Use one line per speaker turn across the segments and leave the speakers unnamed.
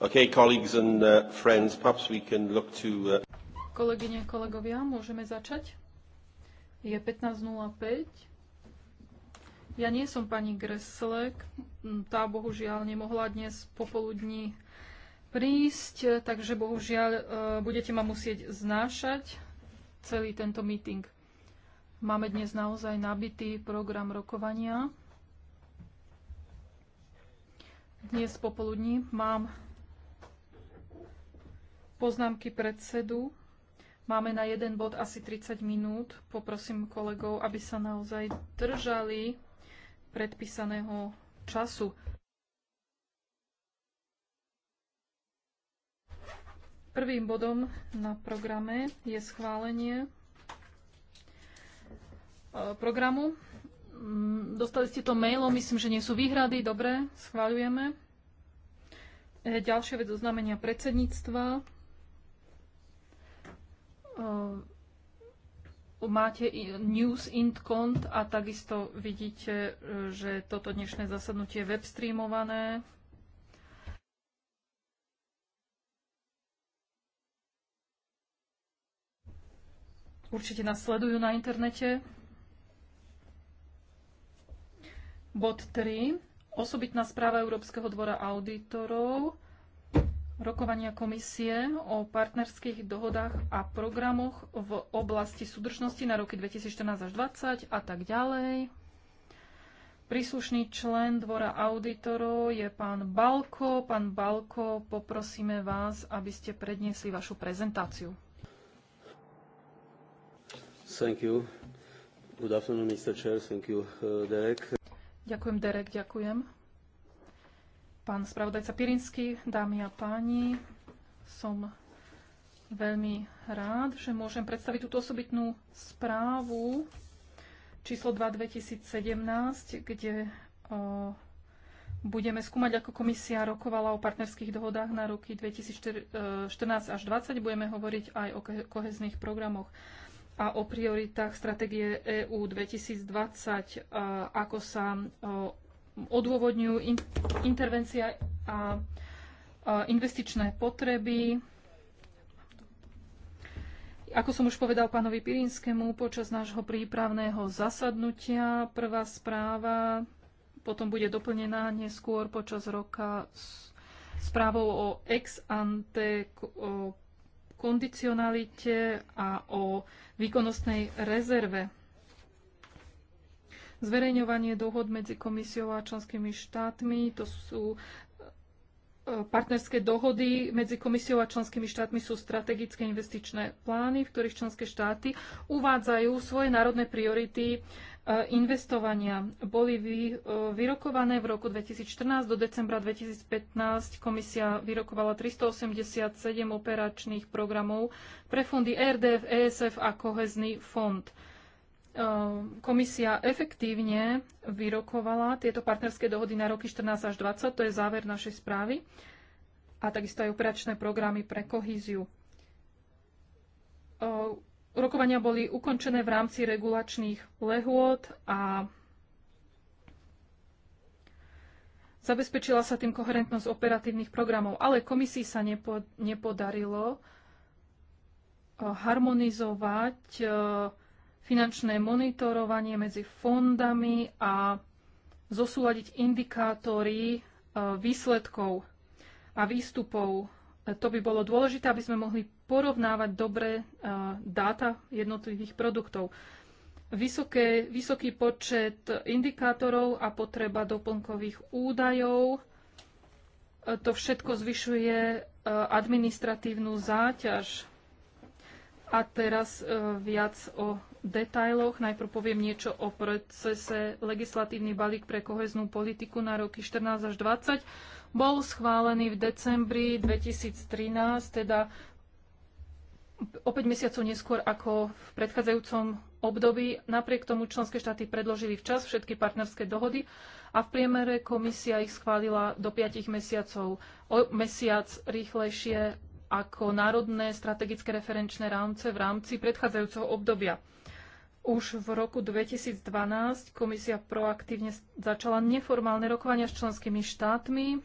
Okay, colleagues and uh, friends, perhaps we can look to... Uh...
Kolegyne, kolegovia, môžeme začať? Je 15.05. Ja nie som pani Greslek. Mm, tá bohužiaľ nemohla dnes popoludní prísť, takže bohužiaľ uh, budete ma musieť znášať celý tento meeting. Máme dnes naozaj nabitý program rokovania. Dnes popoludní mám poznámky predsedu. Máme na jeden bod asi 30 minút. Poprosím kolegov, aby sa naozaj držali predpísaného času. Prvým bodom na programe je schválenie e, programu. Mm, dostali ste to mailom, myslím, že nie sú výhrady. Dobre, schváľujeme. E, ďalšia vec oznámenia predsedníctva. Ehm, máte news int.cont a takisto vidíte, e, že toto dnešné zasadnutie je webstreamované. Určite nás sledujú na internete. Bod 3. Osobitná správa Európskeho dvora auditorov rokovania komisie o partnerských dohodách a programoch v oblasti súdržnosti na roky 2014 až 2020 a tak ďalej. Príslušný člen Dvora auditorov je pán Balko. Pán Balko, poprosíme vás, aby ste predniesli vašu prezentáciu.
Thank you. Good afternoon, Mr. Chair. Thank you, uh, Derek.
Ďakujem, Derek, ďakujem pán spravodajca Pirinsky, dámy a páni. Som veľmi rád, že môžem predstaviť túto osobitnú správu číslo 2 2017, kde o, budeme skúmať, ako komisia rokovala o partnerských dohodách na roky 2014 e, až 2020. Budeme hovoriť aj o kohezných programoch a o prioritách stratégie EÚ 2020, e, ako sa odôvodňujú in, intervencia a, a investičné potreby. Ako som už povedal pánovi Pirinskému, počas nášho prípravného zasadnutia prvá správa potom bude doplnená neskôr počas roka správou o ex ante kondicionalite a o výkonnostnej rezerve Zverejňovanie dohod medzi komisiou a členskými štátmi, to sú e, partnerské dohody medzi komisiou a členskými štátmi sú strategické investičné plány, v ktorých členské štáty uvádzajú svoje národné priority e, investovania. Boli e, vyrokované v roku 2014 do decembra 2015. Komisia vyrokovala 387 operačných programov pre fondy RDF, ESF a kohezný fond. Ehm, komisia efektívne vyrokovala tieto partnerské dohody na roky 14 až 20, to je záver našej správy, a takisto aj operačné programy pre kohíziu. Ehm, rokovania boli ukončené v rámci regulačných lehôd a zabezpečila sa tým koherentnosť operatívnych programov, ale komisii sa nepodarilo ehm, harmonizovať finančné monitorovanie medzi fondami a zosúľadiť indikátory e, výsledkov a výstupov. E, to by bolo dôležité, aby sme mohli porovnávať dobré e, dáta jednotlivých produktov. Vysoké, vysoký počet indikátorov a potreba doplnkových údajov. To všetko zvyšuje administratívnu záťaž. A teraz viac o detailoch. Najprv poviem niečo o procese legislatívny balík pre koheznú politiku na roky 14 až 20. Bol schválený v decembri 2013, teda o 5 mesiacov neskôr ako v predchádzajúcom období. Napriek tomu členské štáty predložili včas všetky partnerské dohody a v priemere komisia ich schválila do 5 mesiacov, o mesiac rýchlejšie ako národné strategické referenčné rámce v rámci predchádzajúceho obdobia. Už v roku 2012 komisia proaktívne začala neformálne rokovania s členskými štátmi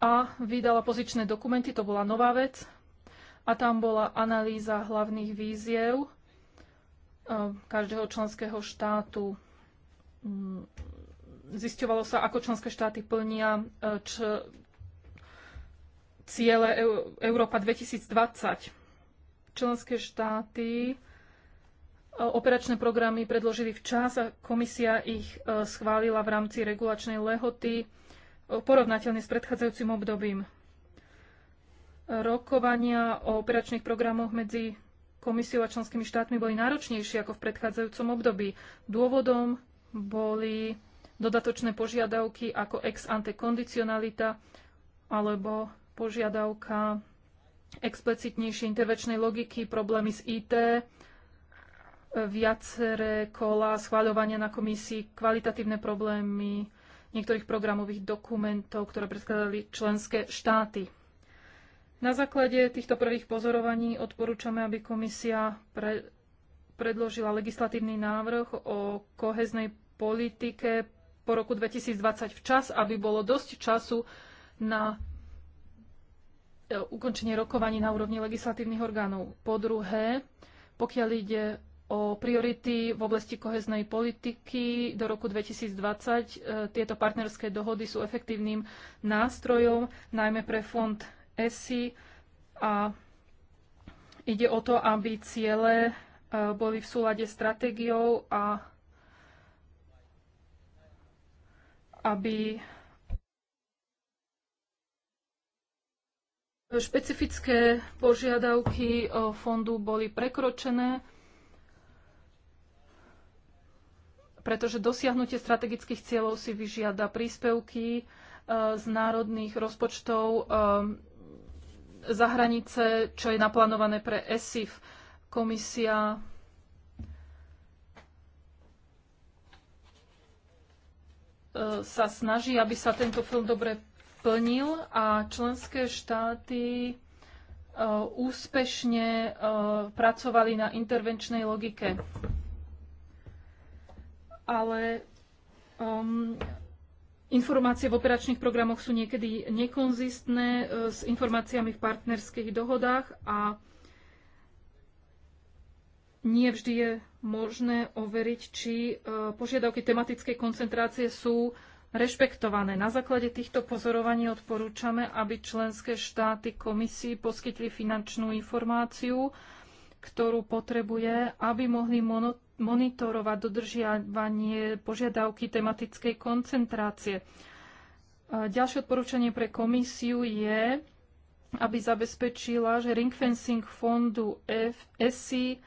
a vydala pozičné dokumenty, to bola nová vec. A tam bola analýza hlavných víziev e, každého členského štátu. Mm, zisťovalo sa, ako členské štáty plnia e, ciele Európa 2020 členské štáty e, operačné programy predložili včas a komisia ich e, schválila v rámci regulačnej lehoty e, porovnateľne s predchádzajúcim obdobím. Rokovania o operačných programoch medzi komisiou a členskými štátmi boli náročnejšie ako v predchádzajúcom období. Dôvodom boli dodatočné požiadavky ako ex ante kondicionalita alebo požiadavka explicitnejšej intervenčnej logiky, problémy s IT, viaceré kola schváľovania na komisii, kvalitatívne problémy niektorých programových dokumentov, ktoré predkladali členské štáty. Na základe týchto prvých pozorovaní odporúčame, aby komisia pre, predložila legislatívny návrh o koheznej politike po roku 2020 včas, aby bolo dosť času na E, ukončenie rokovaní na úrovni legislatívnych orgánov. Po druhé, pokiaľ ide o priority v oblasti koheznej politiky do roku 2020, e, tieto partnerské dohody sú efektívnym nástrojom, najmä pre fond ESI a ide o to, aby ciele e, boli v súlade s stratégiou a aby Špecifické požiadavky fondu boli prekročené, pretože dosiahnutie strategických cieľov si vyžiada príspevky e, z národných rozpočtov e, za hranice, čo je naplánované pre ESIF. Komisia e, sa snaží, aby sa tento film dobre plnil a členské štáty e, úspešne e, pracovali na intervenčnej logike. Ale um, informácie v operačných programoch sú niekedy nekonzistné e, s informáciami v partnerských dohodách a nie vždy je možné overiť, či požiadavky tematickej koncentrácie sú rešpektované. Na základe týchto pozorovaní odporúčame, aby členské štáty komisii poskytli finančnú informáciu, ktorú potrebuje, aby mohli monitorovať dodržiavanie požiadavky tematickej koncentrácie. Ďalšie odporúčanie pre komisiu je, aby zabezpečila, že ringfencing fondu ESI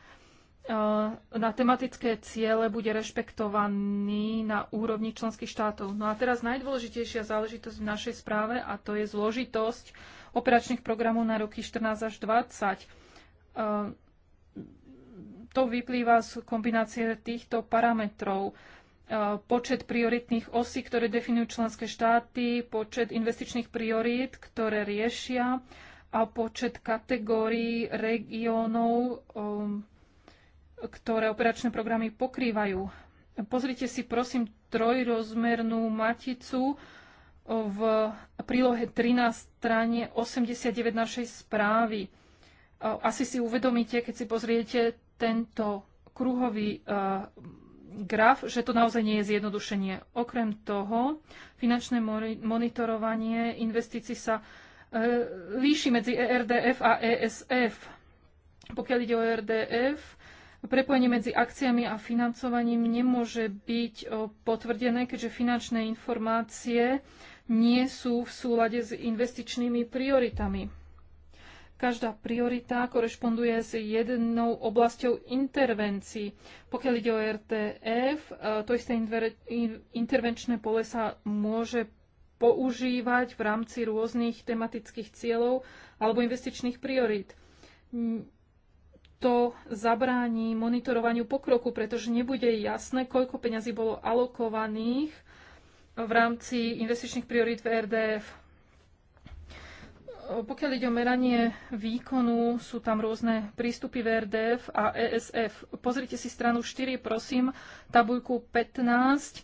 na tematické ciele bude rešpektovaný na úrovni členských štátov. No a teraz najdôležitejšia záležitosť v našej správe a to je zložitosť operačných programov na roky 14 až 20. To vyplýva z kombinácie týchto parametrov. Počet prioritných osí, ktoré definujú členské štáty, počet investičných priorít, ktoré riešia a počet kategórií regiónov, um, ktoré operačné programy pokrývajú. Pozrite si prosím trojrozmernú maticu v prílohe 13 strane 89 našej správy. Asi si uvedomíte, keď si pozriete tento kruhový e, graf, že to naozaj nie je zjednodušenie. Okrem toho, finančné monitorovanie investícií sa e, líši medzi ERDF a ESF. Pokiaľ ide o ERDF, Prepojenie medzi akciami a financovaním nemôže byť potvrdené, keďže finančné informácie nie sú v súlade s investičnými prioritami. Každá priorita korešponduje s jednou oblasťou intervencií. Pokiaľ ide o RTF, e, to isté intervenčné pole sa môže používať v rámci rôznych tematických cieľov alebo investičných priorít to zabráni monitorovaniu pokroku, pretože nebude jasné, koľko peňazí bolo alokovaných v rámci investičných priorít v RDF. Pokiaľ ide o meranie výkonu, sú tam rôzne prístupy v RDF a ESF. Pozrite si stranu 4, prosím, tabuľku 15,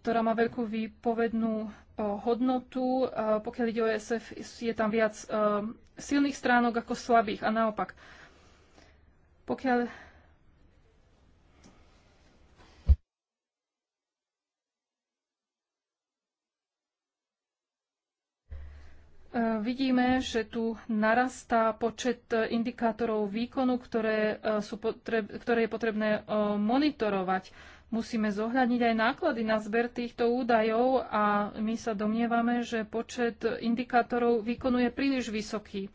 ktorá má veľkú výpovednú hodnotu. Pokiaľ ide o ESF, je tam viac silných stránok ako slabých a naopak. Pokiaľ e, Vidíme, že tu narastá počet e, indikátorov výkonu, ktoré, e, sú potreb, ktoré je potrebné monitorovať. Musíme zohľadniť aj náklady na zber týchto údajov a my sa domnievame, že počet indikátorov výkonu je príliš vysoký.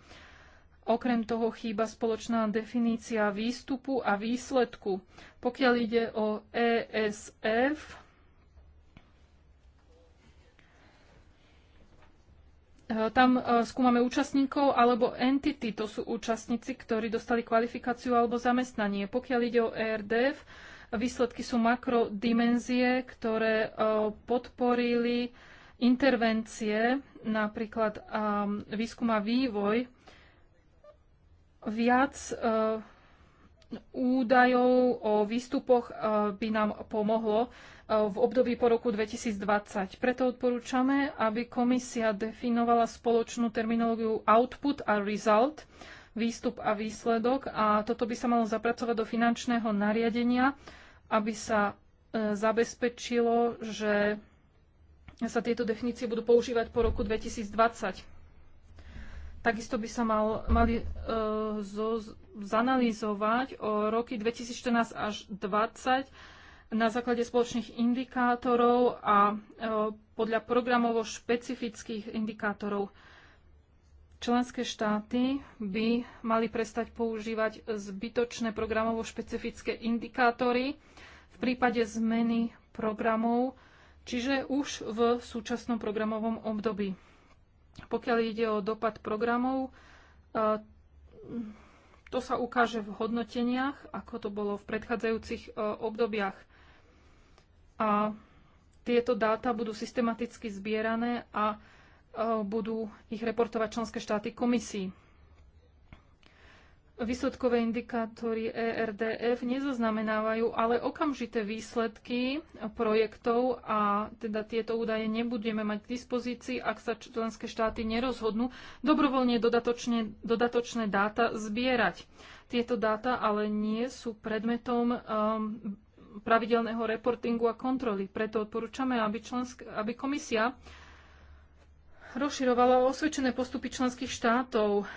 Okrem toho chýba spoločná definícia výstupu a výsledku. Pokiaľ ide o ESF, eh, Tam eh, skúmame účastníkov alebo entity, to sú účastníci, ktorí dostali kvalifikáciu alebo zamestnanie. Pokiaľ ide o ERDF, výsledky sú makrodimenzie, ktoré eh, podporili intervencie, napríklad výskum a vývoj viac eh, údajov o výstupoch eh, by nám pomohlo eh, v období po roku 2020. Preto odporúčame, aby komisia definovala spoločnú terminológiu output a result, výstup a výsledok a toto by sa malo zapracovať do finančného nariadenia, aby sa zabezpečilo, že sa tieto definície budú používať po roku 2020. Takisto by sa mal, mali e, zo, zanalýzovať o roky 2014 až 2020 na základe spoločných indikátorov a e, podľa programovo špecifických indikátorov. Členské štáty by mali prestať používať zbytočné programovo špecifické indikátory v prípade zmeny programov, čiže už v súčasnom programovom období. Pokiaľ ide o dopad programov, to sa ukáže v hodnoteniach, ako to bolo v predchádzajúcich e, obdobiach. A tieto dáta budú systematicky zbierané a e, budú ich reportovať členské štáty komisii. Výsledkové indikátory ERDF nezaznamenávajú ale okamžité výsledky projektov a teda tieto údaje nebudeme mať k dispozícii, ak sa členské štáty nerozhodnú dobrovoľne dodatočne, dodatočné dáta zbierať. Tieto dáta ale nie sú predmetom um, pravidelného reportingu a kontroly. Preto odporúčame, aby, člensk- aby komisia rozširovala osvedčené postupy členských štátov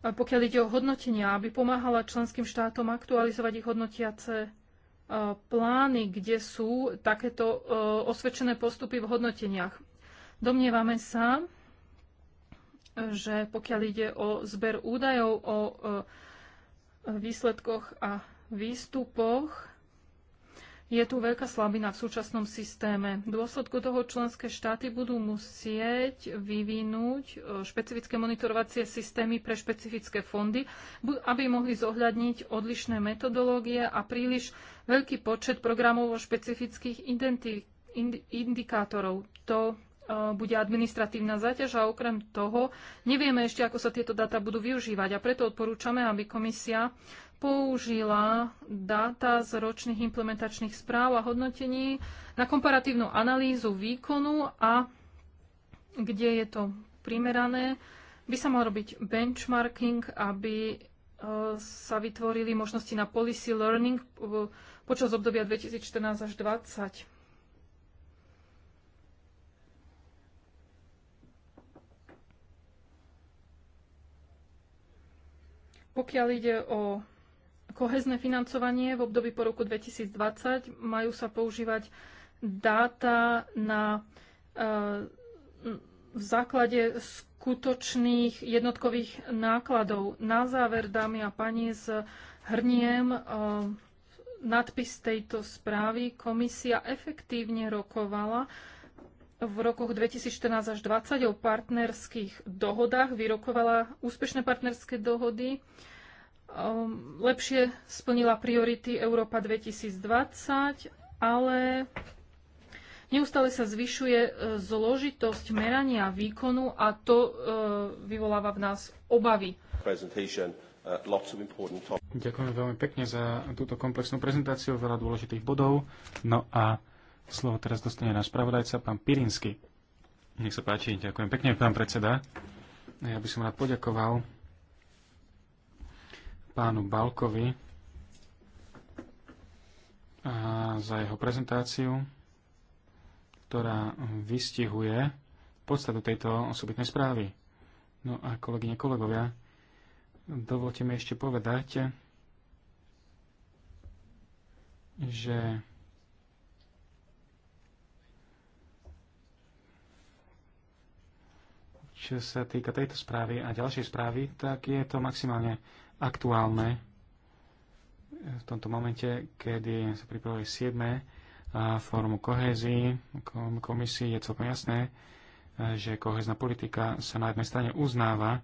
pokiaľ ide o hodnotenia, aby pomáhala členským štátom aktualizovať ich hodnotiace e, plány, kde sú takéto e, osvedčené postupy v hodnoteniach. Domnievame sa, že pokiaľ ide o zber údajov o e, výsledkoch a výstupoch, je tu veľká slabina v súčasnom systéme. V dôsledku toho členské štáty budú musieť vyvinúť e, špecifické monitorovacie systémy pre špecifické fondy, aby mohli zohľadniť odlišné metodológie a príliš veľký počet programov o špecifických indikátorov. To e, bude administratívna záťaž a okrem toho nevieme ešte, ako sa tieto dáta budú využívať. A preto odporúčame, aby komisia použila dáta z ročných implementačných správ a hodnotení na komparatívnu analýzu výkonu a kde je to primerané, by sa mal robiť benchmarking, aby e, sa vytvorili možnosti na policy learning e, počas obdobia 2014 až 2020. Pokiaľ ide o kohezné financovanie v období po roku 2020 majú sa používať dáta na e, v základe skutočných jednotkových nákladov. Na záver, dámy a pani, s hrniem e, nadpis tejto správy. Komisia efektívne rokovala v rokoch 2014 až 2020 o partnerských dohodách, vyrokovala úspešné partnerské dohody Ehm, lepšie splnila priority Európa 2020, ale neustále sa zvyšuje e, zložitosť merania výkonu a to e, vyvoláva v nás obavy. Uh,
ďakujem veľmi pekne za túto komplexnú prezentáciu, veľa dôležitých bodov. No a slovo teraz dostane náš spravodajca, pán Pirinsky. Nech sa páči, ďakujem pekne, pán predseda. Ja by som rád poďakoval pánu Balkovi a za jeho prezentáciu, ktorá vystihuje podstatu tejto osobitnej správy. No a kolegyne, kolegovia, dovolte mi ešte povedať, že čo sa týka tejto správy a ďalšej správy, tak je to maximálne aktuálne v tomto momente, kedy sa pripravuje 7. fórum kohézii komisii, je celkom jasné, e, že kohezná politika sa na jednej strane uznáva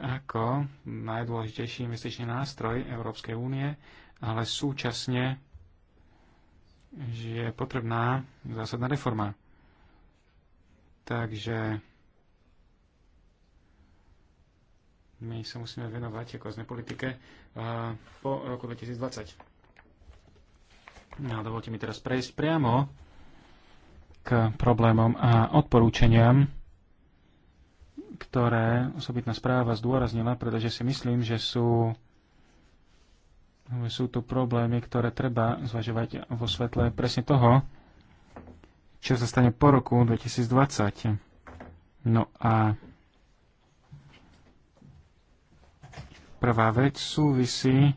ako najdôležitejší investičný nástroj Európskej únie, ale súčasne že je potrebná zásadná reforma. Takže my sa musíme venovať ako sme politike po roku 2020. No, dovolte mi teraz prejsť priamo k problémom a odporúčaniam, ktoré osobitná správa zdôraznila, pretože si myslím, že sú, sú tu problémy, ktoré treba zvažovať vo svetle presne toho, čo sa stane po roku 2020. No a Prvá vec súvisí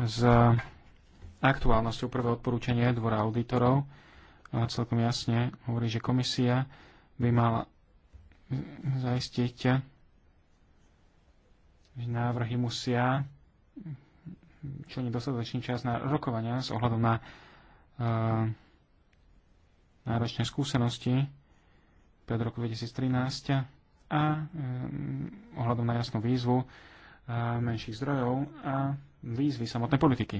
s aktuálnosťou prvé odporúčanie Dvora auditorov. celkom jasne hovorí, že komisia by mala zaistiť, že návrhy musia čo nedostatočný čas na rokovania s ohľadom na e, náročné skúsenosti pred roku 2013 a e, ohľadom na jasnú výzvu menších zdrojov a výzvy samotnej politiky.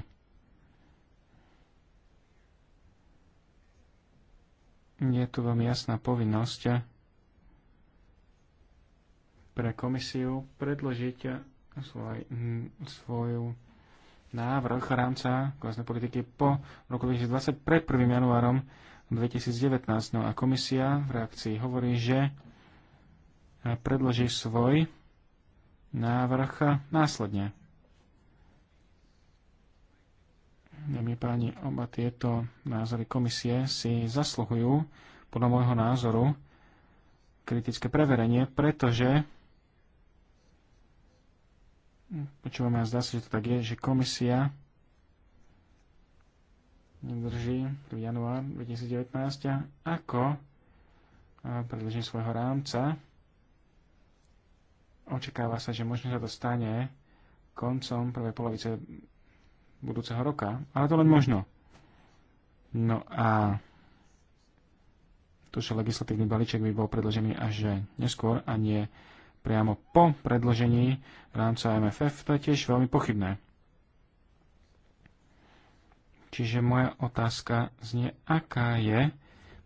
Je tu veľmi jasná povinnosť pre komisiu predložiť svoj, svoju návrh rámca kohezné politiky po roku 2020 pred 1. januárom 2019. No a komisia v reakcii hovorí, že predloží svoj návrh následne. Dámy páni, oba tieto názory komisie si zasluhujú, podľa môjho názoru, kritické preverenie, pretože počúvame a zdá sa, že to tak je, že komisia nedrží 1. január 2019 ako predlžení svojho rámca očakáva sa, že možno sa to stane koncom prvej polovice budúceho roka, ale to len možno. No a to, že legislatívny balíček by bol predložený až neskôr a nie priamo po predložení rámca MFF, to je tiež veľmi pochybné. Čiže moja otázka znie, aká je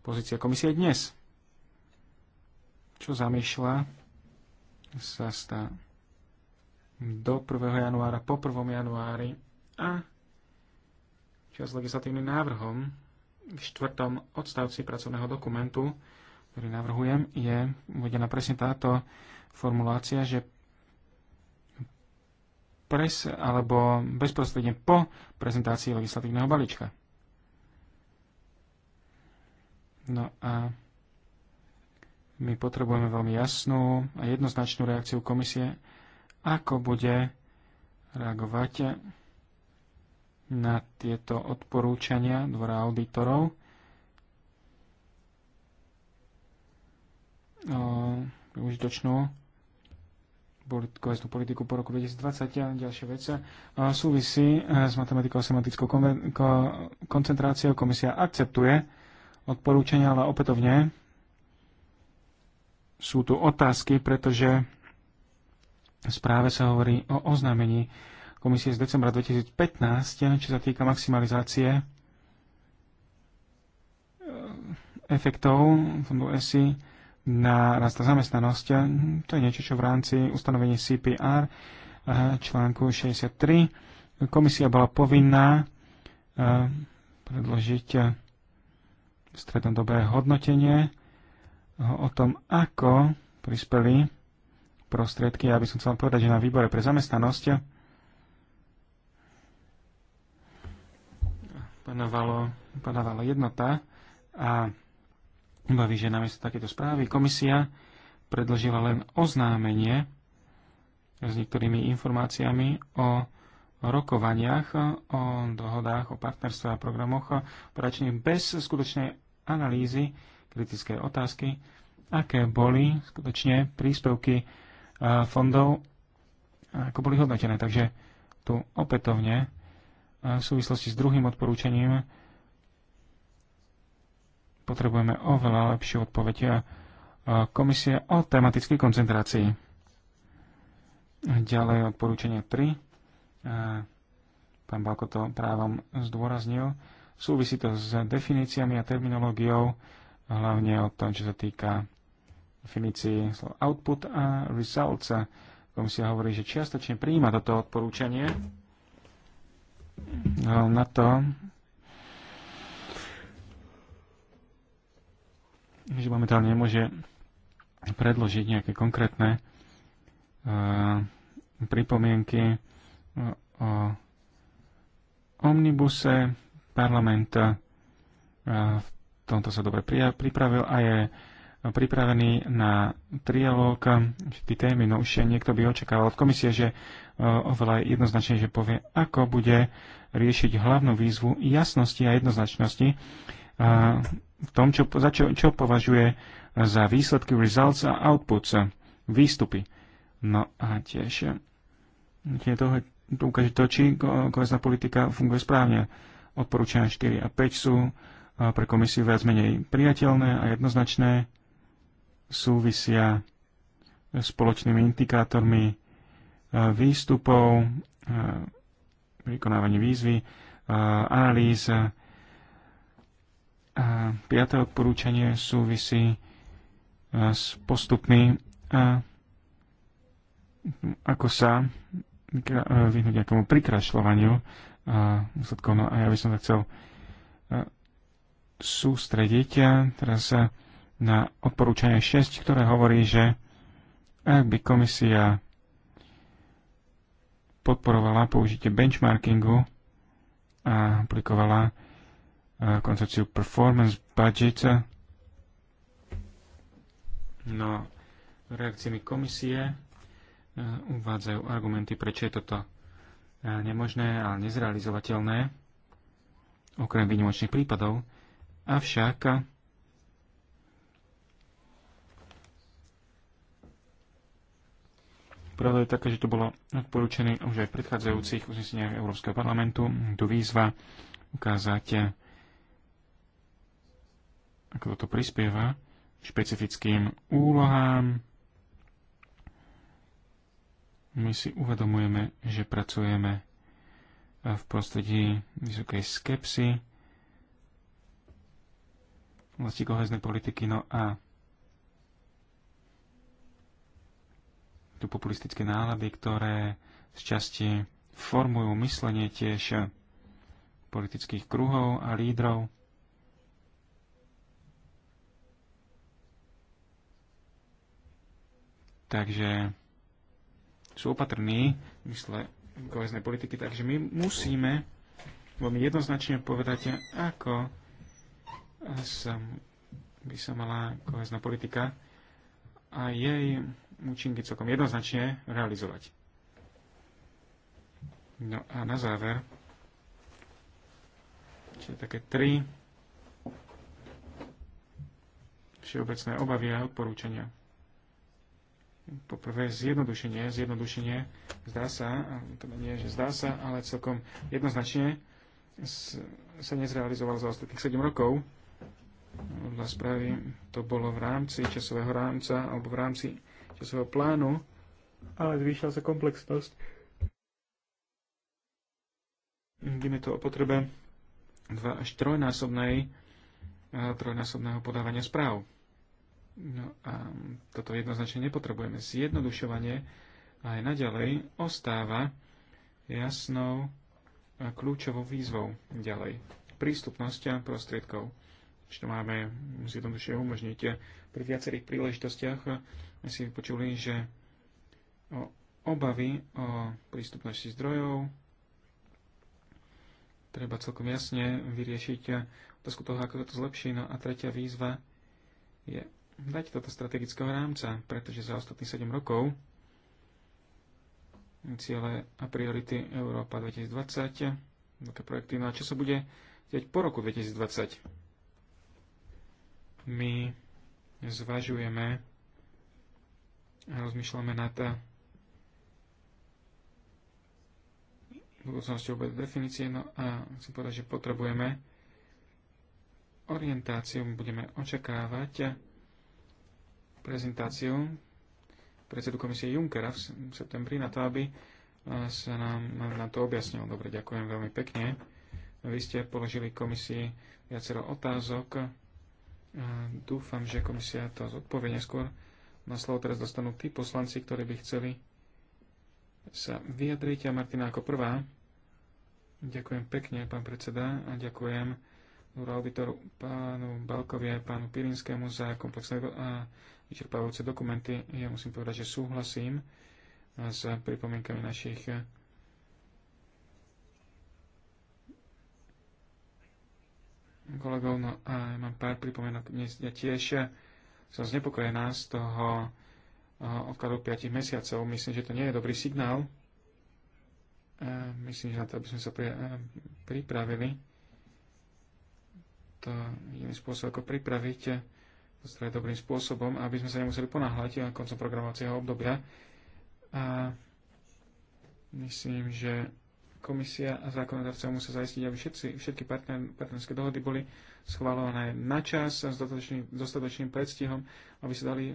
pozícia komisie dnes? Čo zamýšľa sa stá do 1. januára, po 1. januári a čas legislatívnym návrhom v štvrtom odstavci pracovného dokumentu, ktorý navrhujem, je uvedená presne táto formulácia, že pres alebo bezprostredne po prezentácii legislatívneho balíčka. No a my potrebujeme veľmi jasnú a jednoznačnú reakciu komisie, ako bude reagovať na tieto odporúčania dvora auditorov Užitočnú dočnú politiku po roku 2020 a ďalšia veci. súvisí eh, s matematikou a semantickou koncentráciou. Komisia akceptuje odporúčania, ale opätovne sú tu otázky, pretože v správe sa hovorí o oznámení komisie z decembra 2015, čo sa týka maximalizácie eh, efektov fondu ESI na rast zamestnanosť. To je niečo, čo v rámci ustanovení CPR eh, článku 63 komisia bola povinná eh, predložiť strednodobé hodnotenie o tom, ako prispeli prostriedky. Ja by som chcel povedať, že na výbore pre zamestnanosť panovalo, panovala jednota a baví, že namiesto takéto správy komisia predložila len oznámenie s niektorými informáciami o rokovaniach, o dohodách, o partnerstve a programoch operačných bez skutočnej analýzy kritické otázky, aké boli skutočne príspevky e, fondov, ako boli hodnotené. Takže tu opätovne e, v súvislosti s druhým odporúčaním potrebujeme oveľa lepšiu odpoveď e, komisie o tematickej koncentrácii. Ďalej odporúčanie 3. Pán Balko to právom zdôraznil. Súvisí to s definíciami a terminológiou hlavne o tom, čo sa týka definícii slov output a results. Komisia hovorí, že čiastočne prijíma toto odporúčanie no, na to, že momentálne nemôže predložiť nejaké konkrétne uh, pripomienky o omnibuse parlament uh, e, v tomto sa dobre pripravil a je pripravený na trialóg tý témy. No už niekto by očakával od komisie, že eh, oveľa jednoznačne, že povie, ako bude riešiť hlavnú výzvu jasnosti a jednoznačnosti eh, v tom, čo, za čo, čo považuje za výsledky results a outputs, výstupy. No a tiež je to, to ukáže to, či kohezná politika funguje správne. Odporúčania 4 a 5 sú pre komisiu viac menej priateľné a jednoznačné, súvisia spoločnými indikátormi e, výstupov, e, vykonávanie výzvy, e, analýz. A piaté odporúčanie súvisí s postupmi, ako sa vyhnúť nejakému prikrašľovaniu a ja by som tak chcel sústrediť teraz na odporúčanie 6, ktoré hovorí, že ak by komisia podporovala použitie benchmarkingu a aplikovala eh, koncepciu performance budget. No, reakciami komisie eh, uvádzajú argumenty, prečo je toto eh, nemožné a nezrealizovateľné, okrem výnimočných prípadov. Avšak pravda je taká, že to bolo odporúčené už aj v predchádzajúcich uzneseniach Európskeho parlamentu. Tu výzva ukázať, ako toto prispieva špecifickým úlohám. My si uvedomujeme, že pracujeme v prostredí vysokej skepsy, vlasti koheznej politiky. No a tu populistické nálady, ktoré z časti formujú myslenie tiež politických kruhov a lídrov. Takže sú opatrní v mysle koheznej politiky, takže my musíme veľmi jednoznačne povedať, ako sa, by sa mala kohezná politika a jej účinky celkom jednoznačne realizovať. No a na záver, čiže také tri všeobecné obavy a odporúčania. Poprvé zjednodušenie, zjednodušenie, zdá sa, teda nie, že zdá sa, ale celkom jednoznačne sa nezrealizovalo za ostatných 7 rokov podľa správy to bolo v rámci časového rámca alebo v rámci časového plánu, ale zvýšila sa komplexnosť. Vidíme to o potrebe 2 až 3 násobnej, trojnásobného podávania správ. No a toto jednoznačne nepotrebujeme. Zjednodušovanie aj naďalej ostáva jasnou a kľúčovou výzvou ďalej. Prístupnosť a prostriedkov že to máme zjednodušie umožniť. Pri viacerých príležitostiach sme si počuli, že o obavy o prístupnosti zdrojov treba celkom jasne vyriešiť otázku toho, ako to zlepší. No a tretia výzva je dať toto strategického rámca, pretože za ostatných 7 rokov ciele a priority Európa 2020, také projekty, no a čo sa bude deť po roku 2020? my zvažujeme a rozmýšľame nad eh, budúcnosťou bez definície. No a chcem povedať, že potrebujeme orientáciu, budeme očakávať prezentáciu predsedu komisie Junckera v septembri na to, aby eh, sa nám na to objasnil. Dobre, ďakujem veľmi pekne. Vy ste položili komisii viacero otázok dúfam, že komisia to zodpovie neskôr. Na slovo teraz dostanú tí poslanci, ktorí by chceli sa vyjadriť. A Martina ako prvá. Ďakujem pekne, pán predseda, a ďakujem auditoru pánu Balkovi a pánu Pirinskému za komplexné a vyčerpávajúce dokumenty. Ja musím povedať, že súhlasím s pripomienkami našich kolegov, no a ja mám pár pripomienok. Dnes ja tiež som znepokojená z toho eh, odkladu 5 mesiacov. Myslím, že to nie je dobrý signál. Myslím, že na to, aby sme sa eh, pripravili, to jediný spôsob, ako pripraviť, eh, to je dobrým spôsobom, aby sme sa nemuseli ponáhľať koncom programovacieho obdobia. A myslím, že komisia a zákonodárca musia zaistiť, aby všetci, všetky partner, partnerské dohody boli schválené na čas a s dostatočným, dostatočným predstihom, aby sa dali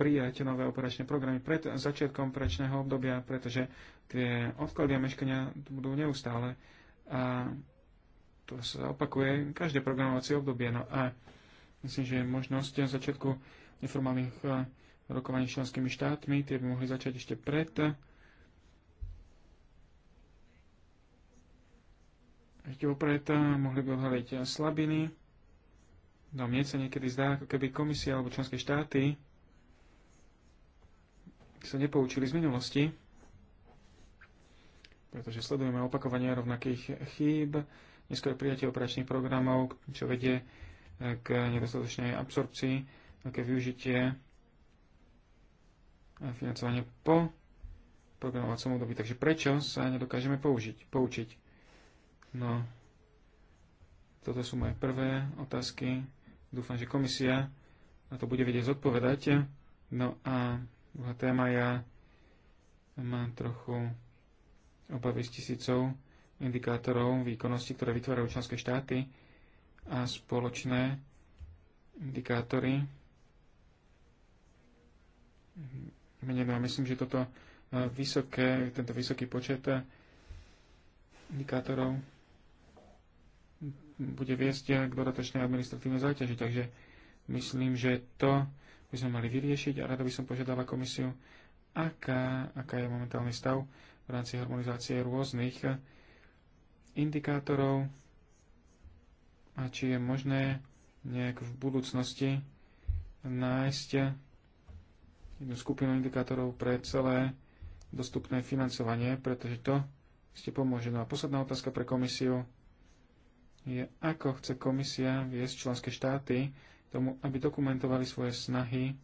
prijať nové operačné programy pred začiatkom operačného obdobia, pretože tie odklady a meškania budú neustále. A to sa opakuje každé programovacie obdobie. No a myslím, že možnosť začiatku neformálnych eh, rokovaní s členskými štátmi, tie by mohli začať ešte pred ešte vopred mohli by odhaliť slabiny. No mne sa niekedy zdá, ako keby komisia alebo členské štáty sa nepoučili z minulosti, pretože sledujeme opakovanie rovnakých chýb, neskôr prijatie operačných programov, čo vedie eh, k nedostatočnej absorpcii, také využitie a eh, financovanie po programovacom období. Takže prečo sa nedokážeme použiť, poučiť? No, toto sú moje prvé otázky. Dúfam, že komisia na to bude vedieť zodpovedať. No a druhá téma, ja mám trochu obavy s tisícov indikátorov výkonnosti, ktoré vytvárajú členské štáty a spoločné indikátory. Menej, no, ja myslím, že toto eh, vysoké, tento vysoký počet eh, indikátorov bude viesť k dodatočnej administratívnej záťaži. Takže myslím, že to by sme mali vyriešiť a rada by som požiadala komisiu, aká, aká je momentálny stav v rámci harmonizácie rôznych indikátorov a či je možné nejak v budúcnosti nájsť jednu skupinu indikátorov pre celé dostupné financovanie, pretože to ste pomôže. No a posledná otázka pre komisiu je, ako chce komisia viesť členské štáty tomu, aby dokumentovali svoje snahy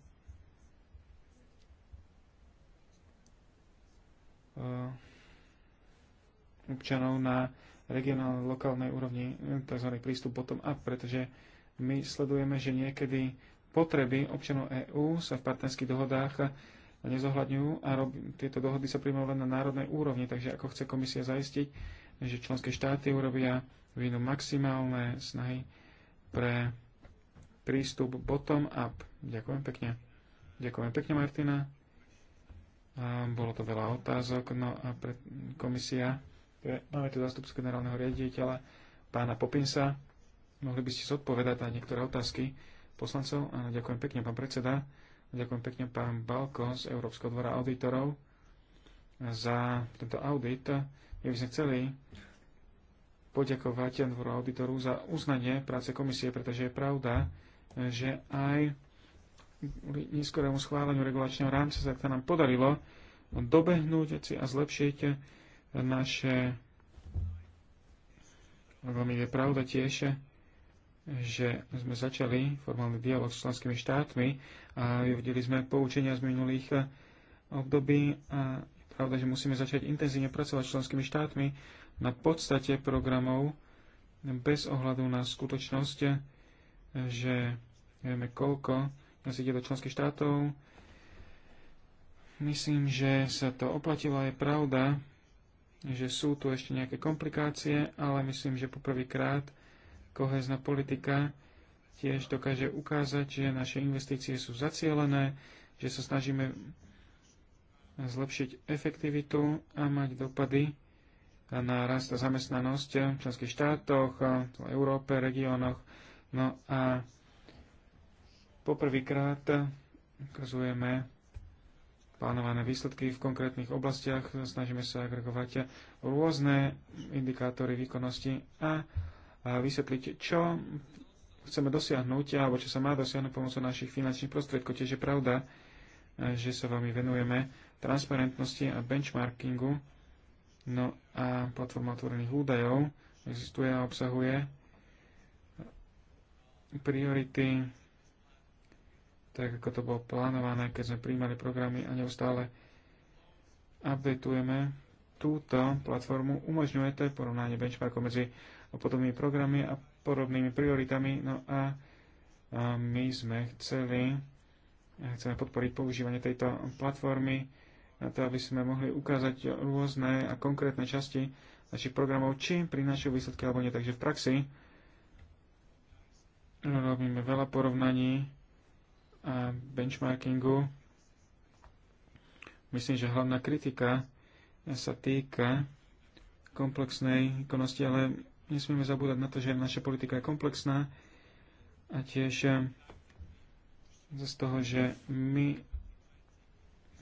eh, občanov na regionálnej, lokálnej úrovni, eh, tzv. prístup bottom-up, pretože my sledujeme, že niekedy potreby občanov EÚ sa v partnerských dohodách nezohľadňujú a rob, tieto dohody sa príjmajú len na národnej úrovni. Takže ako chce komisia zaistiť, že členské štáty urobia vyvinú maximálne snahy pre prístup bottom-up. Ďakujem pekne. Ďakujem pekne, Martina. A bolo to veľa otázok. No a pre komisia, pre, máme tu zástupcu generálneho riaditeľa, pána Popinsa. Mohli by ste zodpovedať na niektoré otázky poslancov. Áno, ďakujem pekne, pán predseda. Ďakujem pekne, pán Balko z Európskeho dvora auditorov za tento audit. My by sme chceli poďakovať dvoru auditoru za uznanie práce komisie, pretože je pravda, že aj neskorému schváleniu regulačného rámca sa to nám podarilo dobehnúť veci a zlepšiť naše veľmi je pravda tiež, že sme začali formálny dialog s členskými štátmi a vyvodili sme poučenia z minulých období a pravda, že musíme začať intenzívne pracovať s členskými štátmi na podstate programov bez ohľadu na skutočnosť, že nevieme koľko nás ide do členských štátov. Myslím, že sa to oplatilo, je pravda, že sú tu ešte nejaké komplikácie, ale myslím, že poprvýkrát kohezná politika tiež dokáže ukázať, že naše investície sú zacielené, že sa snažíme zlepšiť efektivitu a mať dopady na rast a zamestnanosť v členských štátoch, v Európe, regiónoch. No a poprvýkrát ukazujeme plánované výsledky v konkrétnych oblastiach. Snažíme sa agregovať rôzne indikátory výkonnosti a vysvetliť, čo chceme dosiahnuť alebo čo sa má dosiahnuť pomocou našich finančných prostriedkov. Tiež je pravda, že sa veľmi venujeme transparentnosti a benchmarkingu. No a platforma otvorených údajov existuje a obsahuje priority, tak ako to bolo plánované, keď sme príjmali programy a neustále updateujeme túto platformu. Umožňuje to porovnanie benchmarkov medzi podobnými programy a podobnými prioritami. No a my sme chceli, chceme podporiť používanie tejto platformy na to, aby sme mohli ukázať rôzne a konkrétne časti našich programov, či prinášajú výsledky alebo nie. Takže v praxi robíme veľa porovnaní a benchmarkingu. Myslím, že hlavná kritika sa týka komplexnej ikonosti, ale nesmieme zabúdať na to, že naša politika je komplexná a tiež eh, z toho, že my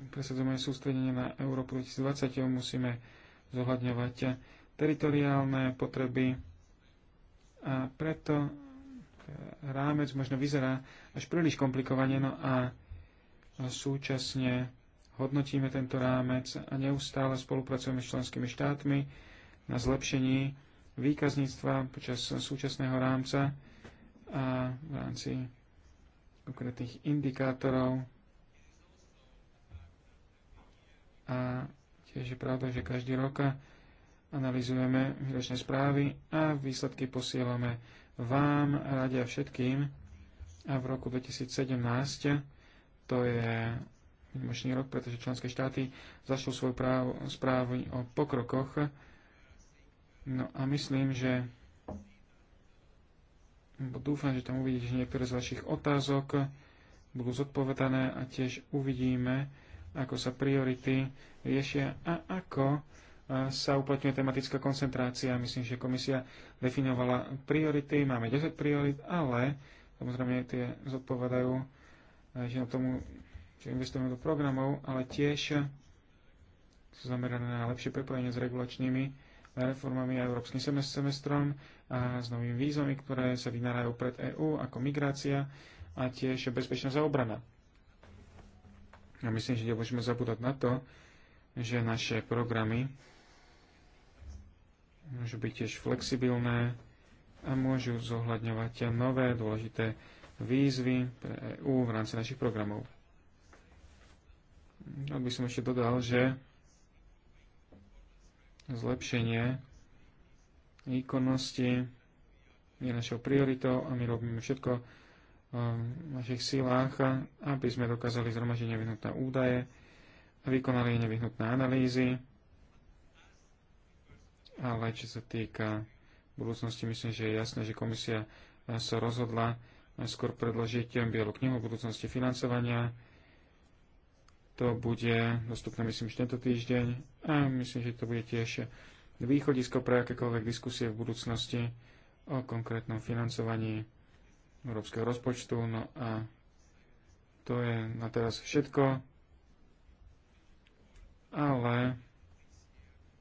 presadzovanie sústredenie na Európu 2020 musíme zohľadňovať teritoriálne potreby a preto rámec možno vyzerá až príliš komplikovane, no a súčasne hodnotíme tento rámec a neustále spolupracujeme s členskými štátmi na zlepšení výkazníctva počas súčasného rámca a v rámci konkrétnych indikátorov A tiež je pravda, že každý rok analizujeme výročné správy a výsledky posielame vám, rade a všetkým. A v roku 2017 to je minimočný rok, pretože členské štáty zašlo svoju právo, správu o pokrokoch. No a myslím, že dúfam, že tam uvidíte, že niektoré z vašich otázok budú zodpovedané a tiež uvidíme, ako sa priority riešia a ako e, sa uplatňuje tematická koncentrácia. Myslím, že komisia definovala priority, máme 10 priorit, ale samozrejme tie zodpovedajú e, že na tomu, čo investujeme do programov, ale tiež sú zamerané na lepšie prepojenie s regulačnými reformami a európskym semestrom a s novými výzvami, ktoré sa vynárajú pred EÚ ako migrácia a tiež bezpečnosť a obrana. A myslím, že nemôžeme zabúdať na to, že naše programy môžu byť tiež flexibilné a môžu zohľadňovať nové dôležité výzvy pre EU v rámci našich programov. No by som ešte dodal, že zlepšenie výkonnosti je našou prioritou a my robíme všetko, v našich silách, aby sme dokázali zhromažiť nevyhnutné údaje a vykonali nevyhnutné analýzy. Ale čo sa týka budúcnosti, myslím, že je jasné, že komisia sa rozhodla skôr predložiť bielu knihu o budúcnosti financovania. To bude dostupné, myslím, že tento týždeň a myslím, že to bude tiež východisko pre akékoľvek diskusie v budúcnosti o konkrétnom financovaní európskeho rozpočtu. No a to je na teraz všetko. Ale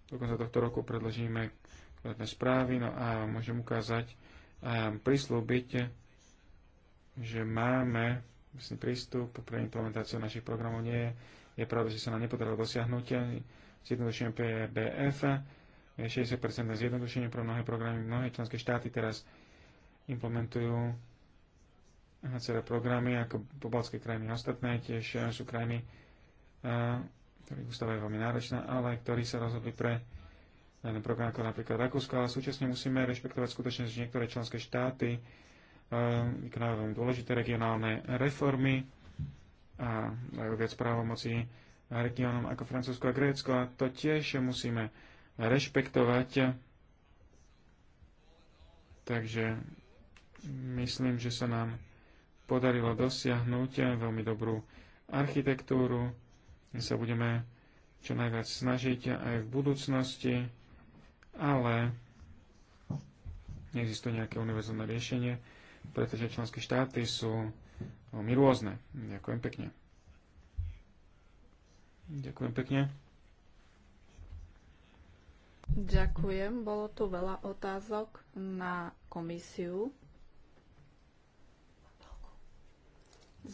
dokonca tohto roku predložíme kvalitné správy, no a môžem ukázať a prislúbiť, že máme vlastný prístup pre implementáciu našich programov. Nie je, je pravda, že sa nám nepodarilo dosiahnuť zjednodušenie PBF, 60% zjednodušenie pre mnohé programy. Mnohé členské štáty teraz implementujú celé programy, ako pobalské krajiny a ostatné, tiež e, sú krajiny, e, ktoré ústava je veľmi náročná, ale ktorí sa rozhodli pre daný program, ako napríklad Rakúsko, ale súčasne musíme rešpektovať skutočnosť, že niektoré členské štáty e, vykonávajú veľmi dôležité regionálne reformy a dajú viac právomocí regiónom ako Francúzsko a Grécko a to tiež musíme rešpektovať. Takže myslím, že sa nám podarilo dosiahnuť veľmi dobrú architektúru. My sa budeme čo najviac snažiť aj v budúcnosti, ale neexistuje nejaké univerzálne riešenie, pretože členské štáty sú veľmi rôzne. Ďakujem pekne. Ďakujem pekne.
Ďakujem. Bolo tu veľa otázok na komisiu.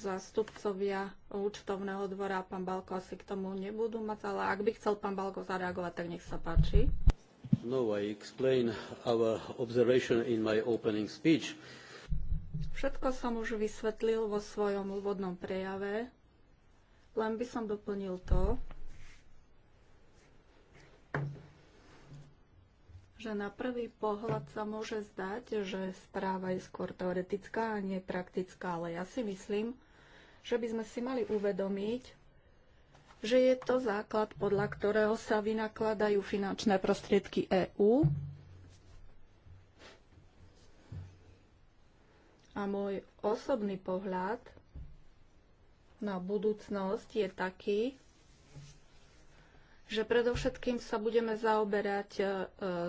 zástupcovia účtovného dvora. Pán Balko asi k tomu nebudú mať, ale ak by chcel pán Balko zareagovať, tak nech sa páči. No, I explain our observation in my opening speech. Všetko som už vysvetlil vo svojom úvodnom prejave, len by som doplnil to, že na prvý pohľad sa môže zdať, že správa je skôr teoretická a nie praktická, ale ja si myslím, že by sme si mali uvedomiť, že je to základ, podľa ktorého sa vynakladajú finančné prostriedky EÚ. A môj osobný pohľad na budúcnosť je taký, že predovšetkým sa budeme zaoberať e,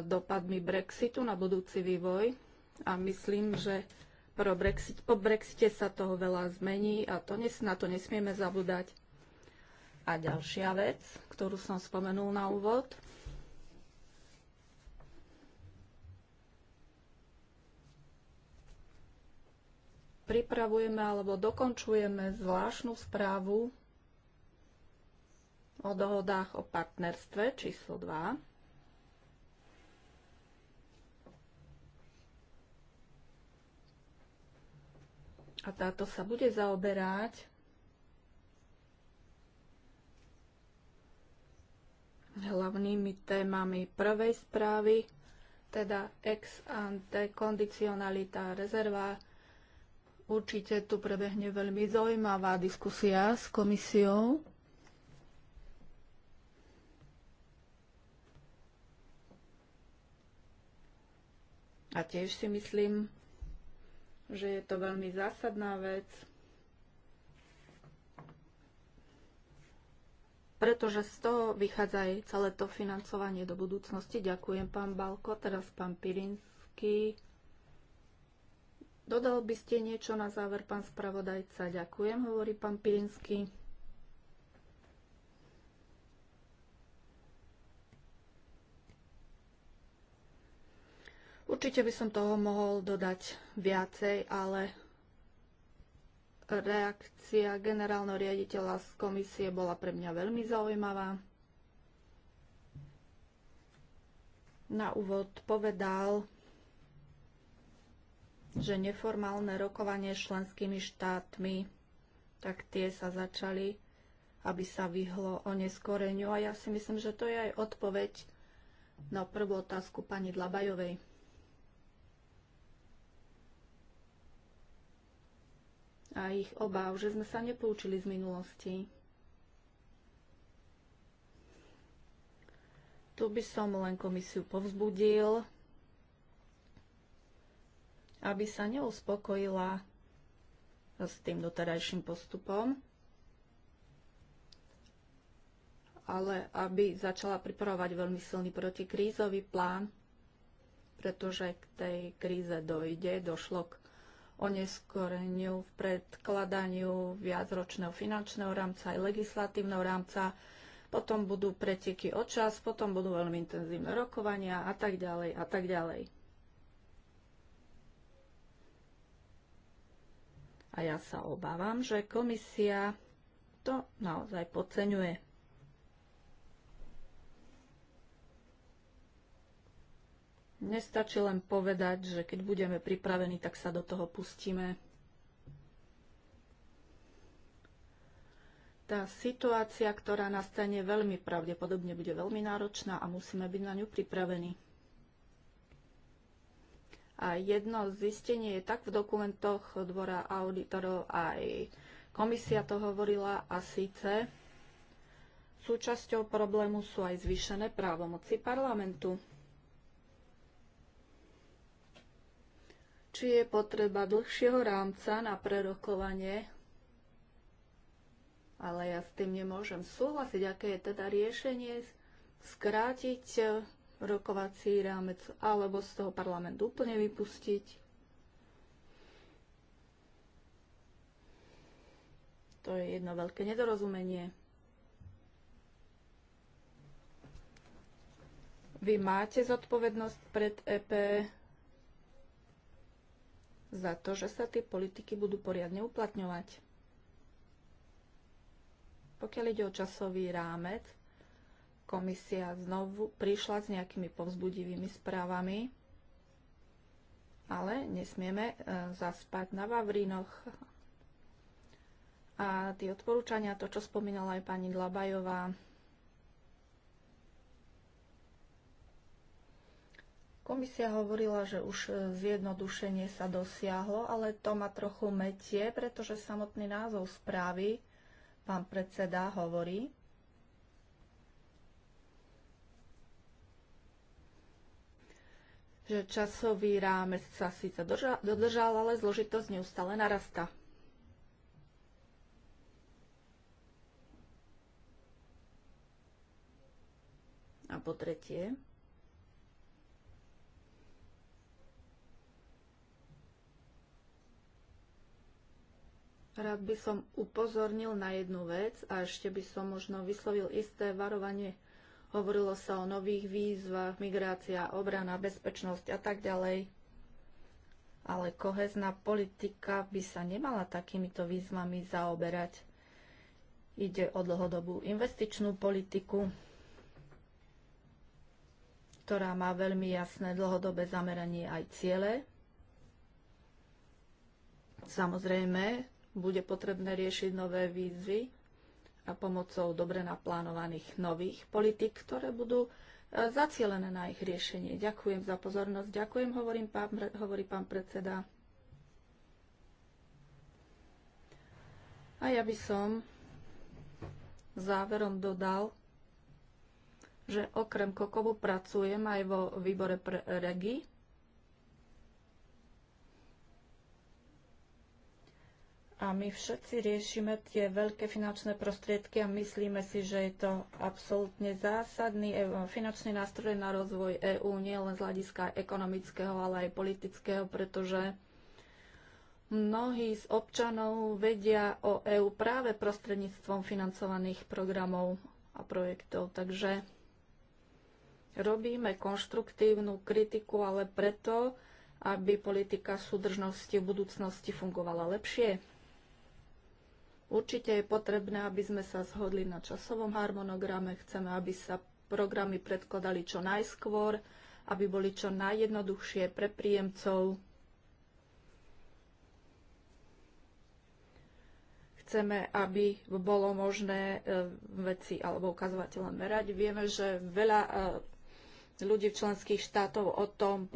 dopadmi Brexitu na budúci vývoj a myslím, že pro Brexit, po Brexite sa toho veľa zmení a to, na to nesmieme zabúdať. A ďalšia vec, ktorú som spomenul na úvod, pripravujeme alebo dokončujeme zvláštnu správu o dohodách o partnerstve číslo 2 a táto sa bude zaoberať hlavnými témami prvej správy, teda ex ante kondicionalita rezerva. Určite tu prebehne veľmi zaujímavá diskusia s komisiou. A tiež si myslím, že je to veľmi zásadná vec, pretože z toho vychádza aj celé to financovanie do budúcnosti. Ďakujem, pán Balko. Teraz pán Pirinsky. Dodal by ste niečo na záver, pán spravodajca? Ďakujem, hovorí pán Pirinsky. Určite by som toho mohol dodať viacej, ale reakcia generálneho riaditeľa z komisie bola pre mňa veľmi zaujímavá. Na úvod povedal, že neformálne rokovanie s členskými štátmi, tak tie sa začali, aby sa vyhlo o neskoreniu. A ja si myslím, že to je aj odpoveď na prvú otázku pani Dlabajovej. a ich obáv, že sme sa nepoučili z minulosti. Tu by som len komisiu povzbudil, aby sa neuspokojila s tým doterajším postupom, ale aby začala pripravovať veľmi silný protikrízový plán, pretože k tej kríze dojde, došlo k oneskoreniu v predkladaniu viacročného finančného rámca aj legislatívneho rámca. Potom budú preteky o čas, potom budú veľmi intenzívne rokovania a tak ďalej a tak ďalej. A ja sa obávam, že komisia to naozaj podceňuje. Nestačí len povedať, že keď budeme pripravení, tak sa do toho pustíme. Tá situácia, ktorá nastane veľmi pravdepodobne, bude veľmi náročná a musíme byť na ňu pripravení. A jedno zistenie je tak v dokumentoch dvora auditorov aj komisia to hovorila a síce súčasťou problému sú aj zvýšené právomoci parlamentu. či je potreba dlhšieho rámca na prerokovanie, ale ja s tým nemôžem súhlasiť, aké je teda riešenie skrátiť e, rokovací rámec alebo z toho parlament úplne vypustiť. To je jedno veľké nedorozumenie. Vy máte zodpovednosť pred EP, za to, že sa tie politiky budú poriadne uplatňovať. Pokiaľ ide o časový rámec, komisia znovu prišla s nejakými povzbudivými správami, ale nesmieme e, zaspať na Vavrinoch. A tie odporúčania, to, čo spomínala aj pani Dlabajová, Komisia hovorila, že už e, zjednodušenie sa dosiahlo, ale to ma trochu metie, pretože samotný názov správy, pán predseda hovorí, že časový rámec sa síce dodržal, ale zložitosť neustále narastá. A po tretie, Rád by som upozornil na jednu vec a ešte by som možno vyslovil isté varovanie. Hovorilo sa o nových výzvach, migrácia, obrana, bezpečnosť a tak ďalej. Ale kohezná politika by sa nemala takýmito výzvami zaoberať. Ide o dlhodobú investičnú politiku, ktorá má veľmi jasné dlhodobé zameranie aj ciele. Samozrejme, bude potrebné riešiť nové výzvy a pomocou dobre naplánovaných nových politik, ktoré budú e, zacielené na ich riešenie. Ďakujem za pozornosť. Ďakujem, hovorím pán, hovorí pán predseda. A ja by som záverom dodal, že okrem Kokovu pracujem aj vo výbore pre regi A my všetci riešime tie veľké finančné prostriedky a myslíme si, že je to absolútne zásadný e, finančný nástroj na rozvoj EÚ, nielen z hľadiska ekonomického, ale aj politického, pretože mnohí z občanov vedia o EÚ práve prostredníctvom financovaných programov a projektov. Takže robíme konštruktívnu kritiku, ale preto, aby politika súdržnosti v budúcnosti fungovala lepšie. Určite je potrebné, aby sme sa zhodli na časovom harmonograme. Chceme, aby sa programy predkladali čo najskôr, aby boli čo najjednoduchšie pre príjemcov. Chceme, aby bolo možné e, veci alebo ukazovateľa merať. Vieme, že veľa e, ľudí v členských štátov o tom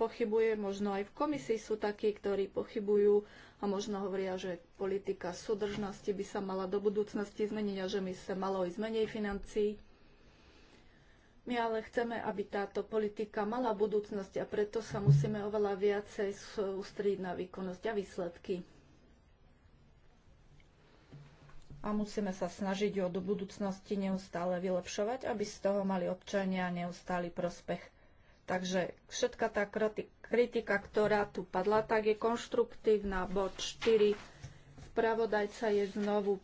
pochybuje. Možno aj v komisii sú takí, ktorí pochybujú a možno hovoria, že politika súdržnosti by sa mala do budúcnosti zmeniť a že my sa malo ísť menej financií. My ale chceme, aby táto politika mala budúcnosť a preto sa musíme oveľa viacej sústrediť na výkonnosť a výsledky. A musíme sa snažiť o do budúcnosti neustále vylepšovať, aby z toho mali občania neustály prospech. Takže všetka tá kritika, ktorá tu padla, tak je konštruktívna. Bod 4. Spravodajca je znovu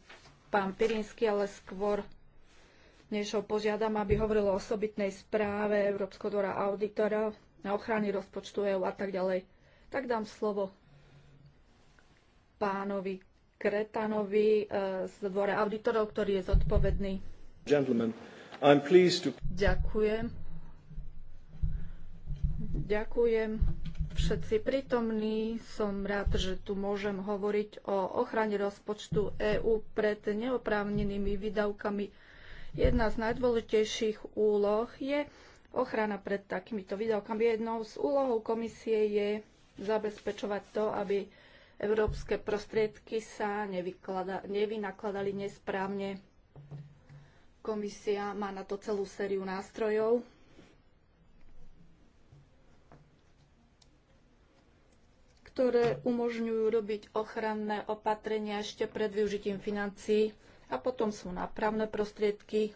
pán Pirinsky, ale skôr než ho požiadam, aby hovoril o osobitnej správe Európskeho dvora auditora na ochrany rozpočtu EU a tak ďalej, tak dám slovo pánovi Kretanovi eh, z dvora auditorov, ktorý je zodpovedný.
Gentlemen, I'm pleased to...
Ďakujem Ďakujem všetci prítomní. Som rád, že tu môžem hovoriť o ochrane rozpočtu EÚ pred neoprávnenými výdavkami. Jedna z najdôležitejších úloh je ochrana pred takýmito výdavkami. Jednou z úlohou komisie je zabezpečovať to, aby európske prostriedky sa nevynakladali nesprávne. Komisia má na to celú sériu nástrojov, ktoré umožňujú robiť ochranné opatrenia ešte pred využitím financií a potom sú nápravné prostriedky.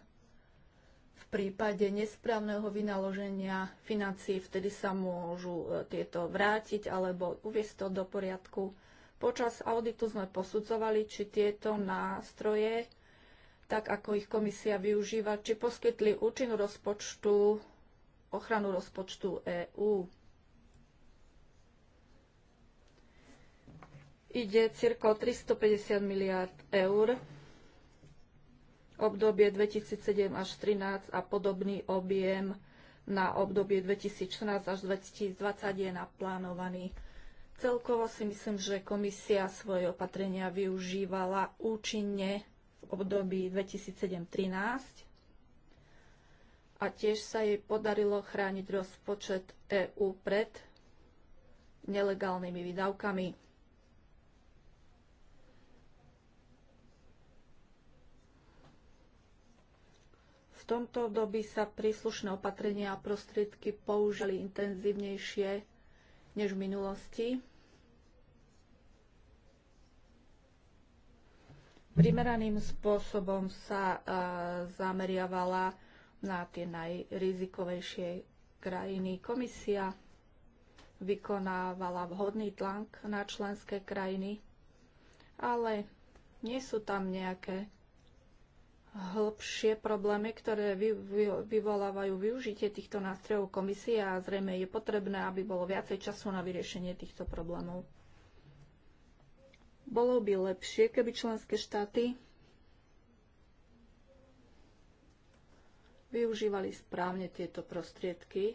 V prípade nesprávneho vynaloženia financií vtedy sa môžu e, tieto vrátiť alebo uviesť to do poriadku. Počas auditu sme posudzovali, či tieto nástroje, tak ako ich komisia využíva, či poskytli účinu rozpočtu, ochranu rozpočtu EÚ. ide cirka 350 miliard eur, obdobie 2007 až 2013 a podobný objem na obdobie 2014 až 2020 je naplánovaný. Celkovo si myslím, že komisia svoje opatrenia využívala účinne v období 2007-2013 a tiež sa jej podarilo chrániť rozpočet EÚ pred nelegálnymi výdavkami. V tomto období sa príslušné opatrenia a prostriedky použili intenzívnejšie než v minulosti. Primeraným spôsobom sa zameriavala na tie najrizikovejšie krajiny. Komisia vykonávala vhodný tlak na členské krajiny, ale nie sú tam nejaké hĺbšie problémy, ktoré vy, vy, vyvolávajú využitie týchto nástrojov komisie a zrejme je potrebné, aby bolo viacej času na vyriešenie týchto problémov. Bolo by lepšie, keby členské štáty využívali správne tieto prostriedky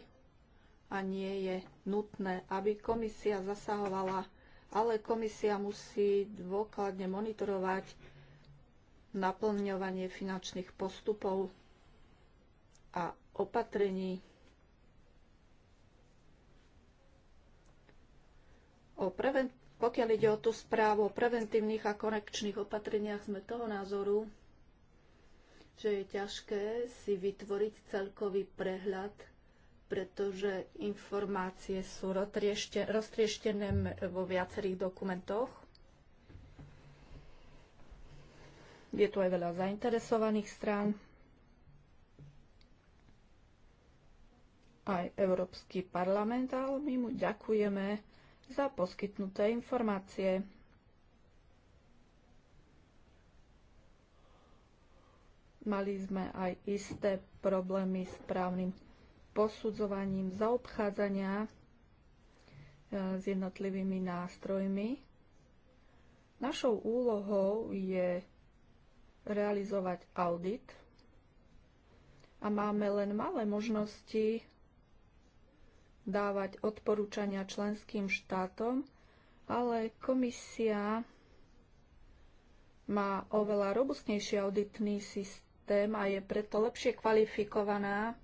a nie je nutné, aby komisia zasahovala, ale komisia musí dôkladne monitorovať naplňovanie finančných postupov a opatrení o preven- pokiaľ ide o tú správu o preventívnych a korekčných opatreniach, sme toho názoru, že je ťažké si vytvoriť celkový prehľad, pretože informácie sú roztrieštené vo viacerých dokumentoch Je tu aj veľa zainteresovaných strán. Aj Európsky parlament, ale my mu ďakujeme za poskytnuté informácie. Mali sme aj isté problémy s právnym posudzovaním zaobchádzania e, s jednotlivými nástrojmi. Našou úlohou je realizovať audit a máme len malé možnosti dávať odporúčania členským štátom, ale komisia má oveľa robustnejší auditný systém a je preto lepšie kvalifikovaná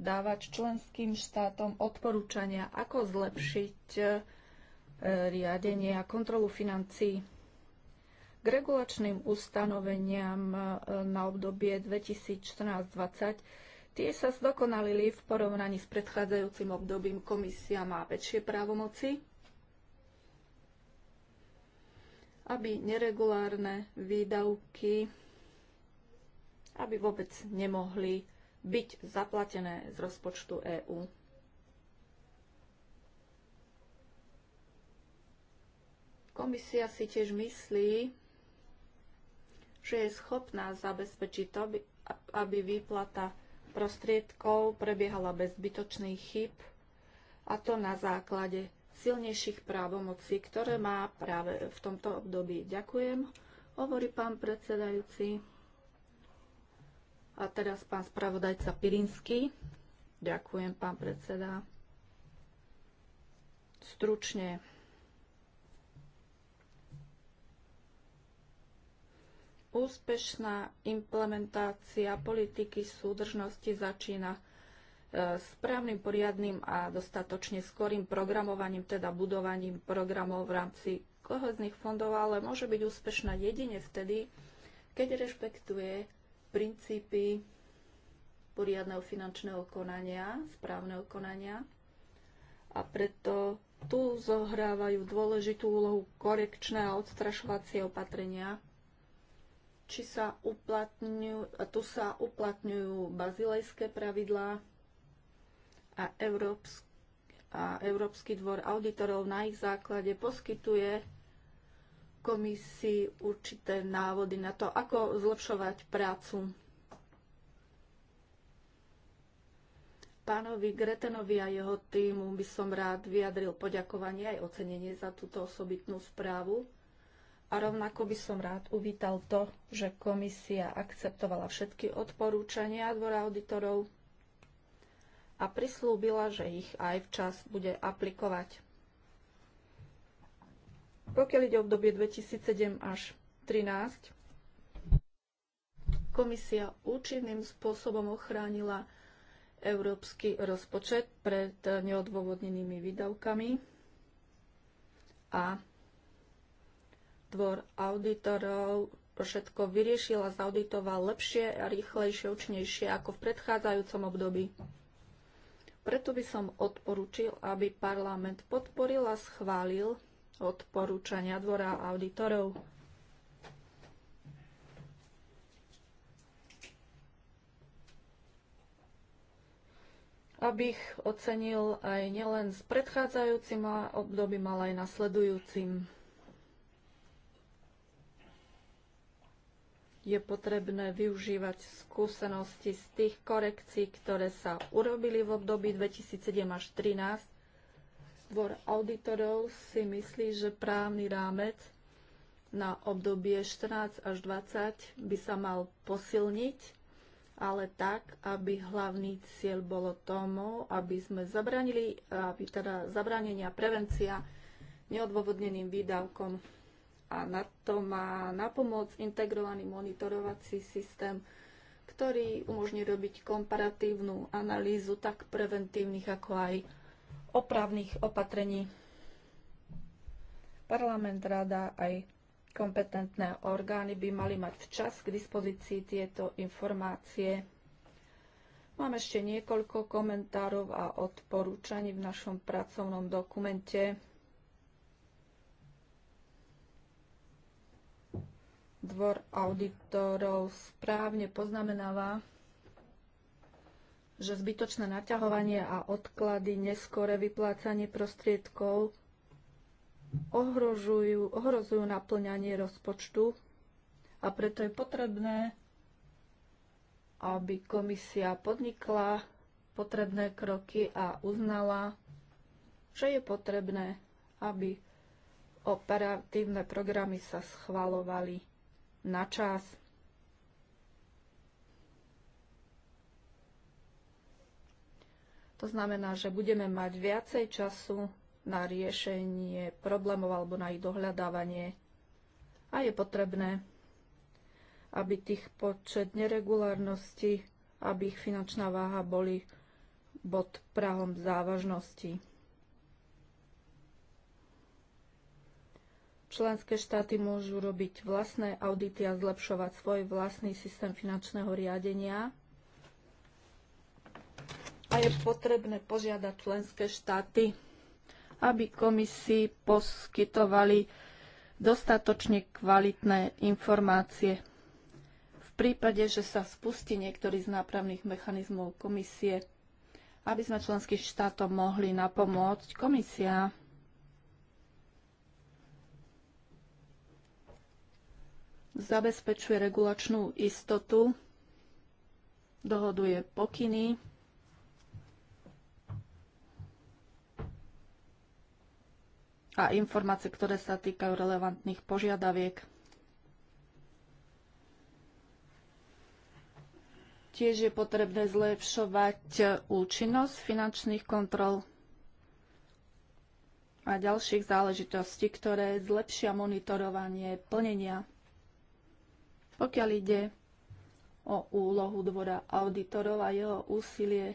dávať členským štátom odporúčania, ako zlepšiť eh, riadenie a kontrolu financií k regulačným ustanoveniam e, na obdobie 2014-2020. Tie sa zdokonalili v porovnaní s predchádzajúcim obdobím. Komisia má väčšie právomoci, aby neregulárne výdavky aby vôbec nemohli byť zaplatené z rozpočtu EÚ. Komisia si tiež myslí, že je schopná zabezpečiť to, aby výplata prostriedkov prebiehala bez zbytočných chyb a to na základe silnejších právomocí, ktoré má práve v tomto období. Ďakujem, hovorí pán predsedajúci. A teraz pán spravodajca Pirinsky. Ďakujem, pán predseda. Stručne Úspešná implementácia politiky súdržnosti začína e, správnym, poriadnym a dostatočne skorým programovaním, teda budovaním programov v rámci kohezných fondov, ale môže byť úspešná jedine vtedy, keď rešpektuje princípy poriadneho finančného konania, správneho konania a preto tu zohrávajú dôležitú úlohu korekčné a odstrašovacie opatrenia, či sa uplatňujú, a tu sa uplatňujú bazilejské pravidlá a, európske a Európsky dvor auditorov na ich základe poskytuje komisii určité návody na to, ako zlepšovať prácu. Pánovi Gretenovi a jeho týmu by som rád vyjadril poďakovanie aj ocenenie za túto osobitnú správu a rovnako by som rád uvítal to, že komisia akceptovala všetky odporúčania dvora auditorov a prislúbila, že ich aj včas bude aplikovať. Pokiaľ ide o obdobie 2007 až 2013, komisia účinným spôsobom ochránila európsky rozpočet pred neodôvodnenými výdavkami a dvor auditorov všetko vyriešil a zauditoval lepšie, a rýchlejšie, účinnejšie ako v predchádzajúcom období. Preto by som odporučil, aby parlament podporil a schválil odporúčania dvora auditorov. aby ich ocenil aj nielen s predchádzajúcim obdobím, ale aj nasledujúcim. je potrebné využívať skúsenosti z tých korekcií, ktoré sa urobili v období 2007 až 2013. Dvor auditorov si myslí, že právny rámec na obdobie 14 až 20 by sa mal posilniť, ale tak, aby hlavný cieľ bolo tomu, aby sme zabranili, aby teda zabranenia prevencia neodôvodneným výdavkom a na to má na pomoc integrovaný monitorovací systém, ktorý umožní robiť komparatívnu analýzu tak preventívnych ako aj opravných opatrení. Parlament, rada aj kompetentné orgány by mali mať včas k dispozícii tieto informácie. Mám ešte niekoľko komentárov a odporúčaní v našom pracovnom dokumente. Dvor auditorov správne poznamenáva, že zbytočné naťahovanie a odklady, neskore vyplácanie prostriedkov ohrozujú, ohrozujú naplňanie rozpočtu a preto je potrebné, aby komisia podnikla potrebné kroky a uznala, že je potrebné, aby operatívne programy sa schvalovali na čas. To znamená, že budeme mať viacej času na riešenie problémov alebo na ich dohľadávanie. A je potrebné, aby tých počet neregulárností, aby ich finančná váha boli pod prahom závažnosti. Členské štáty môžu robiť vlastné audity a zlepšovať svoj vlastný systém finančného riadenia. A je potrebné požiadať členské štáty, aby komisii poskytovali dostatočne kvalitné informácie. V prípade, že sa spustí niektorý z nápravných mechanizmov komisie, aby sme členským štátom mohli napomôcť, komisia zabezpečuje regulačnú istotu, dohoduje pokyny, a informácie, ktoré sa týkajú relevantných požiadaviek. Tiež je potrebné zlepšovať účinnosť finančných kontrol a ďalších záležitostí, ktoré zlepšia monitorovanie plnenia pokiaľ ide o úlohu dvora auditorov a jeho úsilie,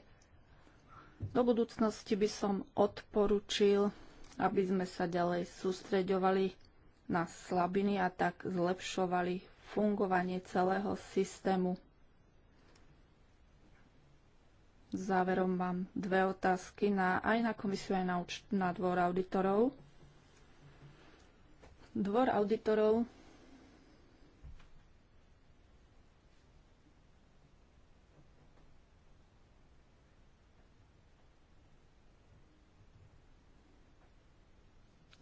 do budúcnosti by som odporučil, aby sme sa ďalej sústreďovali na slabiny a tak zlepšovali fungovanie celého systému. Záverom mám dve otázky na, aj na komisiu, aj na, na dvor auditorov. Dvor auditorov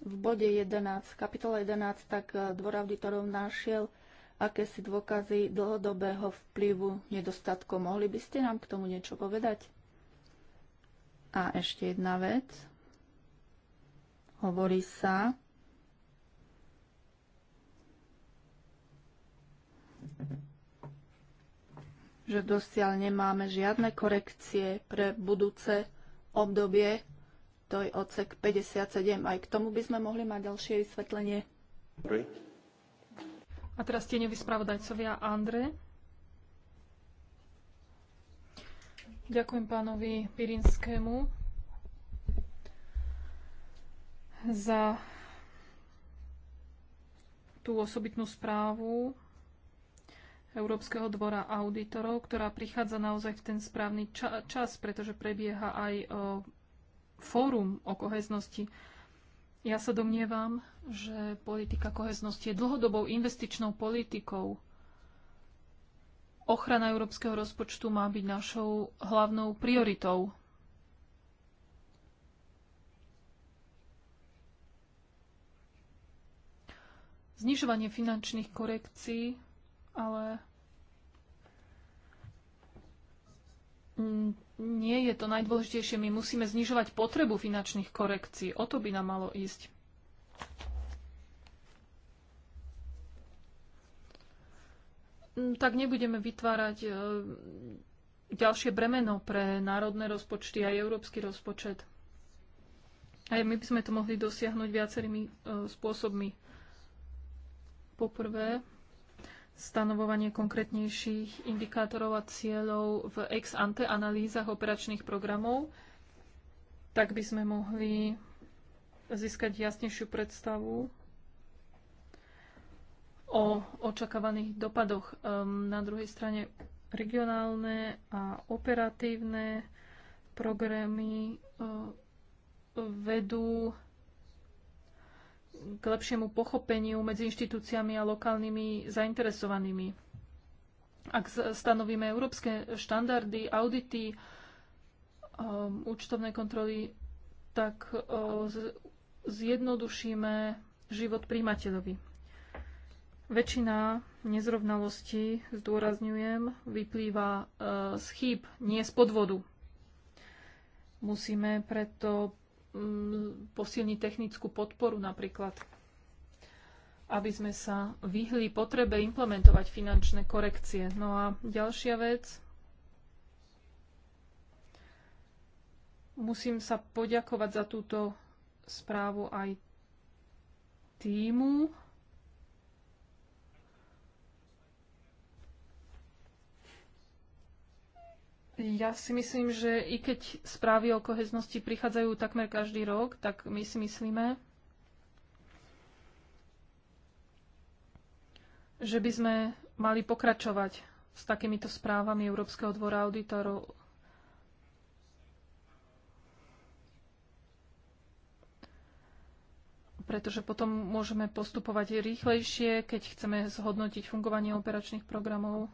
v bode 11, v kapitole 11, tak e, dvor auditorov našiel akési dôkazy dlhodobého vplyvu nedostatkov. Mohli by ste nám k tomu niečo povedať? A ešte jedna vec. Hovorí sa, že dosiaľ nemáme žiadne korekcie pre budúce obdobie to je odsek 57. Aj k tomu by sme mohli mať ďalšie vysvetlenie.
A teraz tieňoví spravodajcovia Andre. Ďakujem pánovi Pirinskému za tú osobitnú správu Európskeho dvora auditorov, ktorá prichádza naozaj v ten správny čas, pretože prebieha aj fórum o koheznosti. Ja sa domnievam, že politika koheznosti je dlhodobou investičnou politikou. Ochrana európskeho rozpočtu má byť našou hlavnou prioritou. Znižovanie finančných korekcií ale nie je to najdôležitejšie. My musíme znižovať potrebu finančných korekcií. O to by nám malo ísť. Mm, tak nebudeme vytvárať e, ďalšie bremeno pre národné rozpočty a európsky rozpočet. Aj my by sme to mohli dosiahnuť viacerými e, spôsobmi. Poprvé, stanovovanie konkrétnejších indikátorov a cieľov v ex ante analýzach operačných programov, tak by sme mohli získať jasnejšiu predstavu o očakávaných dopadoch. Ehm, na druhej strane regionálne a operatívne programy eh, vedú k lepšiemu pochopeniu medzi inštitúciami a lokálnymi zainteresovanými. Ak stanovíme európske štandardy, audity, um, účtovné kontroly, tak um, zjednodušíme život príjimateľovi. Väčšina nezrovnalostí, zdôrazňujem, vyplýva uh, z chýb, nie z podvodu. Musíme preto Mm, posilniť technickú podporu napríklad, aby sme sa vyhli potrebe implementovať finančné korekcie. No a ďalšia vec. Musím sa poďakovať za túto správu aj týmu, Ja si myslím, že i keď správy o koheznosti prichádzajú takmer každý rok, tak my si myslíme, že by sme mali pokračovať s takýmito správami Európskeho dvora auditorov. pretože potom môžeme postupovať rýchlejšie, keď chceme zhodnotiť fungovanie operačných programov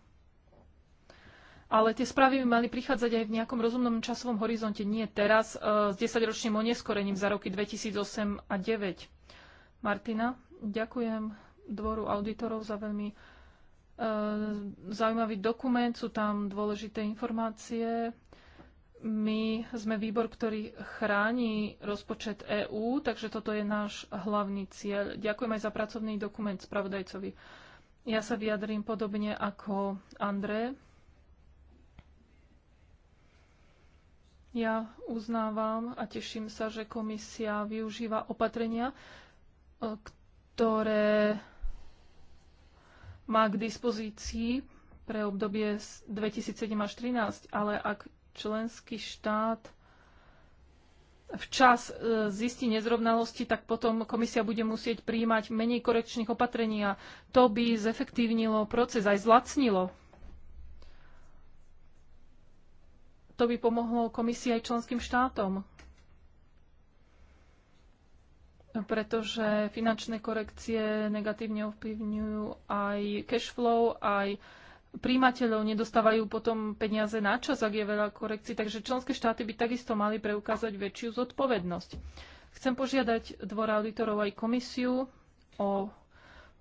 ale tie správy by mali prichádzať aj v nejakom rozumnom časovom horizonte, nie teraz, e, s desaťročným oneskorením za roky 2008 a 2009. Martina, ďakujem dvoru auditorov za veľmi e, zaujímavý dokument, sú tam dôležité informácie. My sme výbor, ktorý chráni rozpočet EÚ, takže toto je náš hlavný cieľ. Ďakujem aj za pracovný dokument spravodajcovi. Ja sa vyjadrím podobne ako André Ja uznávam a teším sa, že komisia využíva opatrenia, e, ktoré má k dispozícii pre obdobie 2007 až 2013, ale ak členský štát včas e, zistí nezrovnalosti, tak potom komisia bude musieť príjmať menej korekčných opatrení a to by zefektívnilo proces, aj zlacnilo To by pomohlo komisii aj členským štátom, pretože finančné korekcie negatívne ovplyvňujú aj cash flow, aj príjimateľov nedostávajú potom peniaze na čas, ak je veľa korekcií, takže členské štáty by takisto mali preukázať väčšiu zodpovednosť. Chcem požiadať dvora auditorov aj komisiu o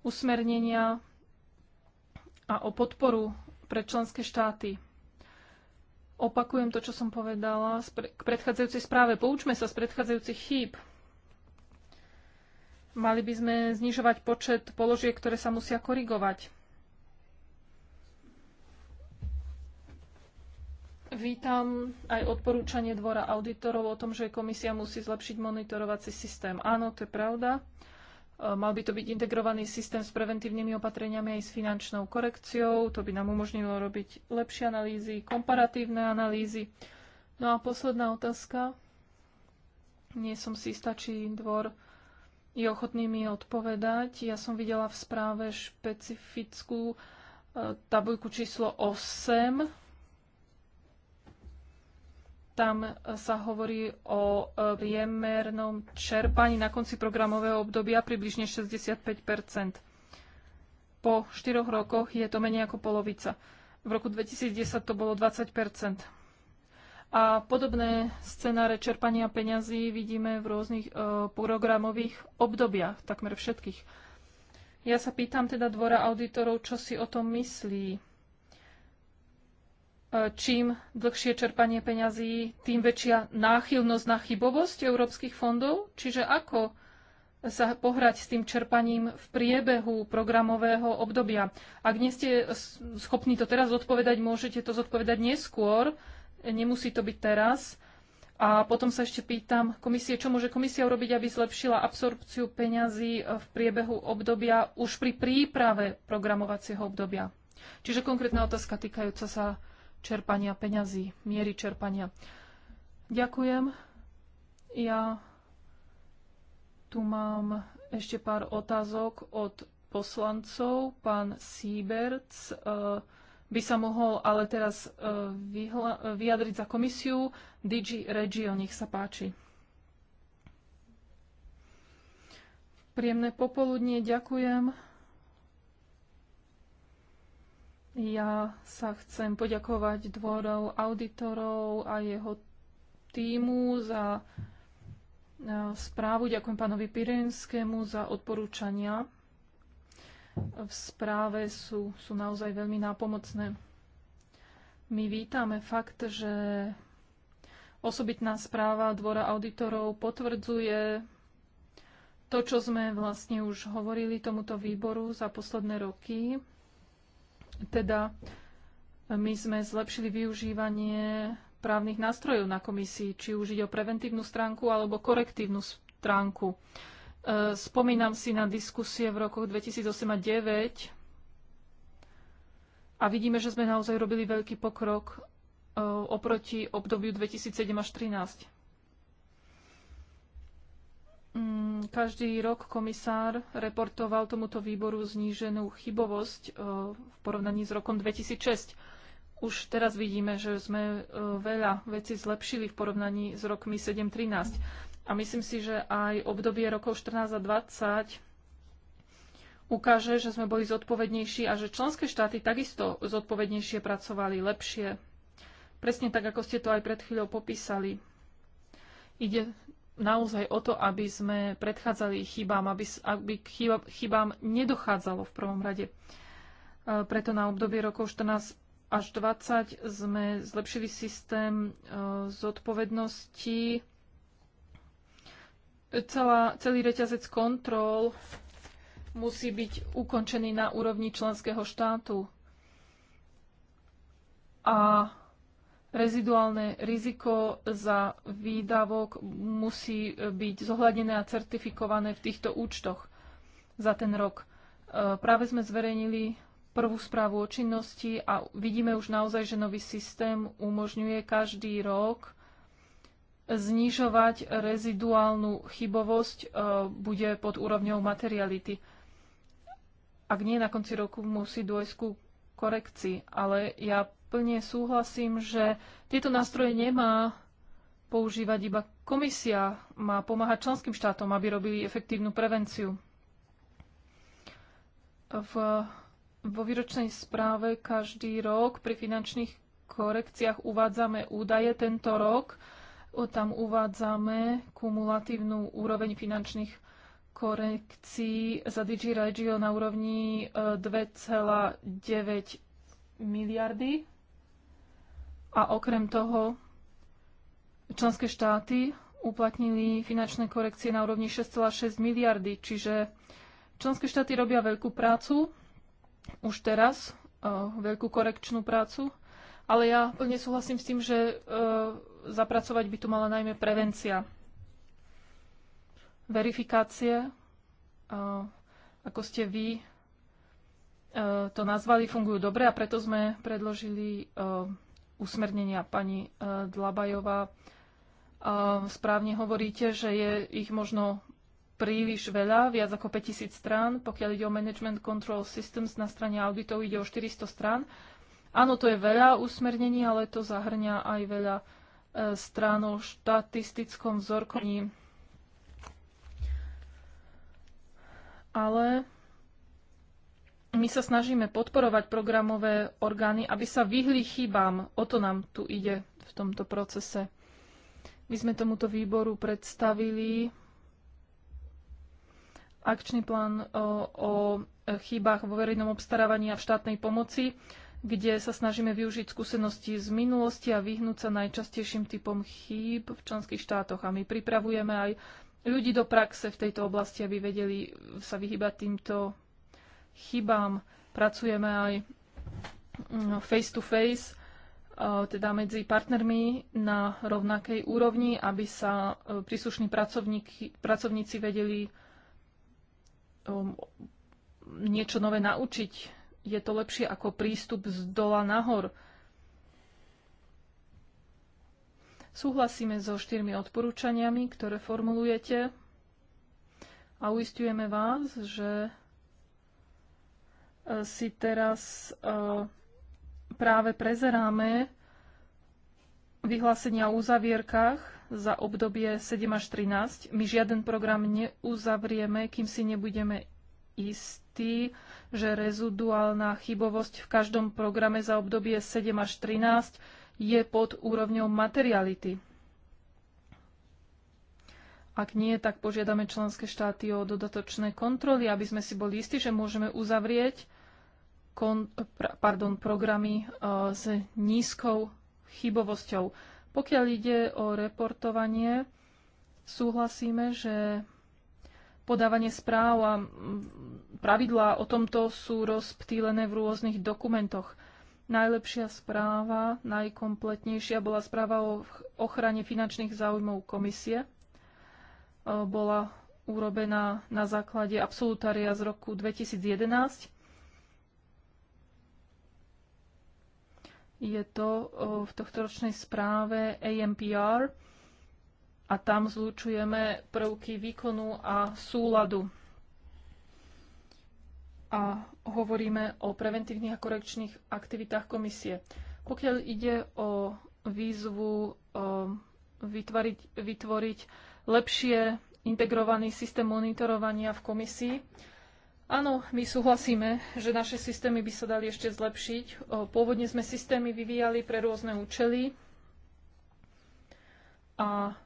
usmernenia a o podporu pre členské štáty Opakujem to, čo som povedala k predchádzajúcej správe. Poučme sa z predchádzajúcich chýb. Mali by sme znižovať počet položiek, ktoré sa musia korigovať. Vítam aj odporúčanie Dvora auditorov o tom, že komisia musí zlepšiť monitorovací systém. Áno, to je pravda. Eh, mal by to byť integrovaný systém s preventívnymi opatreniami aj s finančnou korekciou. To by nám umožnilo robiť lepšie analýzy, komparatívne analýzy. No a posledná otázka. Nie som si istá, či dvor je ochotný mi odpovedať. Ja som videla v správe špecifickú eh, tabuľku číslo 8 tam e, sa hovorí o e, priemernom čerpaní na konci programového obdobia približne 65 Po 4 rokoch je to menej ako polovica. V roku 2010 to bolo 20 a podobné scenáre čerpania peňazí vidíme v rôznych e, programových obdobiach, takmer všetkých. Ja sa pýtam teda dvora auditorov, čo si o tom myslí čím dlhšie čerpanie peňazí, tým väčšia náchylnosť na chybovosť európskych fondov? Čiže ako sa pohrať s tým čerpaním v priebehu programového obdobia. Ak nie ste schopní to teraz odpovedať, môžete to zodpovedať neskôr, nemusí to byť teraz. A potom sa ešte pýtam komisie, čo môže komisia urobiť, aby zlepšila absorpciu peňazí v priebehu obdobia už pri príprave programovacieho obdobia. Čiže konkrétna otázka týkajúca sa čerpania peňazí, miery čerpania. Ďakujem. Ja tu mám ešte pár otázok od poslancov. Pán Sieberc, uh, eh, by sa mohol ale teraz uh, vyhla, vyjadriť za komisiu. Digi Regio, nech sa páči. Príjemné popoludnie, ďakujem. Ja sa chcem poďakovať dvorov auditorov a jeho týmu za e, správu. Ďakujem pánovi Pirenskému za odporúčania. V správe sú, sú naozaj veľmi nápomocné. My vítame fakt, že osobitná správa Dvora auditorov potvrdzuje to, čo sme vlastne už hovorili tomuto výboru za posledné roky, teda e, my sme zlepšili využívanie právnych nástrojov na komisii, či už ide o preventívnu stránku alebo korektívnu stránku. E, spomínam si na diskusie v rokoch 2008 a 2009 a vidíme, že sme naozaj robili veľký pokrok e, oproti obdobiu 2007 až 2013. Mm, každý rok komisár reportoval tomuto výboru zníženú chybovosť e, v porovnaní s rokom 2006. Už teraz vidíme, že sme e, veľa vecí zlepšili v porovnaní s rokmi 7-13. A myslím si, že aj obdobie rokov 14 a 20 ukáže, že sme boli zodpovednejší a že členské štáty takisto zodpovednejšie pracovali lepšie. Presne tak, ako ste to aj pred chvíľou popísali. Ide naozaj o to, aby sme predchádzali chybám, aby, aby k chybám nedochádzalo v prvom rade. E, preto na obdobie rokov 14 až 20 sme zlepšili systém e, zodpovednosti, Celá, celý reťazec kontrol musí byť ukončený na úrovni členského štátu. A reziduálne riziko za výdavok musí byť zohľadené a certifikované v týchto účtoch za ten rok. E, práve sme zverejnili prvú správu o činnosti a vidíme už naozaj, že nový systém umožňuje každý rok znižovať reziduálnu chybovosť, e, bude pod úrovňou materiality. Ak nie na konci roku, musí dôjsť ku korekcii, ale ja plne súhlasím, že tieto nástroje nemá používať iba komisia, má pomáhať členským štátom, aby robili efektívnu prevenciu. V, vo výročnej správe každý rok pri finančných korekciách uvádzame údaje tento rok. Tam uvádzame kumulatívnu úroveň finančných korekcií za DG Regio na úrovni 2,9 e, miliardy a okrem toho členské štáty uplatnili finančné korekcie na úrovni 6,6 miliardy, čiže členské štáty robia veľkú prácu, už teraz e, veľkú korekčnú prácu, ale ja plne súhlasím s tým, že e, zapracovať by tu mala najmä prevencia. Verifikácie, e, ako ste vy to nazvali, fungujú dobre a preto sme predložili usmernenia pani e, Dlabajová. E, správne hovoríte, že je ich možno príliš veľa, viac ako 5000 strán. Pokiaľ ide o Management Control Systems na strane auditov, ide o 400 strán. Áno, to je veľa usmernení, ale to zahrňa aj veľa e, strán o štatistickom vzorkovaní. Ale my sa snažíme podporovať programové orgány, aby sa vyhli chybám. O to nám tu ide v tomto procese. My sme tomuto výboru predstavili akčný plán e, o, o chybách vo verejnom obstarávaní a v štátnej pomoci, kde sa snažíme využiť skúsenosti z minulosti a vyhnúť sa najčastejším typom chýb v členských štátoch. A my pripravujeme aj ľudí do praxe v tejto oblasti, aby vedeli sa vyhybať týmto chybám. Pracujeme aj mm, face to face, e, teda medzi partnermi na rovnakej úrovni, aby sa e, príslušní pracovníci vedeli e, niečo nové naučiť. Je to lepšie ako prístup z dola nahor. Súhlasíme so štyrmi odporúčaniami, ktoré formulujete a uistujeme vás, že si teraz e, práve prezeráme vyhlásenia o uzavierkách za obdobie 7 až 13. My žiaden program neuzavrieme, kým si nebudeme istí, že reziduálna chybovosť v každom programe za obdobie 7 až 13 je pod úrovňou materiality. Ak nie, tak požiadame členské štáty o dodatočné kontroly, aby sme si boli istí, že môžeme uzavrieť kon, pardon, programy e, s nízkou chybovosťou. Pokiaľ ide o reportovanie, súhlasíme, že podávanie správ a pravidlá o tomto sú rozptýlené v rôznych dokumentoch. Najlepšia správa, najkompletnejšia bola správa o ochrane finančných záujmov komisie. E, bola urobená na základe absolutária z roku 2011 je to v tohto ročnej správe AMPR a tam zlučujeme prvky výkonu a súladu. A hovoríme o preventívnych a korekčných aktivitách komisie. Pokiaľ ide o výzvu vytvoriť, vytvoriť lepšie integrovaný systém monitorovania v komisii, Áno, my súhlasíme, že naše systémy by sa dali ešte zlepšiť. Pôvodne sme systémy vyvíjali pre rôzne účely a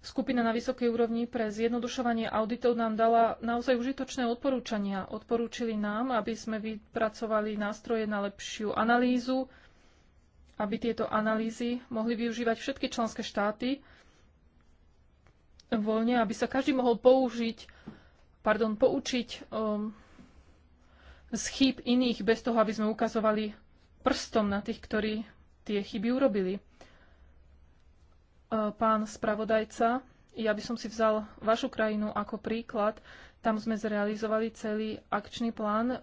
skupina na vysokej úrovni pre zjednodušovanie auditov nám dala naozaj užitočné odporúčania. Odporúčili nám, aby sme vypracovali nástroje na lepšiu analýzu, aby tieto analýzy mohli využívať všetky členské štáty voľne, aby sa každý mohol použiť pardon, poučiť um, z chýb iných bez toho, aby sme ukazovali prstom na tých, ktorí tie chyby urobili. Uh, pán spravodajca, ja by som si vzal vašu krajinu ako príklad. Tam sme zrealizovali celý akčný plán um,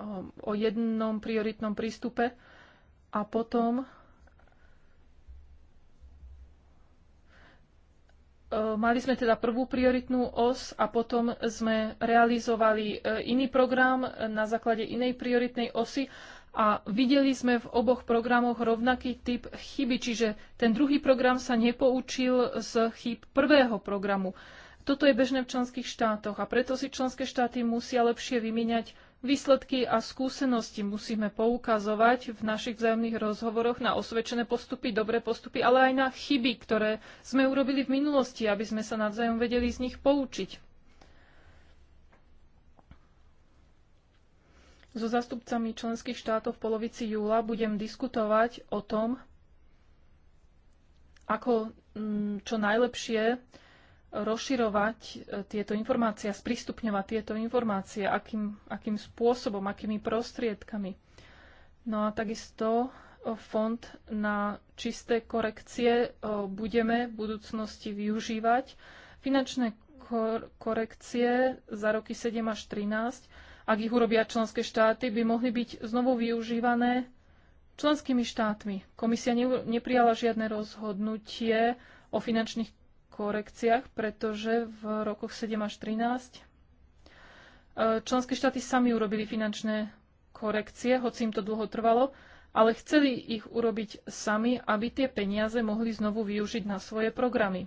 um, o jednom prioritnom prístupe a potom E, mali sme teda prvú prioritnú os a potom sme realizovali e, iný program na základe inej prioritnej osy a videli sme v oboch programoch rovnaký typ chyby, čiže ten druhý program sa nepoučil z chyb prvého programu. Toto je bežné v členských štátoch a preto si členské štáty musia lepšie vymieňať Výsledky a skúsenosti musíme poukazovať v našich vzájomných rozhovoroch na osvedčené postupy, dobré postupy, ale aj na chyby, ktoré sme urobili v minulosti, aby sme sa navzájom vedeli z nich poučiť. So zastupcami členských štátov v polovici júla budem diskutovať o tom, ako mm, čo najlepšie rozširovať e, tieto informácie a sprístupňovať tieto informácie, akým, akým spôsobom, akými prostriedkami. No a takisto e, fond na čisté korekcie e, budeme v budúcnosti využívať. Finančné korekcie za roky 7 až 13, ak ich urobia členské štáty, by mohli byť znovu využívané členskými štátmi. Komisia neprijala žiadne rozhodnutie o finančných korekciách, pretože v rokoch 7 až 13 e, členské štáty sami urobili finančné korekcie, hoci im to dlho trvalo, ale chceli ich urobiť sami, aby tie peniaze mohli znovu využiť na svoje programy.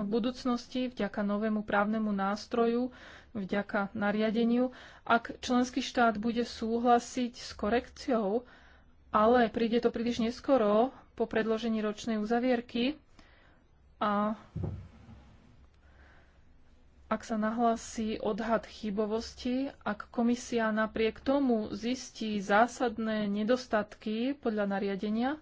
V budúcnosti, vďaka novému právnemu nástroju, vďaka nariadeniu, ak členský štát bude súhlasiť s korekciou, ale príde to príliš neskoro po predložení ročnej uzavierky, a ak sa nahlási odhad chybovosti, ak komisia napriek tomu zistí zásadné nedostatky podľa nariadenia,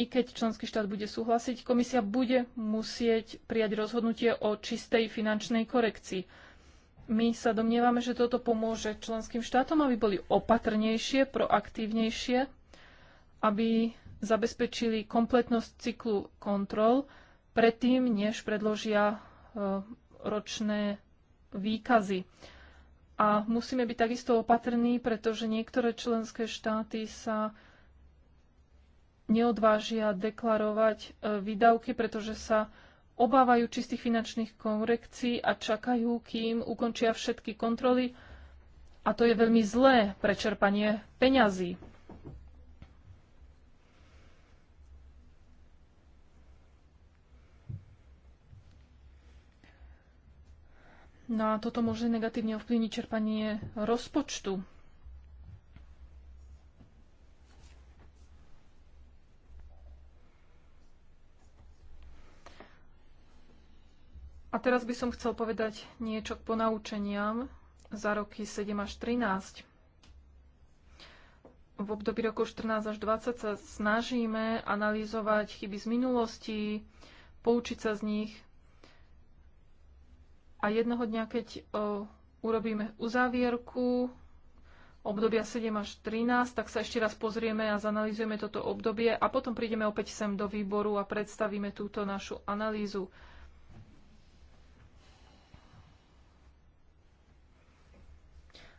i keď členský štát bude súhlasiť, komisia bude musieť prijať rozhodnutie o čistej finančnej korekcii. My sa domnievame, že toto pomôže členským štátom, aby boli opatrnejšie, proaktívnejšie, aby zabezpečili kompletnosť cyklu kontrol predtým, než predložia e, ročné výkazy. A musíme byť takisto opatrní, pretože niektoré členské štáty sa neodvážia deklarovať e, výdavky, pretože sa obávajú čistých finančných korekcií a čakajú, kým ukončia všetky kontroly. A to je veľmi zlé pre čerpanie peňazí. No a toto môže negatívne ovplyvniť čerpanie rozpočtu. A teraz by som chcel povedať niečo k ponaučeniam za roky 7 až 13. V období rokov 14 až 20 sa snažíme analyzovať chyby z minulosti, poučiť sa z nich, a jednoho dňa, keď o, urobíme uzávierku obdobia 7 až 13, tak sa ešte raz pozrieme a zanalýzujeme toto obdobie a potom prídeme opäť sem do výboru a predstavíme túto našu analýzu.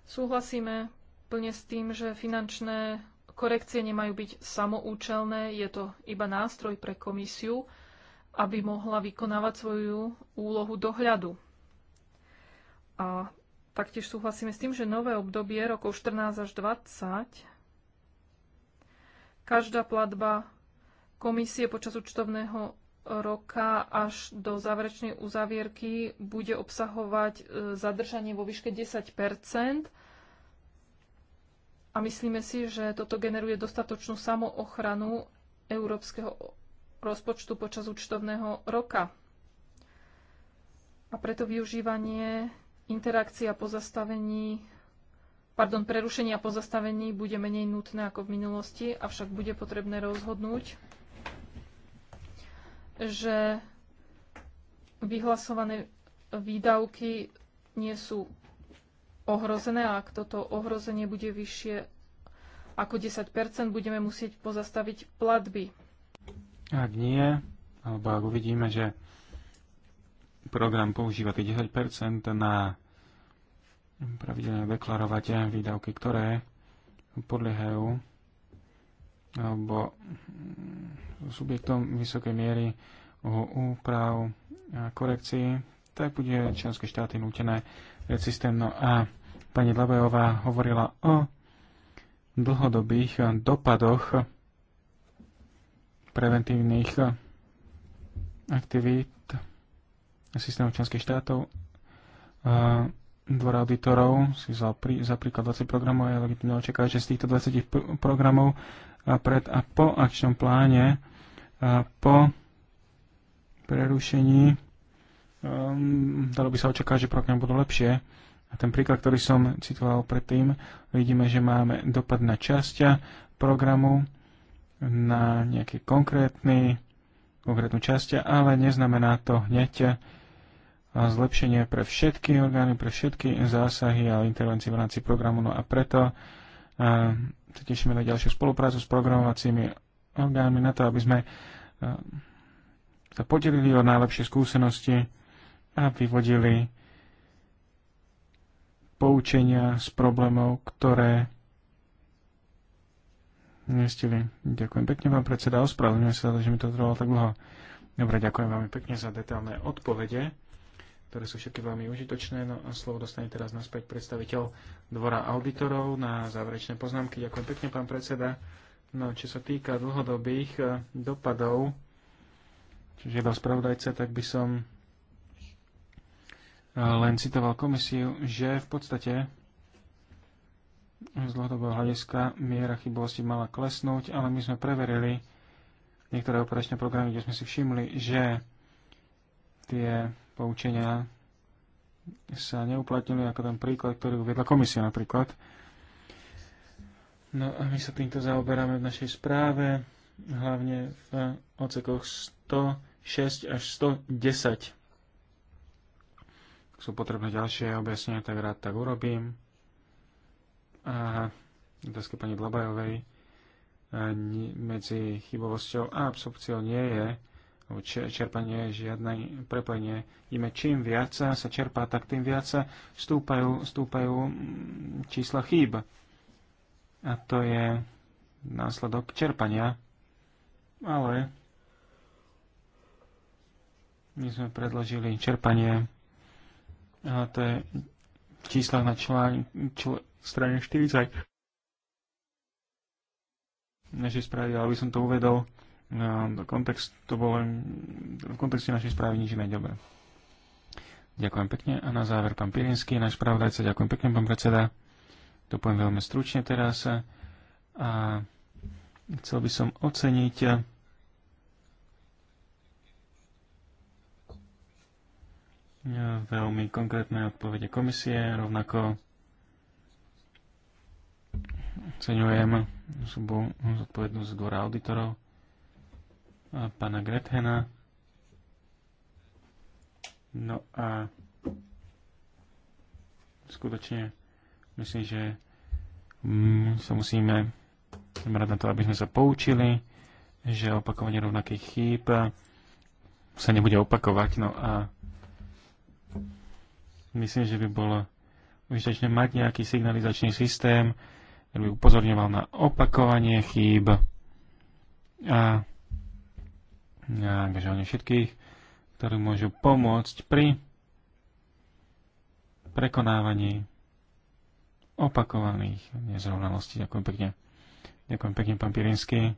Súhlasíme plne s tým, že finančné korekcie nemajú byť samoučelné, je to iba nástroj pre komisiu, aby mohla vykonávať svoju úlohu dohľadu. A taktiež súhlasíme s tým, že nové obdobie rokov 14 až 20 každá platba komisie počas účtovného roka až do záverečnej uzavierky bude obsahovať e, zadržanie vo výške 10 a myslíme si, že toto generuje dostatočnú samoochranu európskeho rozpočtu počas účtovného roka. A preto využívanie interakcia pozastavení, pardon, prerušenia pozastavení bude menej nutné ako v minulosti, avšak bude potrebné rozhodnúť, že vyhlasované výdavky nie sú ohrozené a ak toto ohrozenie bude vyššie ako 10 budeme musieť pozastaviť platby.
Ak nie, alebo ak uvidíme, že program používa 10 na pravidelne deklarovať výdavky, ktoré podliehajú alebo subjektom vysokej miery úprav a korekcií, tak bude členské štáty nútené systémno. A pani Labajová hovorila o dlhodobých dopadoch preventívnych aktivít systému členských štátov dvor auditorov si vzal prí, za príklad 20 programov a je legitimné očakávať, že z týchto 20 programov a pred a po akčnom pláne a po prerušení um, dalo by sa očakávať, že programy budú lepšie. A ten príklad, ktorý som citoval predtým, vidíme, že máme dopad na časť programu, na nejaký konkrétny, konkrétnu časť, ale neznamená to hneď zlepšenie pre všetky orgány, pre všetky zásahy a intervencie v rámci programu. No a preto sa tešíme na ďalšiu spoluprácu s programovacími orgánmi na to, aby sme sa podelili o najlepšie skúsenosti a vyvodili poučenia z problémov, ktoré nestili. Ďakujem pekne, vám, predseda. Ospravedlňujem sa, že mi to trvalo tak dlho. Dobre, ďakujem veľmi pekne za detailné odpovede ktoré sú všetky veľmi užitočné. No a slovo dostane teraz naspäť predstaviteľ Dvora auditorov na záverečné poznámky. Ďakujem pekne, pán predseda. No, čo sa týka dlhodobých eh, dopadov, čiže iba spravodajca, tak by som eh, len citoval komisiu, že v podstate z dlhodobého hľadiska miera chybovosti mala klesnúť, ale my sme preverili niektoré operačné programy, kde sme si všimli, že tie poučenia sa neuplatnili, ako ten príklad, ktorý uviedla komisia napríklad. No a my sa týmto zaoberáme v našej správe, hlavne v ocekoch 106 až 110. Ak sú potrebné ďalšie objasnenia, tak rád tak urobím. A otázka pani Dlabajovej medzi chybovosťou a absorpciou nie je čerpanie žiadne prepojenie. Ime čím viac sa čerpá, tak tým viac sa stúpajú, stúpajú mm, čísla chýb. A to je následok čerpania. Ale my sme predložili čerpanie a to je čísla na člán, čl, strane 40 Než spravil, aby som to uvedol do to bolo, v kontexte našej správy nič iné dobre. Ďakujem pekne. A na záver pán Pirinský, náš pravdajca. Ďakujem pekne, pán predseda. To poviem veľmi stručne teraz. A chcel by som oceniť e, veľmi konkrétne odpovede komisie, rovnako oceňujem zodpovednosť dvora auditorov pána Grethena. No a skutočne myslím, že mm, sa musíme zamerať na to, aby sme sa poučili, že opakovanie rovnakých chýb sa nebude opakovať. No a myslím, že by bolo užitočné mať nejaký signalizačný systém, ktorý by upozorňoval na opakovanie chýb a angažovanie všetkých, ktorí môžu pomôcť pri prekonávaní opakovaných nezrovnalostí. Ďakujem pekne. Ďakujem pekne, pán Pirinsky.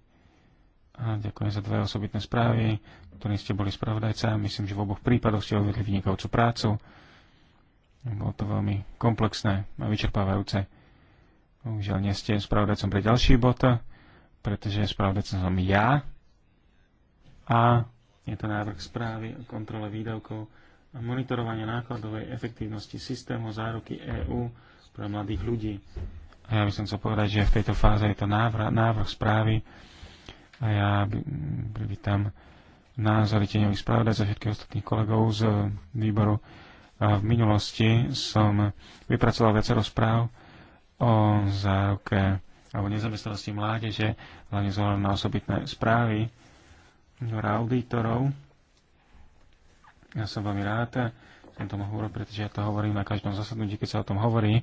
A ďakujem za dve osobitné správy, ktorým ste boli spravodajca. Myslím, že v oboch prípadoch ste uvedli vynikajúcu prácu. Bolo to veľmi komplexné a vyčerpávajúce. Bohužiaľ, nie ste spravodajcom pre ďalší bod, pretože spravodajcom som ja a je to návrh správy o kontrole výdavkov a monitorovanie nákladovej efektívnosti systému záruky EÚ pre mladých ľudí. A ja by som chcel povedať, že v tejto fáze je to návrh, návrh správy a ja privítam názory tieňových spravodaj za všetkých ostatných kolegov z výboru. A v minulosti som vypracoval viacero správ o záruke alebo nezamestnanosti mládeže, hlavne zohľadom na osobitné správy dvora auditorov. Ja som veľmi rád, som to mohol urobiť, pretože ja to hovorím na každom zasadnutí, keď sa o tom hovorí.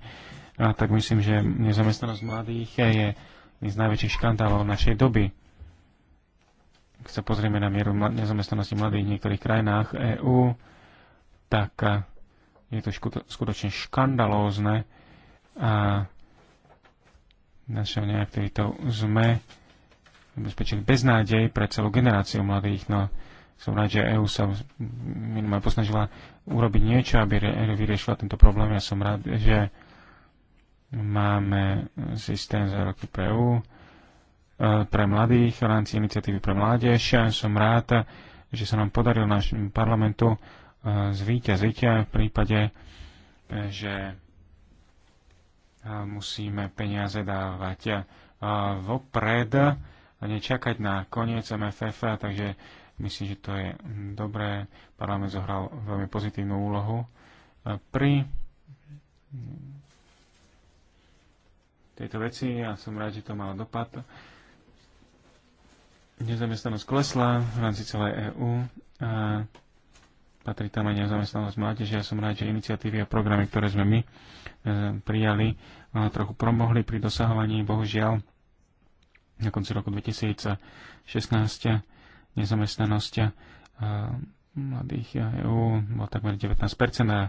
A tak myslím, že nezamestnanosť mladých je jedným z najväčších škandálov našej doby. Keď sa pozrieme na mieru nezamestnanosti mladých v niektorých krajinách EÚ, tak eh, je to skutočne škandalózne a našou neaktivitou sme zabezpečili beznádej pre celú generáciu mladých. No, som rád, že EÚ sa minimálne posnažila urobiť niečo, aby vyriešila tento problém. Ja som rád, že máme systém za roky pre EÚ, e, pre mladých, v rámci iniciatívy pre mládež. Ja som rád, že sa nám podarilo našemu parlamentu e, zvýťaziť v prípade, že e, musíme peniaze dávať vopred a nečakať na koniec MFF, takže myslím, že to je dobré. Parlament zohral veľmi pozitívnu úlohu pri tejto veci. Ja som rád, že to malo dopad. Nezamestnanosť klesla v rámci celej EÚ. A patrí tam aj nezamestnanosť mládeže. Ja som rád, že iniciatívy a programy, ktoré sme my e, prijali, e, trochu promohli pri dosahovaní. Bohužiaľ, na konci roku 2016 nezamestnanosť eh, mladých EU eh, e bola takmer 19% a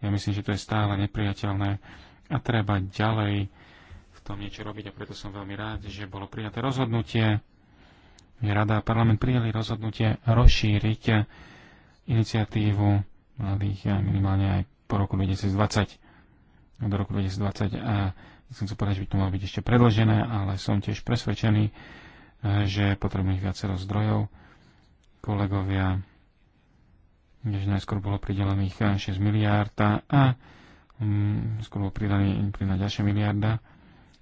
ja myslím, že to je stále nepriateľné a treba ďalej v tom niečo robiť a preto som veľmi rád, že bolo prijaté rozhodnutie, že Rada a parlament prijali rozhodnutie rozšíriť iniciatívu mladých eh, minimálne aj po roku 2020 do roku 2020 a som chcel povedať, že by to malo byť ešte predložené, ale som tiež presvedčený, e, že potrebujeme viacero zdrojov. Kolegovia, že najskôr bolo pridelených 6 e, miliárda a mm, skôr bolo pridaný, pridaná ďalšia miliarda.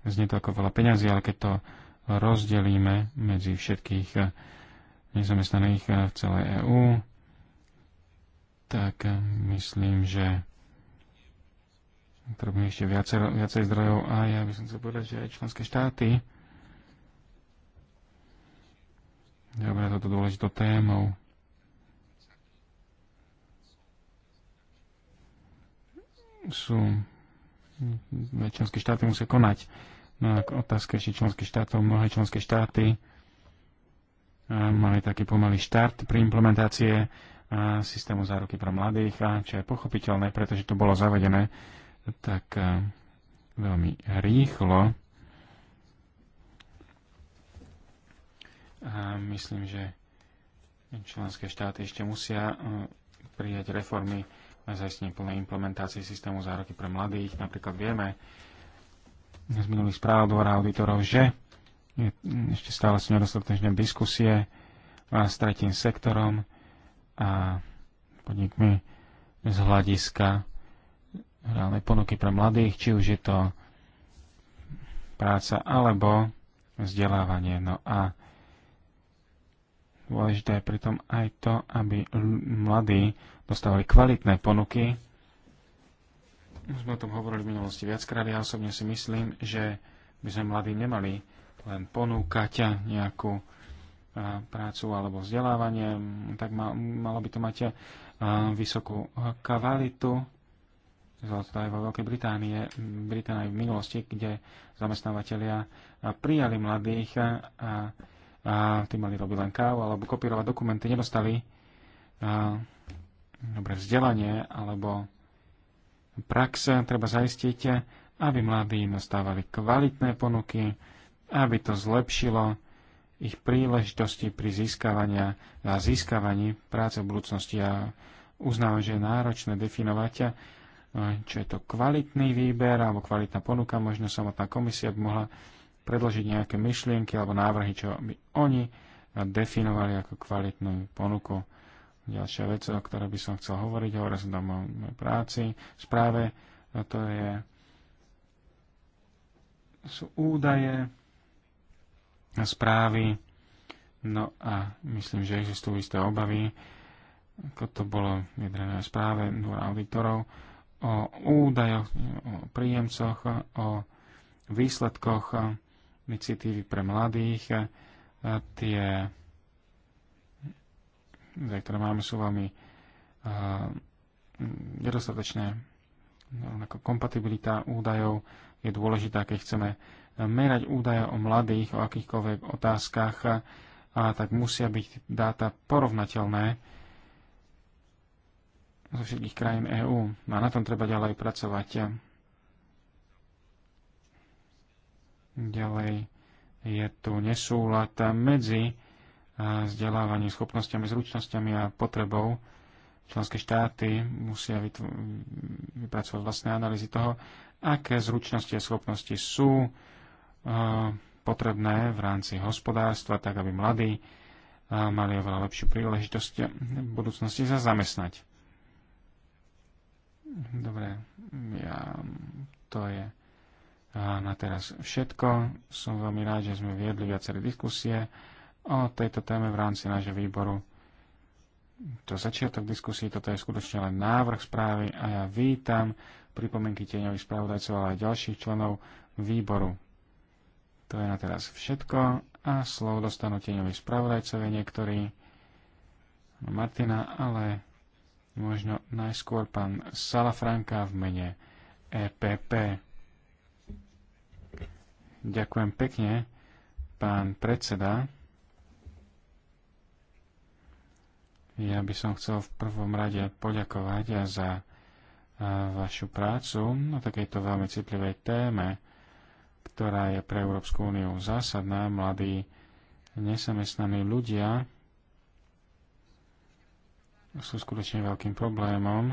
Znie to ako veľa peňazí, ale keď to rozdelíme medzi všetkých e, nezamestnaných v celej EÚ, tak myslím, že potrebujeme ešte viacej, viacej zdrojov a ja by som chcel povedať, že aj členské štáty Dobre, toto dôležitou témou. Sú členské štáty musia konať. No a otázka ešte členských štátov. Mnohé členské štáty mali taký pomalý štart pri implementácie systému záruky pre mladých, a čo je pochopiteľné, pretože to bolo zavedené tak eh, veľmi rýchlo. A myslím, že členské štáty ešte musia eh, prijať reformy a zaistenie plnej implementácie systému zároky pre mladých. Napríklad vieme z minulých správ dvora auditorov, že je, ešte stále sú nedostatočné diskusie s tretím sektorom a podnikmi z hľadiska reálnej ponuky pre mladých, či už je to práca alebo vzdelávanie. No a dôležité je pritom aj to, aby mladí dostávali kvalitné ponuky. Už sme o tom hovorili v minulosti viackrát. Ja osobne si myslím, že by sme mladí nemali len ponúkať nejakú prácu alebo vzdelávanie, tak malo by to mať vysokú kvalitu aj vo Veľkej Británie, aj v minulosti, kde zamestnávateľia prijali mladých a, a tí mali robiť len kávu alebo kopírovať dokumenty, nedostali a, dobre vzdelanie alebo prax. Treba zaistiť, aby mladí dostávali kvalitné ponuky, aby to zlepšilo ich príležitosti pri získavania a získavaní práce v budúcnosti. Ja uznávam, že je náročné definovať čo je to kvalitný výber alebo kvalitná ponuka. Možno samotná komisia by mohla predložiť nejaké myšlienky alebo návrhy, čo by oni definovali ako kvalitnú ponuku. Ďalšia vec, o ktorej by som chcel hovoriť, hovoril som tam o práci, správe, to je, sú údaje, a správy, no a myslím, že existujú isté obavy, ako to bolo vydrené správe dvora auditorov, o údajoch, o príjemcoch, o výsledkoch iniciatívy pre mladých. E, tie, ktoré máme, sú veľmi e, nedostatečné. Rovnako no, kompatibilita údajov je dôležitá, keď chceme merať údaje o mladých, o akýchkoľvek otázkach, a tak musia byť dáta porovnateľné zo všetkých krajín EÚ. A na tom treba ďalej pracovať. Ďalej je tu nesúlad medzi vzdelávaním, schopnosťami, zručnosťami a potrebou. Členské štáty musia vypracovať vlastné analýzy toho, aké zručnosti a schopnosti sú potrebné v rámci hospodárstva, tak aby mladí mali oveľa lepšiu príležitosť v budúcnosti sa zamestnať. Dobre, ja, to je a na teraz všetko. Som veľmi rád, že sme viedli viaceré diskusie o tejto téme v rámci nášho výboru. To začiatok diskusí, toto je skutočne len návrh správy a ja vítam pripomienky tieňových spravodajcov, ale aj ďalších členov výboru. To je na teraz všetko a slovo dostanú tieňových spravodajcovia niektorí Martina, ale Možno najskôr pán Salafranka v mene EPP. Ďakujem pekne, pán predseda. Ja by som chcel v prvom rade poďakovať za vašu prácu na takejto veľmi citlivej téme, ktorá je pre Európsku úniu zásadná. Mladí nesamestnaní ľudia sú skutočne veľkým problémom.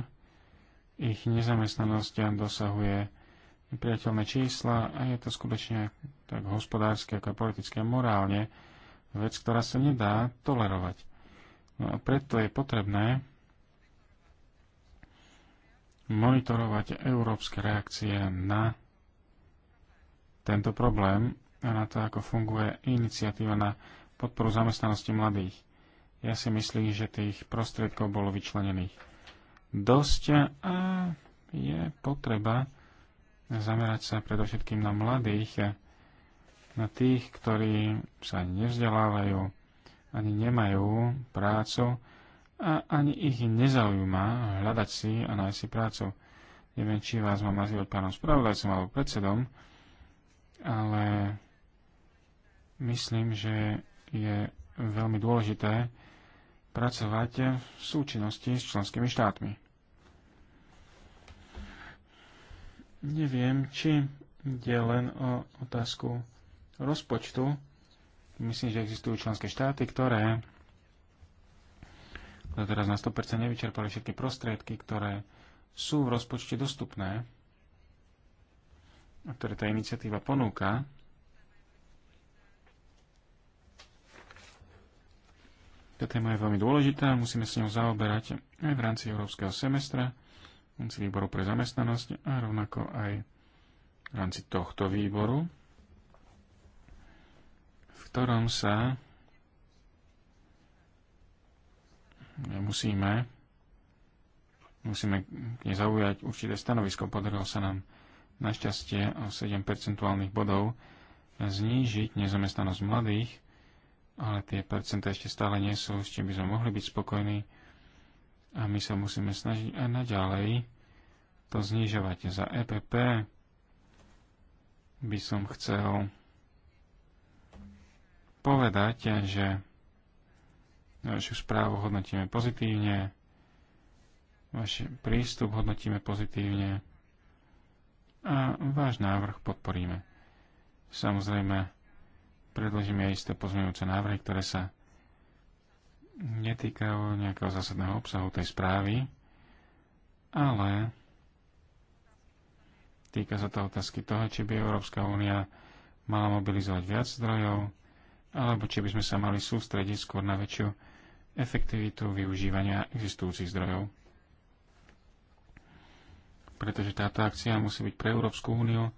Ich nezamestnanosť dosahuje priateľné čísla a je to skutočne tak hospodárske, ako politické a morálne vec, ktorá sa nedá tolerovať. No a preto je potrebné monitorovať európske reakcie na tento problém a na to, ako funguje iniciatíva na podporu zamestnanosti mladých. Ja si myslím, že tých prostriedkov bolo vyčlenených dosť a je potreba zamerať sa predovšetkým na mladých, na tých, ktorí sa nevzdelávajú, ani nemajú prácu a ani ich nezaujíma hľadať si a nájsť si prácu. Neviem, či vás mám nazývať pánom spravodajcom alebo predsedom, ale myslím, že je veľmi dôležité pracovať v súčinnosti s členskými štátmi. Neviem, či ide len o otázku rozpočtu. Myslím, že existujú členské štáty, ktoré doteraz na 100% nevyčerpali všetky prostriedky, ktoré sú v rozpočte dostupné, a ktoré tá iniciatíva ponúka, Tá téma je veľmi dôležitá, musíme s ňou zaoberať aj v rámci európskeho semestra, v rámci výboru pre zamestnanosť a rovnako aj v rámci tohto výboru, v ktorom sa musíme musíme zaujať určité stanovisko. Podarilo sa nám našťastie o 7 percentuálnych bodov znížiť nezamestnanosť mladých ale tie percentá ešte stále nie sú, s čím by sme mohli byť spokojní a my sa musíme snažiť aj naďalej to znižovať. Za EPP by som chcel povedať, že našu správu hodnotíme pozitívne, váš prístup hodnotíme pozitívne a váš návrh podporíme. Samozrejme, predložíme aj isté pozmeňujúce návrhy, ktoré sa netýkajú nejakého zásadného obsahu tej správy, ale týka sa to otázky toho, či by Európska únia mala mobilizovať viac zdrojov, alebo či by sme sa mali sústrediť skôr na väčšiu efektivitu využívania existujúcich zdrojov. Pretože táto akcia musí byť pre Európsku úniu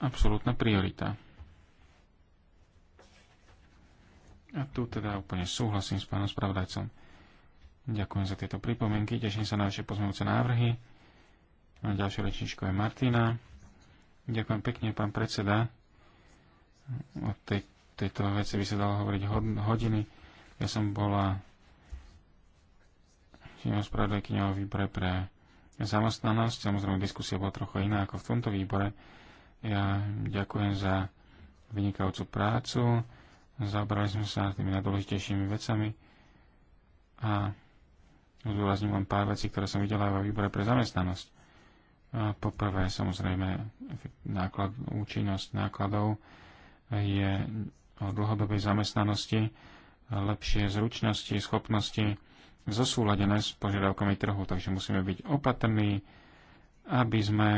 absolútna priorita. A tu teda úplne súhlasím s pánom spravodajcom. Ďakujem za tieto pripomienky, teším sa na vaše pozmeňujúce návrhy. A ďalšie rečničko je Martina. Ďakujem pekne, pán predseda. O tej, tejto veci by sa dalo hovoriť hod, hodiny. Ja som bola spravodajkyňou výbore pre zamestnanosť. Samozrejme, diskusia bola trochu iná ako v tomto výbore. Ja ďakujem za vynikajúcu prácu zaobrali sme sa tými najdôležitejšími vecami a zúrazním len pár vecí, ktoré som aj vo výbore pre zamestnanosť. A poprvé, samozrejme, náklad, účinnosť nákladov je o dlhodobej zamestnanosti, lepšie zručnosti, schopnosti zosúladené s požiadavkami trhu, takže musíme byť opatrní, aby sme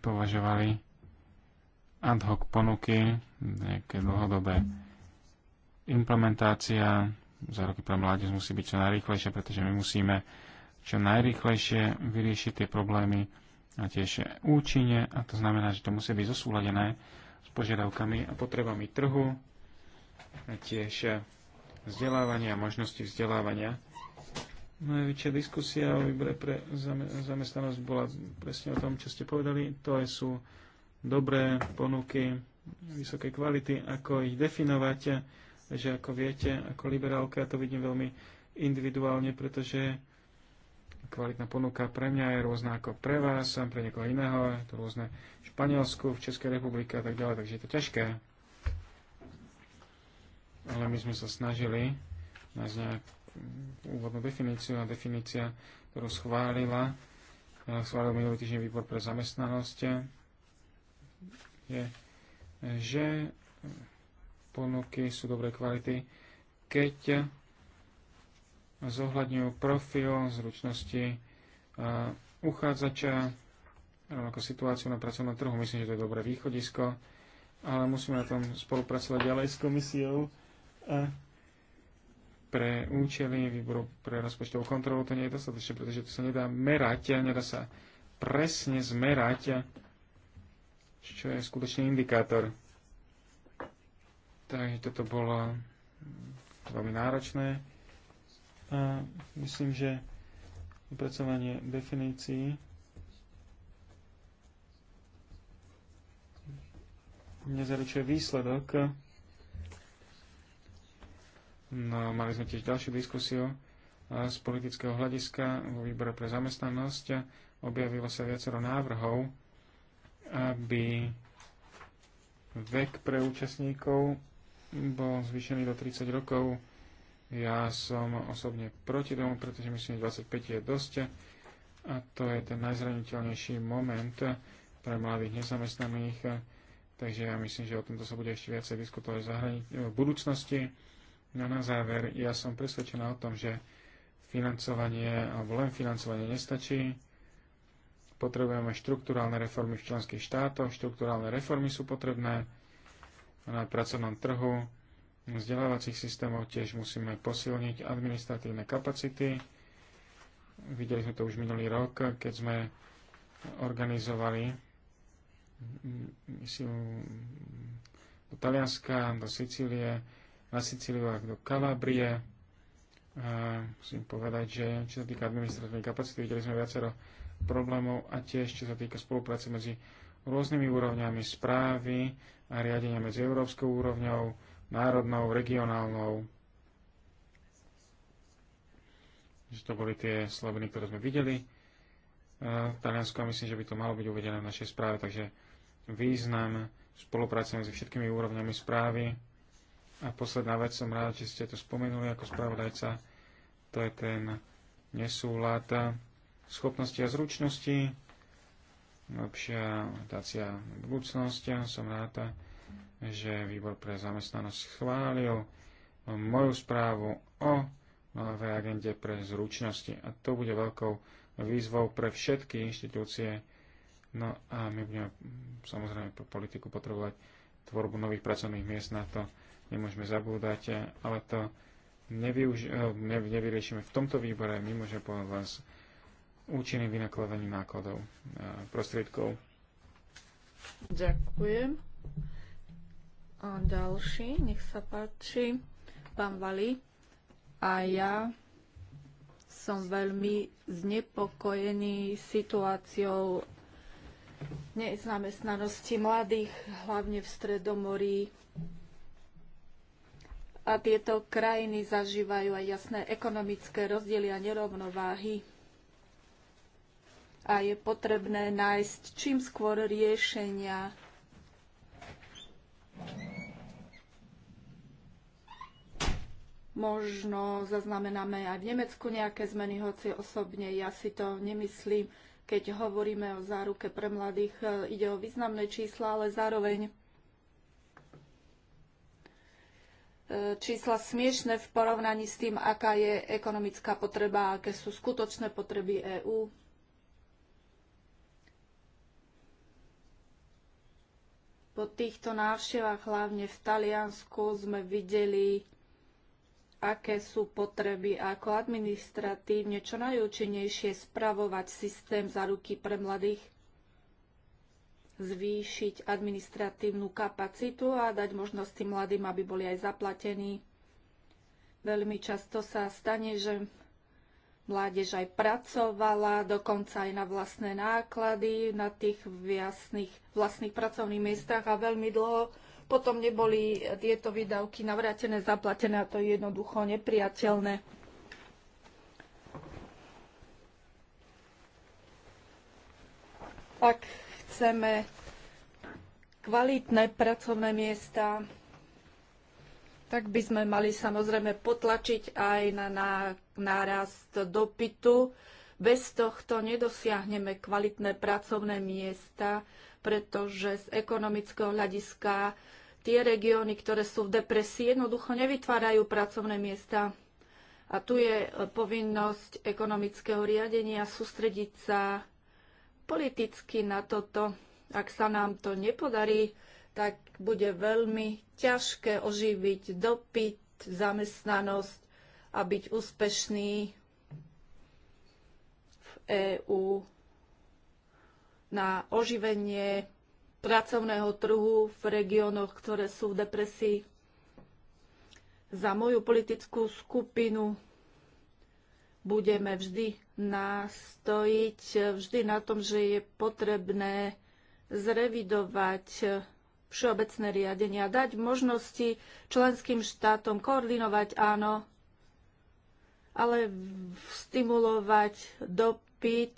považovali ad hoc ponuky, nejaké dlhodobé implementácia za roky pre mládež musí byť čo najrýchlejšia, pretože my musíme čo najrýchlejšie vyriešiť tie problémy a tiež účinne a to znamená, že to musí byť zosúladené s požiadavkami a potrebami trhu a tiež vzdelávania a možnosti vzdelávania. Najväčšia diskusia o výbore pre zamestnanosť bola presne o tom, čo ste povedali. To sú dobré ponuky vysokej kvality, ako ich definovať, že ako viete, ako liberálka ja to vidím veľmi individuálne, pretože kvalitná ponuka pre mňa je rôzna ako pre vás, a pre niekoho iného, je to rôzne v Španielsku, v Českej republike a tak ďalej, takže je to ťažké. Ale my sme sa snažili nájsť nejakú úvodnú definíciu a definícia, ktorú schválila, schválil minulý týždeň výbor pre zamestnanosť, je, že ponuky sú dobrej kvality, keď zohľadňujú profil, zručnosti e, uchádzača, rovnako situáciu na pracovnom trhu. Myslím, že to je dobré východisko, ale musíme na tom spolupracovať ďalej s komisiou. A pre účely výboru pre rozpočtovú kontrolu to nie je dostatočné, pretože to sa nedá merať, nedá sa presne zmerať čo je skutočný indikátor. Takže toto bolo veľmi náročné. A myslím, že upracovanie definícií nezaručuje výsledok. No, mali sme tiež ďalšiu diskusiu z politického hľadiska vo výbore pre zamestnanosť. Objavilo sa viacero návrhov, aby vek pre účastníkov bol zvýšený do 30 rokov. Ja som osobne proti tomu, pretože myslím, že 25 je dosť a to je ten najzraniteľnejší moment pre mladých nezamestnaných. Takže ja myslím, že o tomto sa bude ešte viacej diskutovať v, v budúcnosti. No na záver, ja som presvedčená o tom, že financovanie alebo len financovanie nestačí Potrebujeme štruktúrálne reformy v členských štátoch, štruktúrálne reformy sú potrebné na pracovnom trhu, vzdelávacích systémov tiež musíme posilniť administratívne kapacity. Videli sme to už minulý rok, keď sme organizovali misiu do Talianska, do Sicílie, na Sicíliu a do Kalabrie. musím povedať, že čo sa týka administratívnej kapacity, videli sme viacero problémov a tiež čo sa týka spolupráce medzi rôznymi úrovňami správy a riadenia medzi európskou úrovňou, národnou, regionálnou. Že to boli tie sloviny, ktoré sme videli e, v Taliansku a myslím, že by to malo byť uvedené v našej správe, takže význam spolupráce medzi všetkými úrovňami správy. A posledná vec, som rád, že ste to spomenuli ako spravodajca, to je ten nesúlad schopnosti a zručnosti, lepšia orientácia budúcnosť. Som rád, že výbor pre zamestnanosť schválil moju správu o novej agende pre zručnosti. A to bude veľkou výzvou pre všetky inštitúcie. No a my budeme samozrejme po politiku potrebovať tvorbu nových pracovných miest na to. Nemôžeme zabúdať, ale to eh, nevyriešime v tomto výbore. My môžeme povedať len účinným vynakladaním nákladov e, prostriedkov.
Ďakujem. A ďalší, nech sa páči, pán Vali. A ja som veľmi znepokojený situáciou nezamestnanosti mladých, hlavne v Stredomorí. A tieto krajiny zažívajú aj jasné ekonomické rozdiely a nerovnováhy a je potrebné nájsť čím skôr riešenia. Možno zaznamenáme aj v Nemecku nejaké zmeny, hoci osobne ja si to nemyslím. Keď hovoríme o záruke pre mladých, e, ide o významné čísla, ale zároveň e, čísla smiešne v porovnaní s tým, aká je ekonomická potreba, aké sú skutočné potreby EÚ. Po týchto návštevách, hlavne v Taliansku, sme videli, aké sú potreby, ako administratívne čo najúčinnejšie spravovať systém za ruky pre mladých, zvýšiť administratívnu kapacitu a dať možnosti mladým, aby boli aj zaplatení. Veľmi často sa stane, že mládež aj pracovala, dokonca aj na vlastné náklady, na tých jasných, vlastných pracovných miestach a veľmi dlho potom neboli tieto výdavky navrátené, zaplatené a to je jednoducho nepriateľné. Ak chceme kvalitné pracovné miesta, tak by sme mali samozrejme potlačiť aj na, na nárast dopytu. Bez tohto nedosiahneme kvalitné pracovné miesta, pretože z ekonomického hľadiska tie regióny, ktoré sú v depresii, jednoducho nevytvárajú pracovné miesta. A tu je povinnosť ekonomického riadenia sústrediť sa politicky na toto. Ak sa nám to nepodarí, tak bude veľmi ťažké oživiť dopyt, zamestnanosť a byť úspešný v EÚ na oživenie pracovného trhu v regiónoch, ktoré sú v depresii. Za moju politickú skupinu budeme vždy nastojiť, vždy na tom, že je potrebné zrevidovať všeobecné riadenia, dať možnosti členským štátom koordinovať, áno, ale stimulovať dopyt.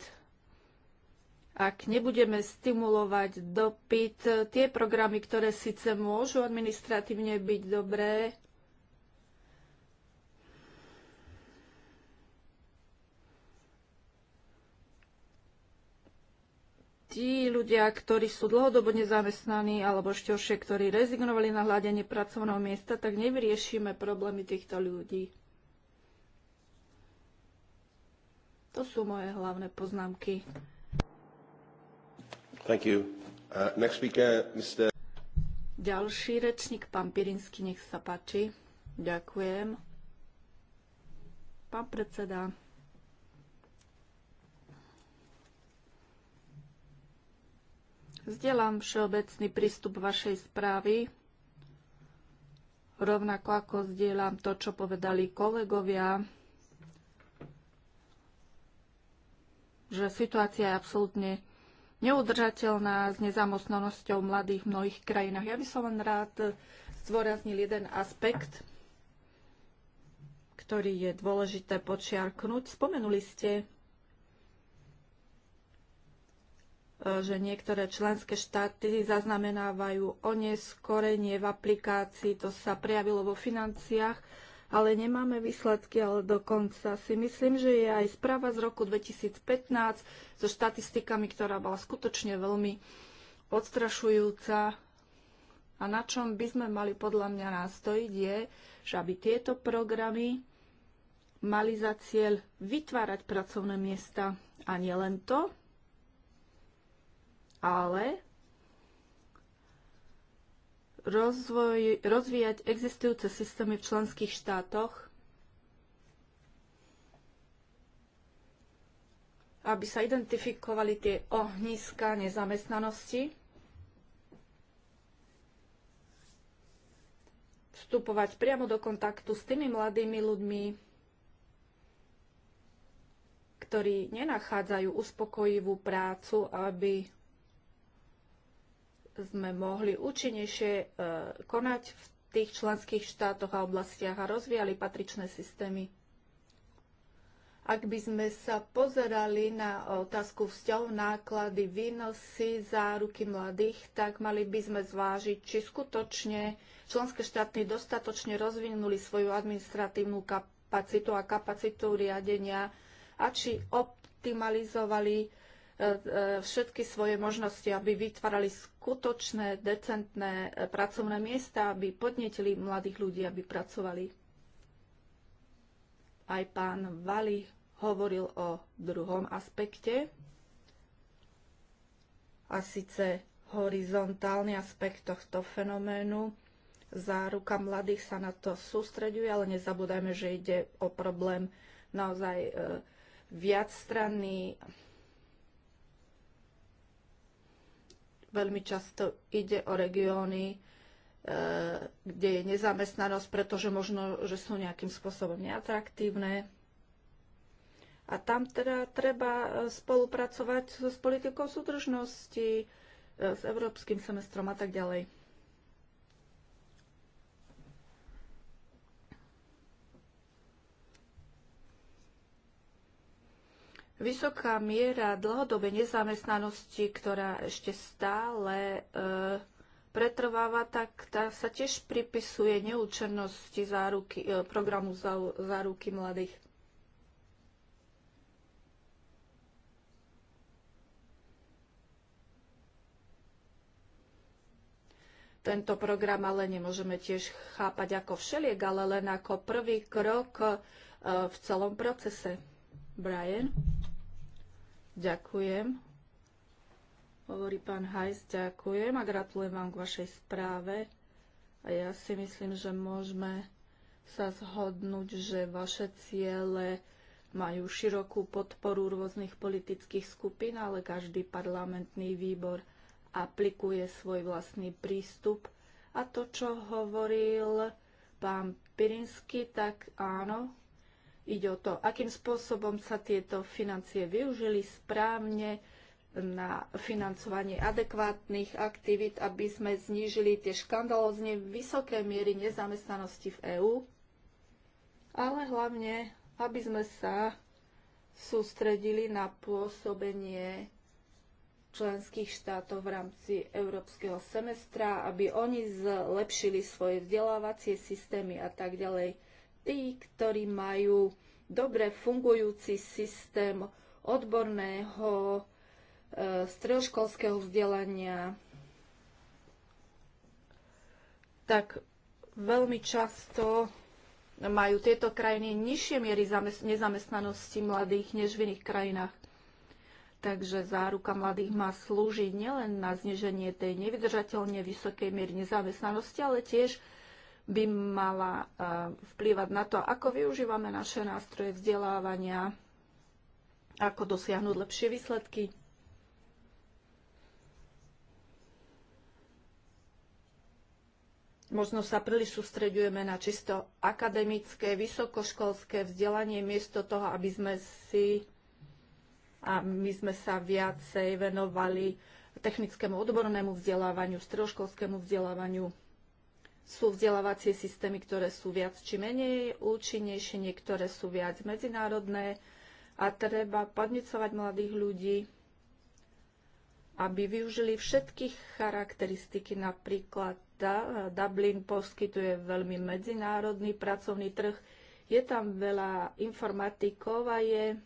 Ak nebudeme stimulovať dopyt, tie programy, ktoré síce môžu administratívne byť dobré, tí ľudia, ktorí sú dlhodobo nezamestnaní alebo ešte ošie, ktorí rezignovali na hľadanie pracovného miesta, tak nevyriešime problémy týchto ľudí. To sú moje hlavné poznámky. Thank you. Uh,
next speaker, Mr.
Ďalší rečník, pán Pirinsky, nech sa páči. Ďakujem. Pán predseda. Zdieľam všeobecný prístup vašej správy, rovnako ako zdieľam to, čo povedali kolegovia, že situácia je absolútne neudržateľná s nezamostnanosťou mladých v mnohých krajinách. Ja by som len rád zdôraznil jeden aspekt, ktorý je dôležité počiarknúť. Spomenuli ste E, že niektoré členské štáty zaznamenávajú oneskorenie v aplikácii, to sa prejavilo vo financiách, ale nemáme výsledky, ale dokonca si myslím, že je aj správa z roku 2015 so štatistikami, ktorá bola skutočne veľmi odstrašujúca. A na čom by sme mali podľa mňa nástojiť je, že aby tieto programy mali za cieľ vytvárať pracovné miesta a nielen to, ale rozvoj, rozvíjať existujúce systémy v členských štátoch, aby sa identifikovali tie ohniska nezamestnanosti, vstupovať priamo do kontaktu s tými mladými ľuďmi, ktorí nenachádzajú uspokojivú prácu, aby sme mohli účinnejšie e, konať v tých členských štátoch a oblastiach a rozvíjali patričné systémy. Ak by sme sa pozerali na otázku vzťahov náklady, výnosy, záruky mladých, tak mali by sme zvážiť, či skutočne členské štáty dostatočne rozvinuli svoju administratívnu kapacitu a kapacitu riadenia a či optimalizovali E, všetky svoje možnosti, aby vytvárali skutočné, decentné e, pracovné miesta, aby podnetili mladých ľudí, aby pracovali. Aj pán Vali hovoril o druhom aspekte, a síce horizontálny aspekt tohto fenoménu. Záruka mladých sa na to sústreďuje, ale nezabúdajme, že ide o problém naozaj e, viacstranný, Veľmi často ide o regióny, e, kde je nezamestnanosť, pretože možno, že sú nejakým spôsobom neatraktívne. A tam teda treba e, spolupracovať so, s politikou súdržnosti, e, s európskym semestrom a tak ďalej. Vysoká miera dlhodobej nezamestnanosti, ktorá ešte stále e, pretrváva, tak tá sa tiež pripisuje neúčernosti záruky, e, programu za, záruky mladých. Tento program ale nemôžeme tiež chápať ako všeliek, ale len ako prvý krok e, v celom procese. Brian? Ďakujem. Hovorí pán Hajs, ďakujem a gratulujem vám k vašej správe. A ja si myslím, že môžeme sa zhodnúť, že vaše ciele majú širokú podporu rôznych politických skupín, ale každý parlamentný výbor aplikuje svoj vlastný prístup. A to, čo hovoril pán Pirinsky, tak áno, Ide o to, akým spôsobom sa tieto financie využili správne na financovanie adekvátnych aktivít, aby sme znížili tie škandalózne vysoké miery nezamestnanosti v EÚ, ale hlavne, aby sme sa sústredili na pôsobenie členských štátov v rámci európskeho semestra, aby oni zlepšili svoje vzdelávacie systémy a tak ďalej tí, ktorí majú dobre fungujúci systém odborného e, stredoškolského vzdelania, tak veľmi často majú tieto krajiny nižšie miery nezamestnanosti mladých než v iných krajinách. Takže záruka mladých má slúžiť nielen na zniženie tej nevydržateľne vysokej miery nezamestnanosti, ale tiež by mala eh, vplývať na to, ako využívame naše nástroje vzdelávania, ako dosiahnuť lepšie výsledky. Možno sa príliš sústreďujeme na čisto akademické, vysokoškolské vzdelanie, miesto toho, aby sme si a my sme sa viacej venovali technickému odbornému vzdelávaniu, stredoškolskému vzdelávaniu sú vzdelávacie systémy, ktoré sú viac či menej účinnejšie, niektoré sú viac medzinárodné a treba podnecovať mladých ľudí, aby využili všetky charakteristiky. Napríklad Dublin poskytuje veľmi medzinárodný pracovný trh, je tam veľa informatikov a je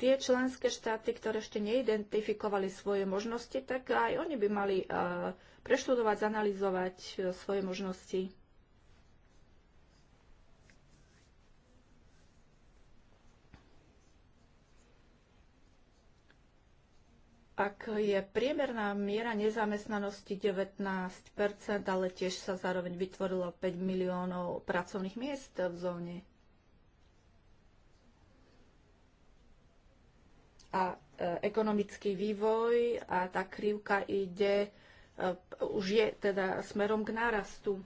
tie členské štáty, ktoré ešte neidentifikovali svoje možnosti, tak aj oni by mali e, preštudovať, zanalizovať e, svoje možnosti. Ak je priemerná miera nezamestnanosti 19 ale tiež sa zároveň vytvorilo 5 miliónov pracovných miest v zóne a e, ekonomický vývoj a tá krivka ide, e, už je teda smerom k nárastu.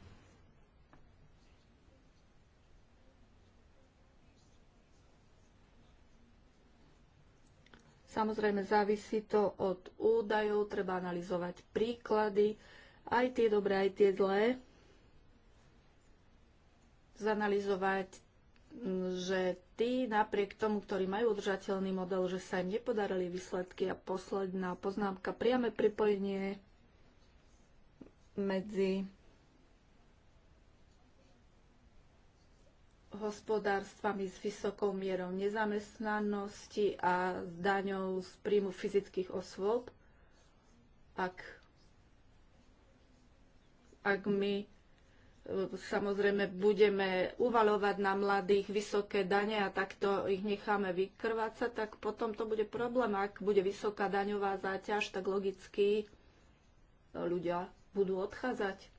Samozrejme, závisí to od údajov, treba analyzovať príklady, aj tie dobré, aj tie zlé. Zanalizovať, že tí, napriek tomu, ktorí majú udržateľný model, že sa im nepodarili výsledky. A posledná poznámka, priame pripojenie medzi hospodárstvami s vysokou mierou nezamestnanosti a s daňou z príjmu fyzických osôb. Ak, ak my Samozrejme, budeme uvalovať na mladých vysoké dane a takto ich necháme vykrvácať, tak potom to bude problém. Ak bude vysoká daňová záťaž, tak logicky e, ľudia budú odchádzať.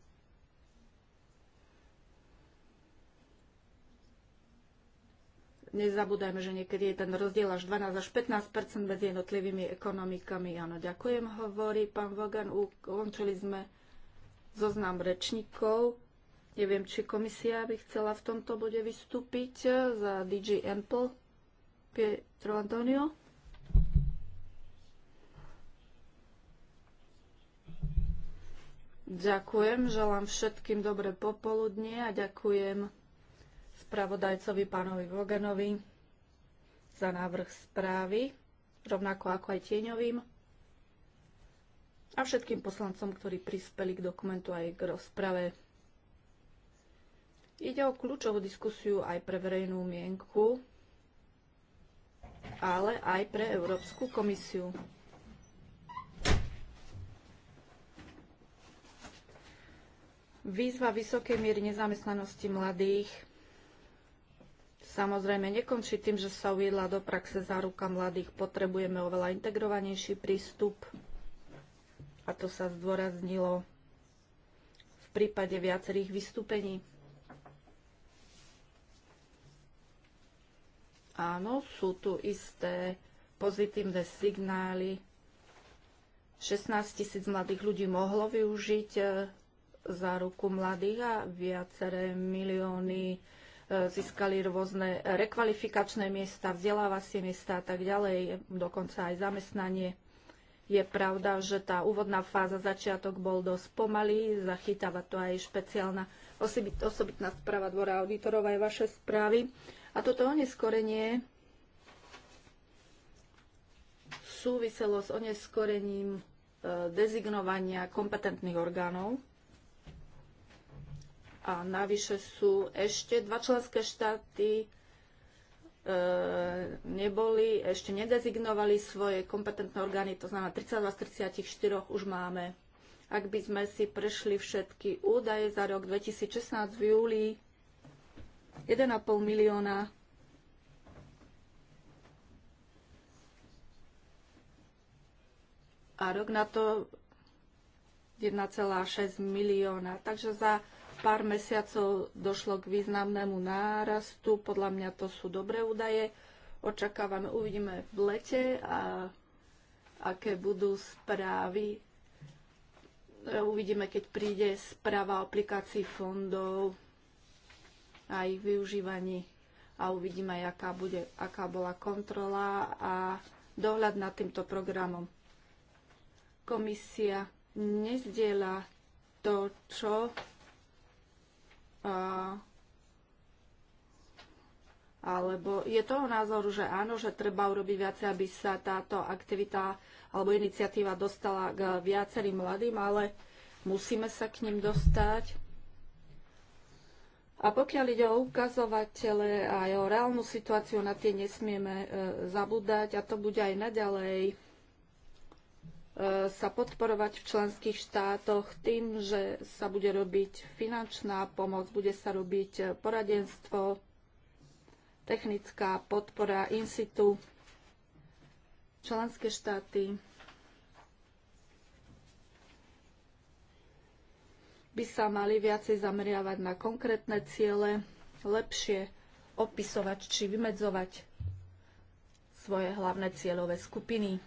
nezabúdajme, že niekedy je ten rozdiel až 12 až 15 medzi jednotlivými ekonomikami. Áno, ďakujem, hovorí pán Vogan. Ukončili sme zoznam rečníkov. Neviem, či komisia by chcela v tomto bode vystúpiť eh, za DG Ample. Pietro Antonio. Ďakujem, želám všetkým dobré popoludnie a ďakujem spravodajcovi pánovi Voganovi za návrh správy, rovnako ako aj tieňovým a všetkým poslancom, ktorí prispeli k dokumentu aj k rozprave. Ide o kľúčovú diskusiu aj pre verejnú mienku, ale aj pre Európsku komisiu. Výzva vysokej miery nezamestnanosti mladých samozrejme nekončí tým, že sa uviedla do praxe záruka mladých. Potrebujeme oveľa integrovanejší prístup a to sa zdôraznilo v prípade viacerých vystúpení. Áno, sú tu isté pozitívne signály. 16 tisíc mladých ľudí mohlo využiť e, za ruku mladých a viaceré milióny e, získali rôzne rekvalifikačné miesta, vzdelávacie miesta a tak ďalej, dokonca aj zamestnanie. Je pravda, že tá úvodná fáza začiatok bol dosť pomalý, zachytáva to aj špeciálna osobitná správa Dvora auditorov aj vaše správy. A toto oneskorenie súviselo s oneskorením e, dezignovania kompetentných orgánov. A navyše sú ešte dva členské štáty e, neboli, ešte nedezignovali svoje kompetentné orgány, to znamená 32 z 34 už máme. Ak by sme si prešli všetky údaje za rok 2016 v júli, 1,5 milióna a rok na to 1,6 milióna. Takže za pár mesiacov došlo k významnému nárastu. Podľa mňa to sú dobré údaje. Očakávame, uvidíme v lete, a aké budú správy. E, uvidíme, keď príde správa o aplikácii fondov a ich využívaní a uvidíme aká, bude, aká bola kontrola a dohľad nad týmto programom. Komisia nezdieľa to, čo a, alebo je toho názoru, že áno, že treba urobiť viacej, aby sa táto aktivita alebo iniciatíva dostala k viacerým mladým, ale musíme sa k ním dostať a pokiaľ ide o ukazovatele a aj o reálnu situáciu, na tie nesmieme e, zabúdať a to bude aj naďalej e, sa podporovať v členských štátoch tým, že sa bude robiť finančná pomoc, bude sa robiť e, poradenstvo, technická podpora in situ. Členské štáty by sa mali viacej zameriavať na konkrétne ciele, lepšie opisovať či vymedzovať svoje hlavné cieľové skupiny.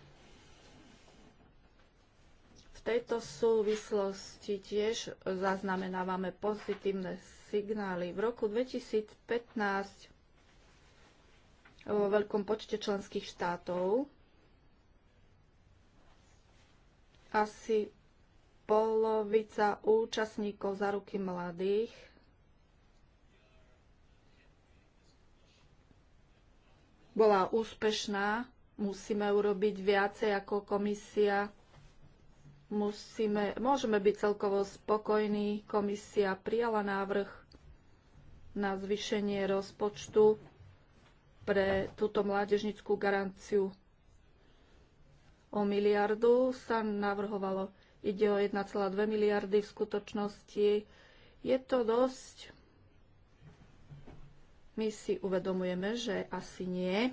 V tejto súvislosti tiež zaznamenávame pozitívne signály. V roku 2015 vo veľkom počte členských štátov asi polovica účastníkov za ruky mladých bola úspešná. Musíme urobiť viacej ako komisia. Musíme, môžeme byť celkovo spokojní. Komisia prijala návrh na zvýšenie rozpočtu pre túto mládežnickú garanciu o miliardu. Sa navrhovalo Ide o 1,2 miliardy v skutočnosti. Je to dosť. My si uvedomujeme, že asi nie.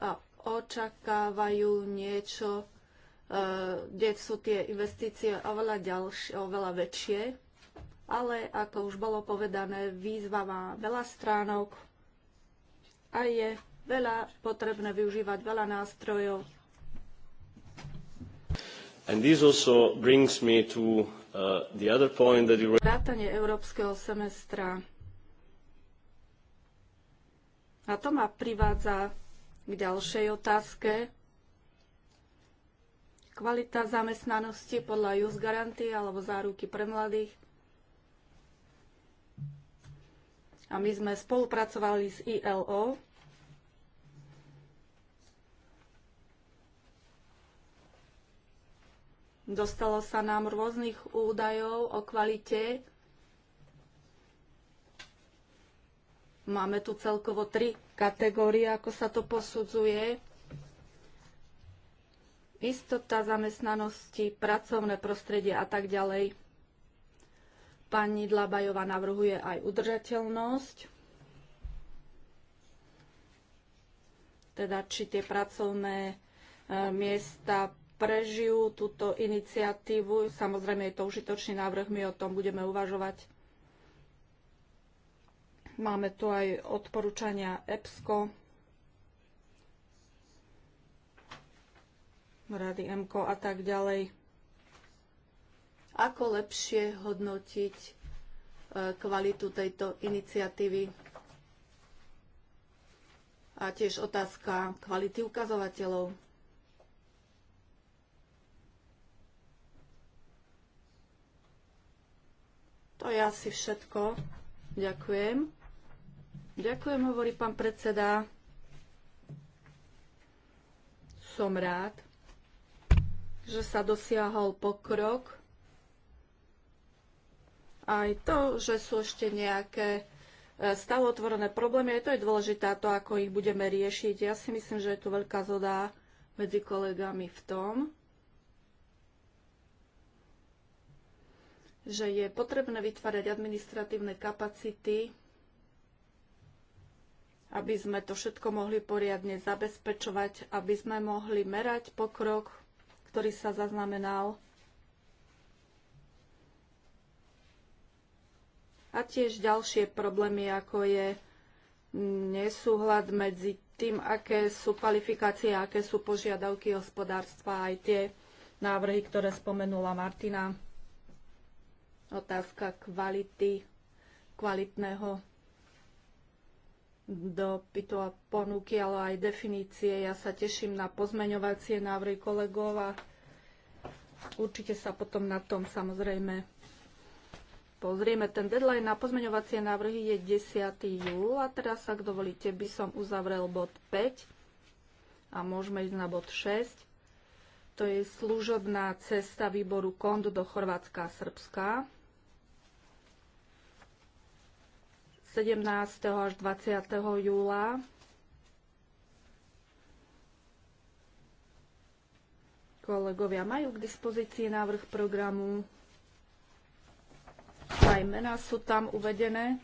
A očakávajú niečo, e, kde sú tie investície oveľa, ďalšie, oveľa väčšie. Ale ako už bolo povedané, výzva má veľa stránok a je veľa potrebné využívať veľa nástrojov.
And this also brings me to uh, the other point that you were...
európskeho semestra. A to ma privádza k ďalšej otázke. Kvalita zamestnanosti podľa Youth Guarantee alebo záruky pre mladých. A my sme spolupracovali s ILO, Dostalo sa nám rôznych údajov o kvalite. Máme tu celkovo tri kategórie, ako sa to posudzuje. Istota zamestnanosti, pracovné prostredie a tak ďalej. Pani Dlabajová navrhuje aj udržateľnosť. teda či tie pracovné e, miesta prežijú túto iniciatívu. Samozrejme je to užitočný návrh, my o tom budeme uvažovať. Máme tu aj odporúčania EPSCO, rady MKO a tak ďalej. Ako lepšie hodnotiť e, kvalitu tejto iniciatívy? A tiež otázka kvality ukazovateľov. To je asi všetko. Ďakujem. Ďakujem, hovorí pán predseda. Som rád, že sa dosiahol pokrok. Aj to, že sú ešte nejaké e, stále otvorené problémy, aj to je dôležité, to, ako ich budeme riešiť. Ja si myslím, že je tu veľká zhoda medzi kolegami v tom, že je potrebné vytvárať administratívne kapacity, aby sme to všetko mohli poriadne zabezpečovať, aby sme mohli merať pokrok, ktorý sa zaznamenal. A tiež ďalšie problémy, ako je nesúhľad medzi tým, aké sú kvalifikácie, aké sú požiadavky hospodárstva, aj tie návrhy, ktoré spomenula Martina otázka kvality, kvalitného dopytu a ponuky, ale aj definície. Ja sa teším na pozmeňovacie návrhy kolegov a určite sa potom na tom samozrejme pozrieme. Ten deadline na pozmeňovacie návrhy je 10. júl a teraz, ak dovolíte, by som uzavrel bod 5 a môžeme ísť na bod 6. To je služobná cesta výboru KOND do Chorvátska a Srbska. 17. až 20. júla. Kolegovia majú k dispozícii návrh programu. Aj mená sú tam uvedené.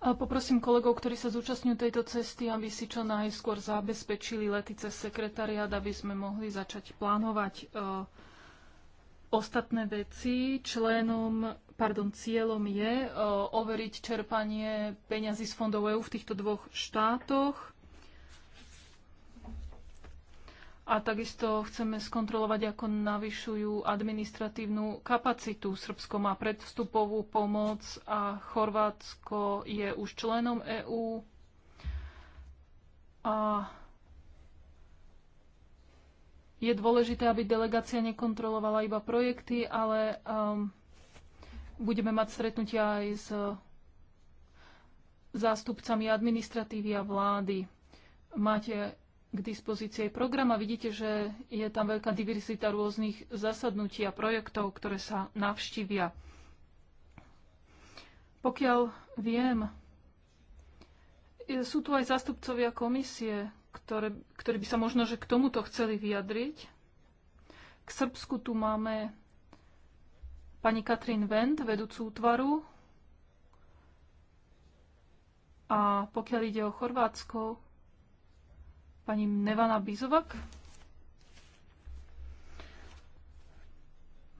A poprosím kolegov, ktorí sa zúčastňujú tejto cesty, aby si čo najskôr zabezpečili lety cez sekretariat, aby sme mohli začať plánovať uh, ostatné veci. Členom, pardon, cieľom je e, overiť čerpanie peňazí z fondov EU v týchto dvoch štátoch. A takisto chceme skontrolovať, ako navyšujú administratívnu kapacitu. Srbsko má predvstupovú pomoc a Chorvátsko je už členom EÚ. A je dôležité, aby delegácia nekontrolovala iba projekty, ale um, budeme mať stretnutia aj s uh, zástupcami administratívy a vlády. Máte k dispozícii program a vidíte, že je tam veľká diverzita rôznych zasadnutí a projektov, ktoré sa navštívia. Pokiaľ viem, sú tu aj zástupcovia komisie, ktoré, ktorí by sa možno že k tomuto chceli vyjadriť. K Srbsku tu máme pani Katrin Vend, vedúcu útvaru. A pokiaľ ide o Chorvátsko, pani Nevana Bizovak.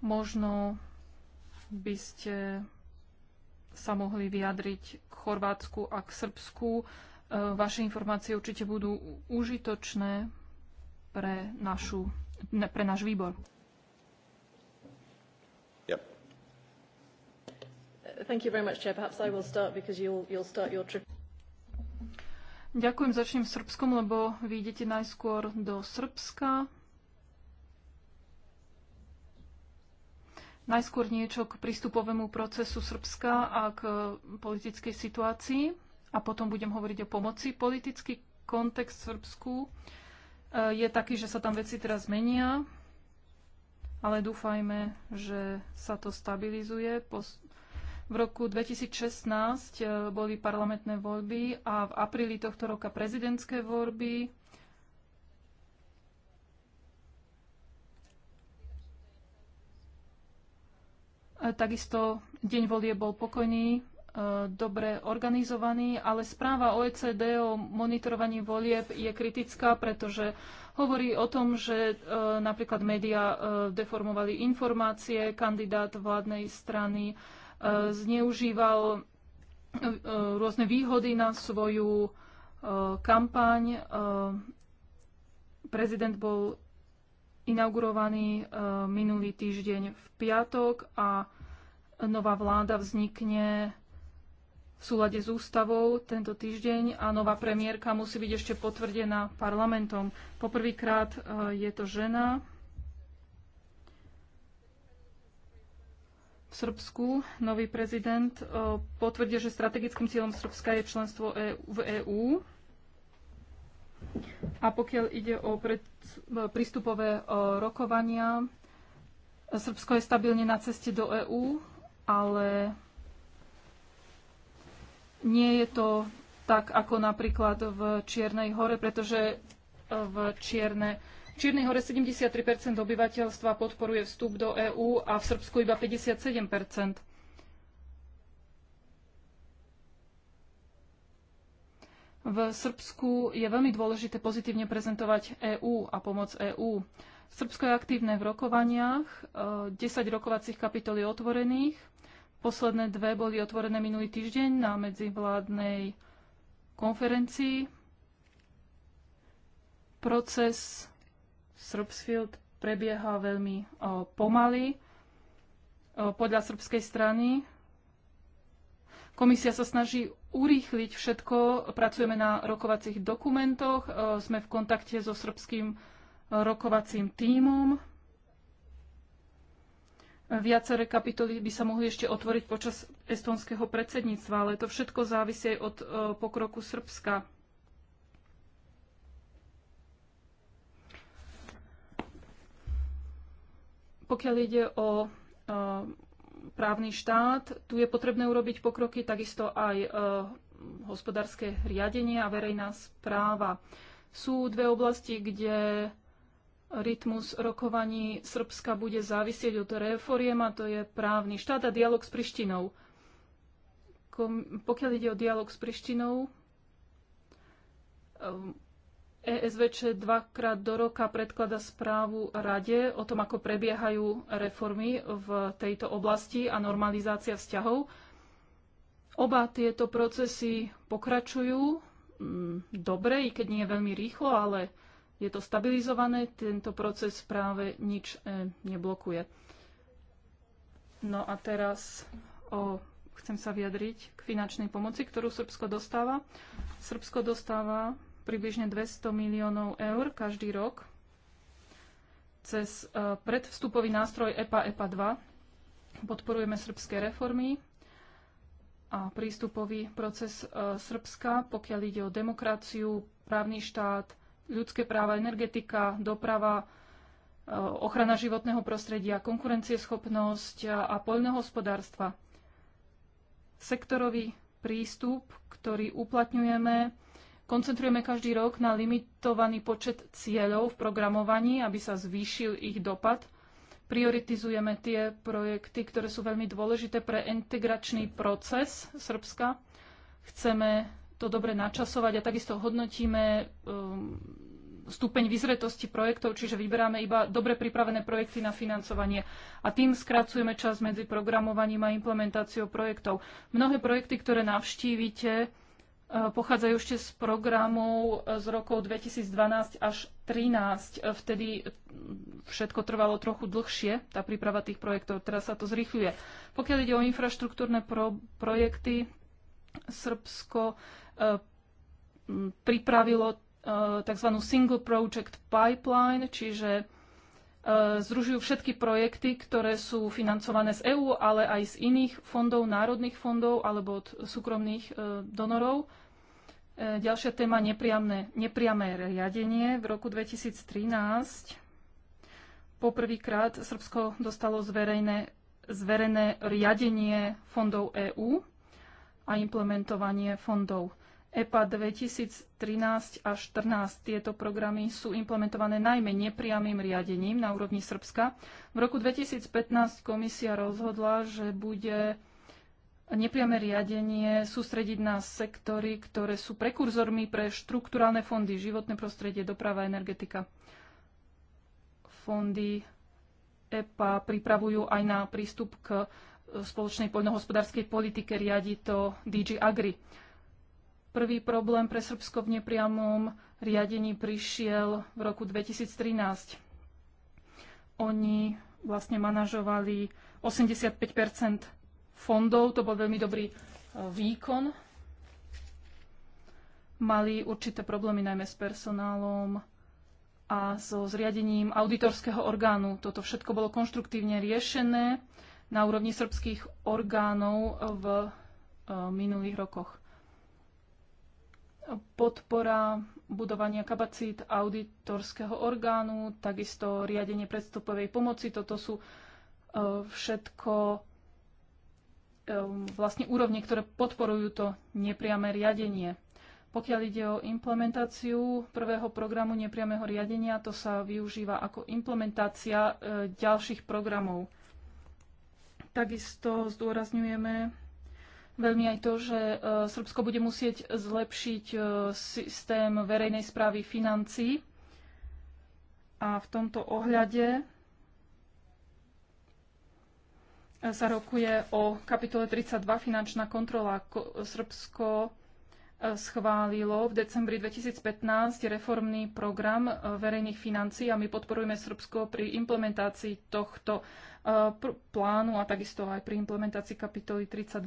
Možno by ste sa mohli vyjadriť k Chorvátsku a k Srbsku E, vaše informácie určite budú užitočné pre, našu, pre náš výbor. Ďakujem, začnem v Srbskom, lebo vy idete najskôr do Srbska. Najskôr niečo k prístupovému procesu Srbska a k politickej situácii a potom budem hovoriť o pomoci. Politický kontext v Srbsku eh, je taký, že sa tam veci teraz menia, ale dúfajme, že sa to stabilizuje. V roku 2016 eh, boli parlamentné voľby a v apríli tohto roka prezidentské voľby. Eh, takisto deň volie bol pokojný dobre organizovaný, ale správa OECD o monitorovaní volieb je kritická, pretože hovorí o tom, že e, napríklad médiá e, deformovali informácie, kandidát vládnej strany e, zneužíval rôzne výhody na svoju kampaň. Prezident bol inaugurovaný minulý týždeň v piatok a nová vláda vznikne v súlade s ústavou tento týždeň a nová premiérka musí byť ešte potvrdená parlamentom. Poprvýkrát e, je to žena v Srbsku. Nový prezident e, potvrdil, že strategickým cieľom Srbska je členstvo e, v EÚ. A pokiaľ ide o prístupové rokovania, Srbsko je stabilne na ceste do EÚ, ale nie je to tak ako napríklad v Čiernej hore, pretože e, v Čierne Čiernej hore 73 obyvateľstva podporuje vstup do EÚ a v Srbsku iba 57 V Srbsku je veľmi dôležité pozitívne prezentovať EÚ a pomoc EÚ. Srbsko je aktívne v rokovaniach, 10 e, rokovacích kapitol je otvorených Posledné dve boli otvorené minulý týždeň na medzivládnej konferencii. Proces Srbsfield prebieha veľmi o, pomaly. O, podľa srbskej strany komisia sa snaží urýchliť všetko. Pracujeme na rokovacích dokumentoch, o, sme v kontakte so srbským rokovacím tímom Viaceré kapitoly by sa mohli ešte otvoriť počas estonského predsedníctva, ale to všetko závisí aj od e, pokroku Srbska. Pokiaľ ide o e, právny štát, tu je potrebné urobiť pokroky, takisto aj e, hospodárske riadenie a verejná správa. Sú dve oblasti, kde rytmus rokovaní Srbska bude závisieť od reforiem a to je právny štát a dialog s Prištinou. Kom, pokiaľ ide o dialog s Prištinou, um, ESVČ dvakrát do roka predklada správu Rade o tom, ako prebiehajú reformy v tejto oblasti a normalizácia vzťahov. Oba tieto procesy pokračujú mm, dobre, i keď nie veľmi rýchlo, ale je to stabilizované, tento proces práve nič e, neblokuje. No a teraz o, chcem sa vyjadriť k finančnej pomoci, ktorú Srbsko dostáva. Srbsko dostáva približne 200 miliónov eur každý rok cez e, predvstupový nástroj EPA-EPA 2. E Podporujeme srbské reformy a prístupový proces e, Srbska, pokiaľ ide o demokraciu, právny štát, ľudské práva, energetika, doprava, e, ochrana životného prostredia, konkurencieschopnosť a poľnohospodárstva. Sektorový prístup, ktorý uplatňujeme, koncentrujeme každý rok na limitovaný počet cieľov v programovaní, aby sa zvýšil ich dopad. Prioritizujeme tie projekty, ktoré sú veľmi dôležité pre integračný proces Srbska. Chceme to dobre načasovať a takisto hodnotíme um, stupeň vyzretosti projektov, čiže vyberáme iba dobre pripravené projekty na financovanie a tým skracujeme čas medzi programovaním a implementáciou projektov. Mnohé projekty, ktoré navštívite, uh, pochádzajú ešte z programov uh, z rokov 2012 až 2013. Uh, vtedy všetko trvalo trochu dlhšie, tá príprava tých projektov. Teraz sa to zrýchľuje. Pokiaľ ide o infraštruktúrne pro projekty, Srbsko E, pripravilo e, tzv. Single Project Pipeline, čiže e, združujú všetky projekty, ktoré sú financované z EÚ, ale aj z iných fondov, národných fondov alebo od súkromných donorov. Ďalšia téma nepriamé, nepriamé riadenie. V roku 2013 poprvýkrát Srbsko dostalo zverejné, riadenie fondov EÚ a implementovanie fondov. EPA 2013 až 14. Tieto programy sú implementované najmä nepriamým riadením na úrovni Srbska. V roku 2015 komisia rozhodla, že bude nepriame riadenie sústrediť na sektory, ktoré sú prekurzormi pre štrukturálne fondy, životné prostredie, doprava, energetika. Fondy EPA pripravujú aj na prístup k spoločnej poľnohospodárskej politike, riadi to DG Agri. Prvý problém pre Srbsko v nepriamom riadení prišiel v roku 2013. Oni vlastne manažovali 85 fondov, to bol veľmi dobrý e, výkon. Mali určité problémy najmä s personálom a so zriadením auditorského orgánu. Toto všetko bolo konštruktívne riešené na úrovni srbských orgánov v e, minulých rokoch podpora budovania kapacít auditorského orgánu, takisto riadenie predstupovej pomoci. Toto sú e, všetko e, vlastne úrovne, ktoré podporujú to nepriame riadenie. Pokiaľ ide o implementáciu prvého programu nepriameho riadenia, to sa využíva ako implementácia e, ďalších programov. Takisto zdôrazňujeme veľmi aj to, že e, Srbsko bude musieť zlepšiť e, systém verejnej správy financií. A v tomto ohľade sa rokuje o kapitole 32 finančná kontrola. Srbsko e, schválilo v decembri 2015 reformný program verejných financií a my podporujeme Srbsko pri implementácii tohto plánu a takisto aj pri implementácii kapitoly 32.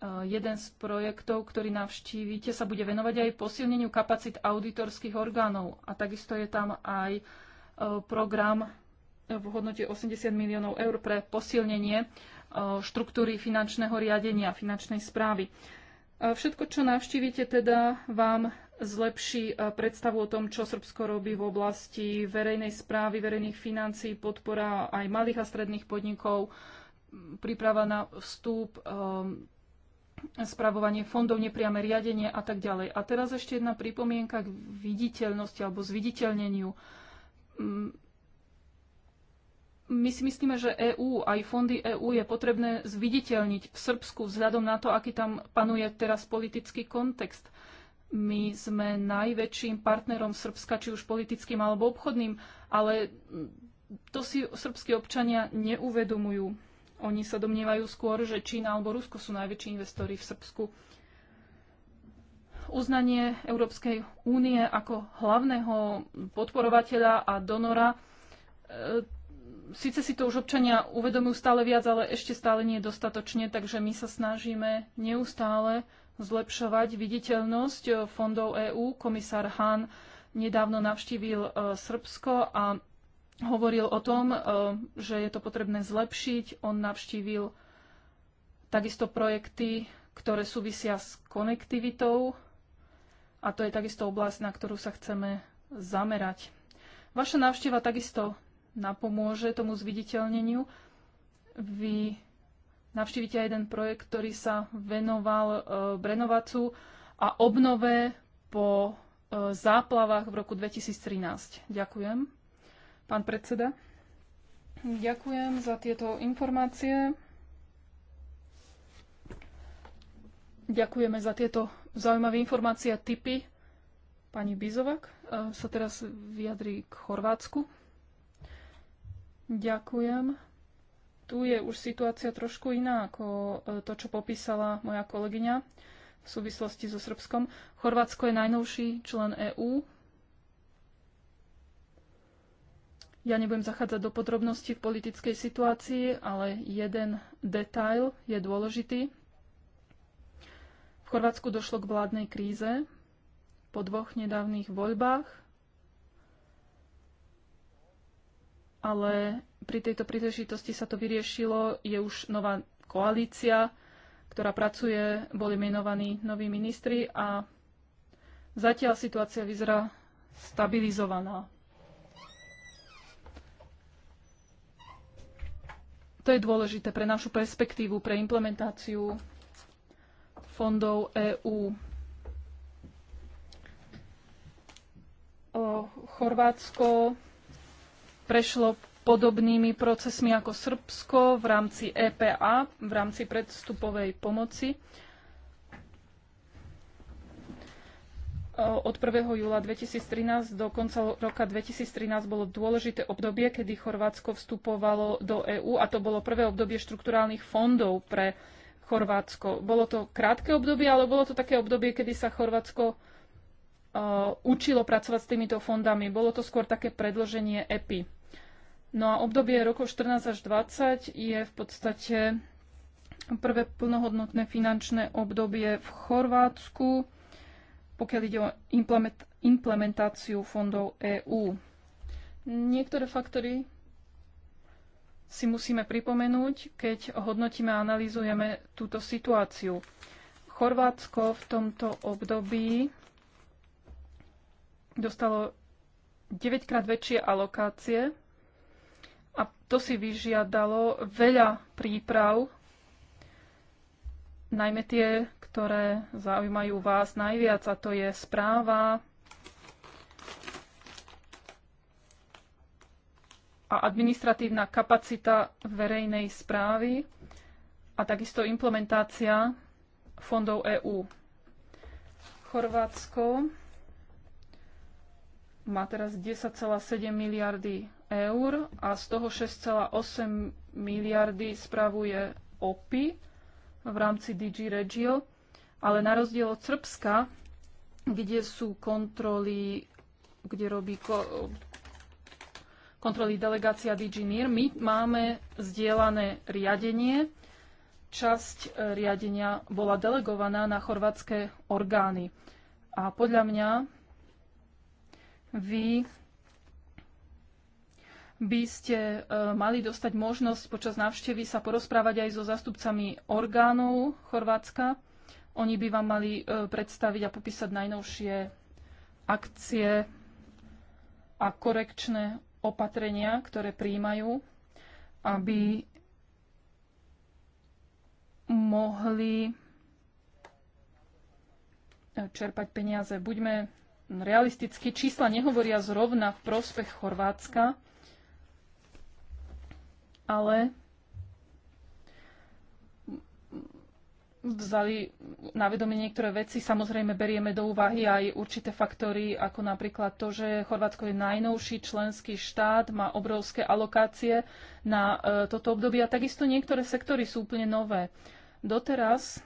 Eh, jeden z projektov, ktorý navštívite, sa bude venovať aj posilneniu kapacít auditorských orgánov. A takisto je tam aj eh, program eh, v hodnote 80 miliónov eur pre posilnenie štruktúry finančného riadenia, finančnej správy. Všetko, čo navštívite, teda vám zlepší predstavu o tom, čo Srbsko robí v oblasti verejnej správy, verejných financií, podpora aj malých a stredných podnikov, príprava na vstup, spravovanie fondov, nepriame riadenie a tak ďalej. A teraz ešte jedna pripomienka k viditeľnosti alebo zviditeľneniu. Mm, my si myslíme, že EÚ, aj fondy EÚ je potrebné zviditeľniť v Srbsku vzhľadom na to, aký tam panuje teraz politický kontext. My sme najväčším partnerom Srbska, či už politickým alebo obchodným, ale to si srbskí občania neuvedomujú. Oni sa domnievajú skôr, že Čína alebo Rusko sú najväčší investori v Srbsku. Uznanie Európskej únie ako hlavného podporovateľa a donora e, Sice si to už občania uvedomujú stále viac, ale ešte stále nie dostatočne, takže my sa snažíme neustále zlepšovať viditeľnosť e, fondov EÚ. Komisár Hahn nedávno navštívil e, Srbsko a hovoril o tom, eh, že je to potrebné zlepšiť. On navštívil takisto projekty, ktoré súvisia s konektivitou a to je takisto oblasť, na ktorú sa chceme zamerať. Vaša návšteva takisto napomôže tomu zviditeľneniu. Vy navštívite aj jeden projekt, ktorý sa venoval eh, Brenovacu a obnove po eh, záplavách v roku 2013. Ďakujem. Pán predseda, ďakujem za tieto informácie. Ďakujeme za tieto zaujímavé informácie a tipy. Pani Bizovak e, sa teraz vyjadrí k Chorvátsku. Ďakujem. Tu je už situácia trošku iná ako e, to, čo popísala moja kolegyňa v súvislosti so Srbskom. Chorvátsko je najnovší člen EÚ, Ja nebudem zachádzať do podrobností v politickej situácii, ale jeden detail je dôležitý. V Chorvátsku došlo k vládnej kríze po dvoch nedávnych voľbách, ale pri tejto príležitosti sa to vyriešilo. Je už nová koalícia, ktorá pracuje, boli menovaní noví ministri a zatiaľ situácia vyzerá stabilizovaná. To je dôležité pre našu perspektívu, pre implementáciu fondov EÚ. Chorvátsko prešlo podobnými procesmi ako Srbsko v rámci EPA, v rámci predstupovej pomoci. od 1. júla 2013 do konca roka 2013 bolo dôležité obdobie, kedy Chorvátsko vstupovalo do EÚ a to bolo prvé obdobie štrukturálnych fondov pre Chorvátsko. Bolo to krátke obdobie, ale bolo to také obdobie, kedy sa Chorvátsko uh, učilo pracovať s týmito fondami. Bolo to skôr také predloženie EPI. No a obdobie rokov 14 až 20 je v podstate prvé plnohodnotné finančné obdobie v Chorvátsku pokiaľ ide o implementáciu fondov EÚ. Niektoré faktory si musíme pripomenúť, keď hodnotíme a analýzujeme túto situáciu. Chorvátsko v tomto období dostalo 9 krát väčšie alokácie a to si vyžiadalo veľa príprav, najmä tie ktoré zaujímajú vás najviac, a to je správa a administratívna kapacita verejnej správy a takisto implementácia fondov EÚ. Chorvátsko má teraz 10,7 miliardy eur a z toho 6,8 miliardy spravuje OPI v rámci DG Regio ale na rozdiel od Srbska, kde sú kontroly, kde robí ko- kontroly delegácia DigiNIR, my máme zdieľané riadenie. Časť e, riadenia bola delegovaná na chorvátske orgány. A podľa mňa vy by ste e, mali dostať možnosť počas návštevy sa porozprávať aj so zastupcami orgánov Chorvátska oni by vám mali e, predstaviť a popísať najnovšie akcie a korekčné opatrenia, ktoré príjmajú, aby mohli e, čerpať peniaze. Buďme realisticky. Čísla nehovoria zrovna v prospech Chorvátska, ale vzali na vedomie niektoré veci. Samozrejme, berieme do úvahy aj určité faktory, ako napríklad to, že Chorvátsko je najnovší členský štát, má obrovské alokácie na e, toto obdobie a takisto niektoré sektory sú úplne nové. Doteraz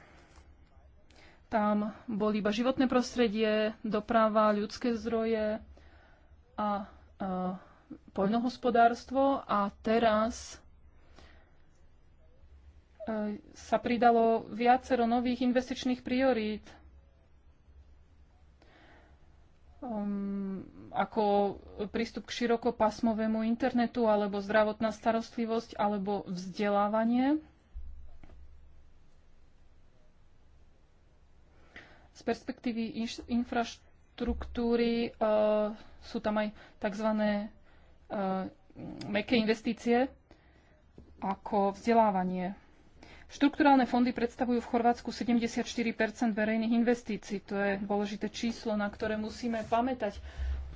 tam boli iba životné prostredie, doprava, ľudské zdroje a e, poľnohospodárstvo a teraz E, sa pridalo viacero nových investičných priorít, ehm, ako prístup k širokopásmovému internetu, alebo zdravotná starostlivosť, alebo vzdelávanie. Z perspektívy infraštruktúry uh, sú tam aj tzv. Uh, e, meké investície ako vzdelávanie. Štrukturálne fondy predstavujú v Chorvátsku 74 verejných investícií. To je dôležité číslo, na ktoré musíme pamätať.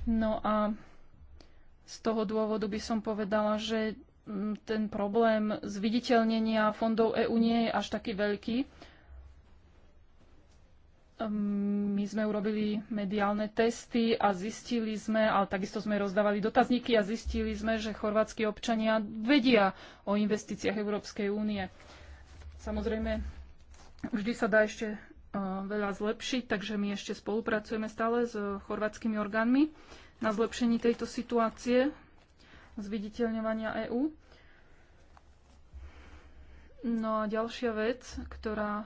No a z toho dôvodu by som povedala, že mm, ten problém zviditeľnenia fondov EÚ nie je až taký veľký. Ehm, my sme urobili mediálne testy a zistili sme, ale takisto sme rozdávali dotazníky a zistili sme, že chorvátsky občania vedia o investíciách Európskej únie. Samozrejme, vždy sa dá ešte e, veľa zlepšiť, takže my ešte spolupracujeme stále s chorvátskymi orgánmi na zlepšení tejto situácie zviditeľňovania EÚ. No a ďalšia vec, ktorá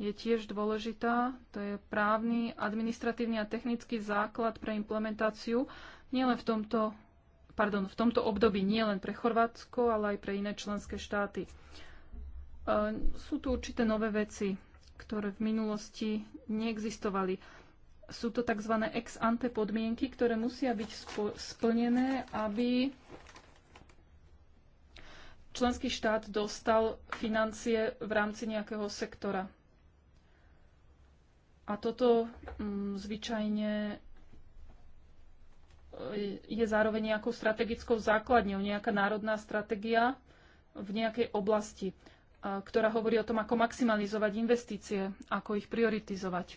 je tiež dôležitá, to je právny, administratívny a technický základ pre implementáciu nielen v tomto, pardon, v tomto období, nielen pre Chorvátsko, ale aj pre iné členské štáty. E, sú tu určité nové veci, ktoré v minulosti neexistovali. Sú to tzv. ex ante podmienky, ktoré musia byť splnené, aby členský štát dostal financie v rámci nejakého sektora. A toto mm, zvyčajne e, je zároveň nejakou strategickou základňou, nejaká národná stratégia v nejakej oblasti. Eh, ktorá hovorí o tom, ako maximalizovať investície, ako ich prioritizovať.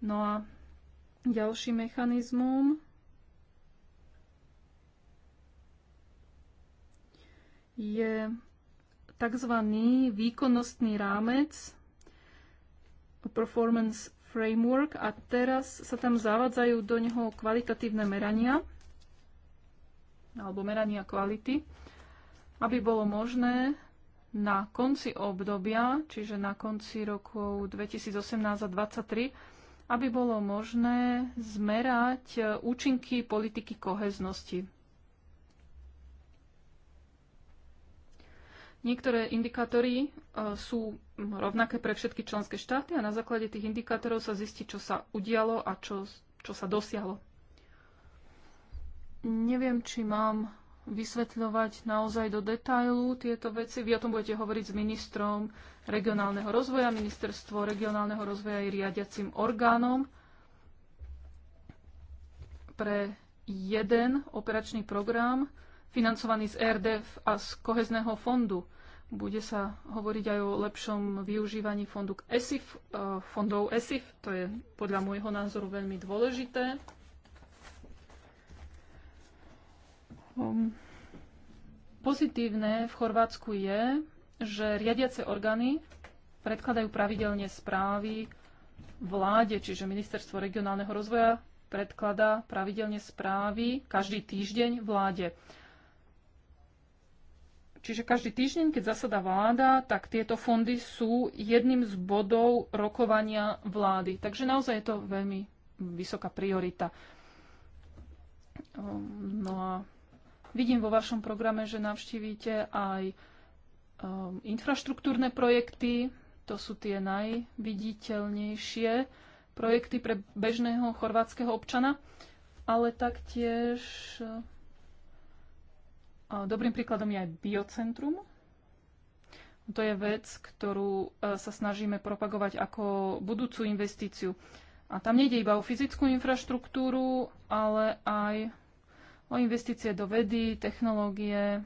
No a ďalší mechanizmum je tzv. výkonnostný rámec, performance framework a teraz sa tam zavadzajú do neho kvalitatívne merania alebo merania kvality, aby bolo možné na konci obdobia, čiže na konci rokov 2018 a 2023, aby bolo možné zmerať e, účinky politiky koheznosti. Niektoré indikátory e, sú rovnaké pre všetky členské štáty a na základe tých indikátorov sa zistí, čo sa udialo a čo, čo sa dosiahlo. Neviem, či mám vysvetľovať naozaj do detailu tieto veci. Vy o tom budete hovoriť s ministrom regionálneho rozvoja. Ministerstvo regionálneho rozvoja je riadiacim orgánom pre jeden operačný program financovaný z RDF a z kohezného fondu. Bude sa hovoriť aj o lepšom využívaní fondu ESIF, eh, fondov ESIF, to je podľa môjho názoru veľmi dôležité. Ehm, pozitívne v Chorvátsku je, že riadiace orgány predkladajú pravidelne správy vláde, čiže Ministerstvo regionálneho rozvoja predkladá pravidelne správy každý týždeň vláde. Čiže každý týždeň, keď zasada vláda, tak tieto fondy sú jedným z bodov rokovania vlády. Takže naozaj je to veľmi vysoká priorita. Ehm, no a Vidím vo vašom programe, že navštívite aj um, infraštruktúrne projekty, to sú tie najviditeľnejšie projekty pre bežného chorvátskeho občana, ale taktiež uh, dobrým príkladom je aj biocentrum. To je vec, ktorú uh, sa snažíme propagovať ako budúcu investíciu. A tam nejde iba o fyzickú infraštruktúru, ale aj o investície do vedy, technológie.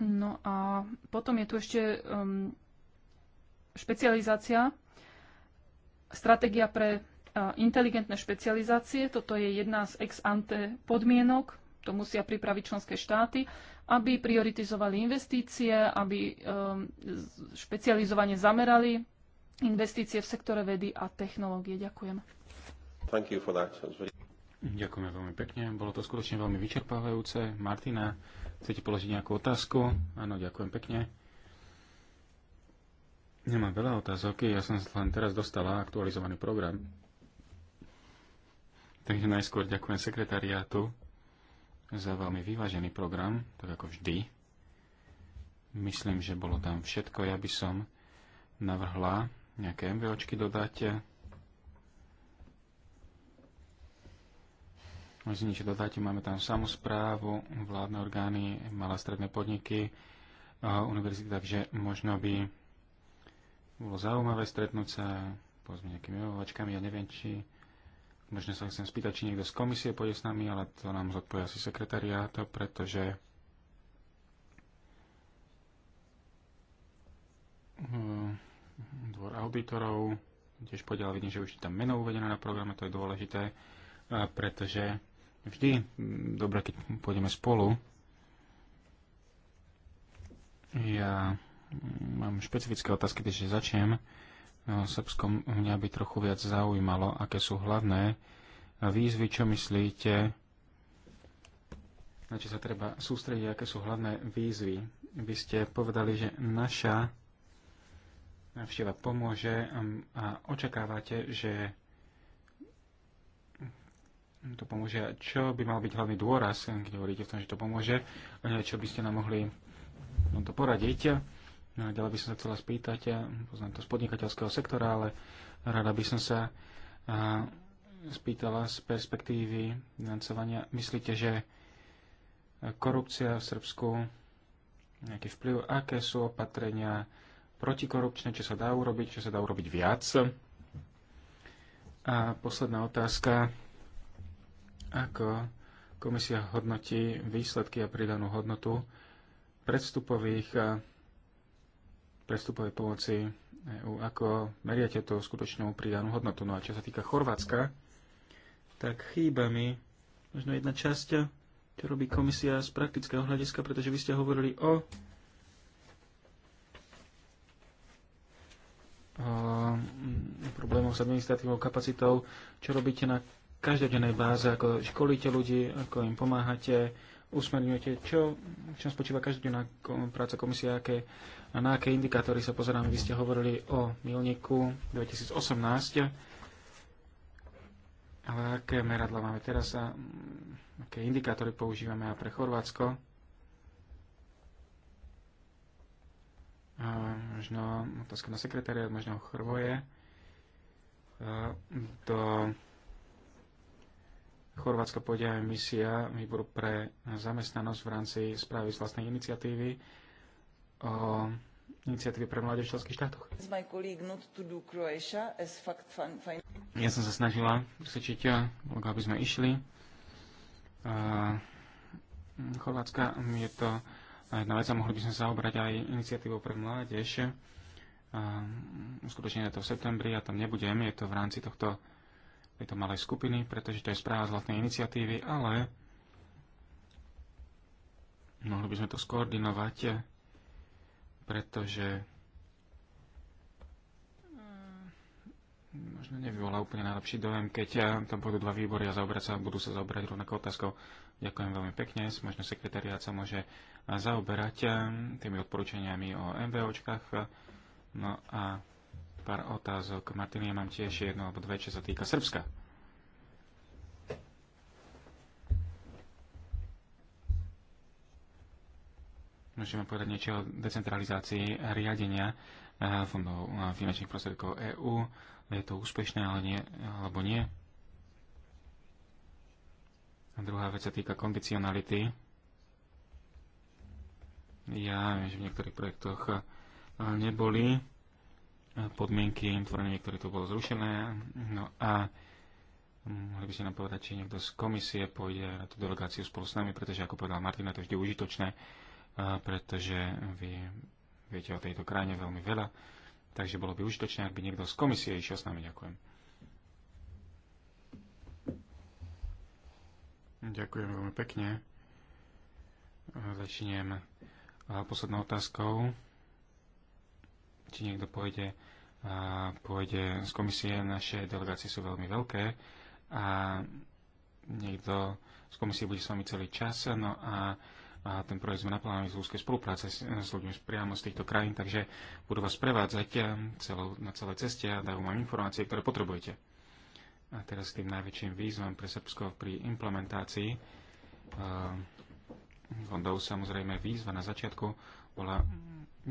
No a potom je tu ešte um, špecializácia, stratégia pre uh, inteligentné špecializácie. Toto je jedna z ex ante podmienok. To musia pripraviť členské štáty, aby prioritizovali investície, aby um, špecializovanie zamerali investície v sektore vedy a technológie. Ďakujem.
Ďakujeme veľmi pekne. Bolo to skutočne veľmi vyčerpávajúce. Martina, chcete položiť nejakú otázku? Áno, ďakujem pekne. Nemám veľa otázok, ja som len teraz dostala aktualizovaný program. Takže najskôr ďakujem sekretariátu za veľmi vyvážený program, tak ako vždy. Myslím, že bolo tam všetko. Ja by som navrhla nejaké MVOčky dodať Musím niečo máme tam samozprávu, vládne orgány, malé stredné podniky, univerzity, takže možno by bolo zaujímavé stretnúť sa, povedzme nejakými ovačkami, ja neviem, či možno sa chcem spýtať, či niekto z komisie pôjde s nami, ale to nám zodpovie asi sekretariáto, pretože hm, dvor auditorov, tiež podiaľ vidím, že už je tam meno uvedené na programe, to je dôležité, pretože vždy dobre, keď pôjdeme spolu. Ja mám špecifické otázky, takže začnem. No, Srbskom mňa by trochu viac zaujímalo, aké sú hlavné výzvy, čo myslíte, na čo sa treba sústrediť, aké sú hlavné výzvy. Vy ste povedali, že naša návšteva pomôže a očakávate, že to pomôže, čo by mal byť hlavný dôraz, keď hovoríte v tom, že to pomôže, e, čo by ste nám mohli to poradiť. No ďalej by som sa chcela spýtať, ja e, poznám to z podnikateľského sektora, ale rada by som sa a, e, spýtala z perspektívy financovania. Myslíte, že korupcia v Srbsku, nejaký vplyv, aké sú opatrenia protikorupčné, čo sa dá urobiť, čo sa dá urobiť viac? A posledná otázka ako komisia hodnotí výsledky a pridanú hodnotu predstupových predstupovej pomoci EU, ako meriate tú skutočnú pridanú hodnotu. No a čo sa týka Chorvátska, tak chýba mi možno jedna časť, čo robí komisia z praktického hľadiska, pretože vy ste hovorili o, o mm, problémoch s administratívnou kapacitou, čo robíte na každodennej báze, ako školíte ľudí, ako im pomáhate, usmerňujete, čo, čom spočíva každodenná práca komisie, aké, na aké indikátory sa pozeráme. Vy ste hovorili o milníku 2018, ale aké meradla máme teraz a mm, aké indikátory používame a pre Chorvátsko? A možno otázka na sekretariat, možno Chrvoje do Chorvátska pôjde aj misia výboru pre zamestnanosť v rámci správy z vlastnej iniciatívy o iniciatívy pre mládež v členských štátoch. Ja som sa snažila presvedčiť, eh, aby sme išli. Eh, Chorvátska mm, je to jedna vec a mohli by sme zaobrať aj iniciatívou pre mládež. Eh, Skutočne je to v septembri, a tam nebudem, je to v rámci tohto tejto malej skupiny, pretože to je správa zlatnej iniciatívy, ale mohli by sme to skoordinovať, pretože mm, možno nevyvolá úplne najlepší dojem, keď ja, eh, tam budú dva výbory a zaobrať sa, budú sa zaoberať rovnakou otázkou. Ďakujem veľmi pekne, možno sekretariát sa môže eh, zaoberať eh, tými odporúčaniami o MVOčkách. No a pár otázok. Martin, ja mám tiež jednu alebo dve, čo sa týka Srbska. Môžeme povedať niečo o decentralizácii riadenia eh, fondov eh, finančných prostriedkov EÚ. Je to úspešné, ale nie, alebo nie? A druhá vec sa týka kondicionality. Ja viem, že v niektorých projektoch eh, neboli podmienky tvorenie, ktoré tu bolo zrušené. No a mohli by ste nám povedať, či niekto z komisie pôjde na tú delegáciu spolu s nami, pretože ako povedal Martina, to je vždy užitočné, pretože vy viete o tejto krajine veľmi veľa, takže bolo by užitočné, ak by niekto z komisie išiel s nami. Ďakujem. Ďakujem veľmi pekne. Začnem poslednou otázkou ti niekto pôjde, a pôjde z komisie. Naše delegácie sú veľmi veľké a niekto z komisie bude s vami celý čas. No a a ten projekt sme naplánovali z úzkej spolupráce s, s ľuďmi priamo z týchto krajín, takže budú vás prevádzať celou, na celej ceste a dajú vám informácie, ktoré potrebujete. A teraz k tým najväčším výzvam pre Srbsko pri implementácii uh, fondov. Samozrejme výzva na začiatku bola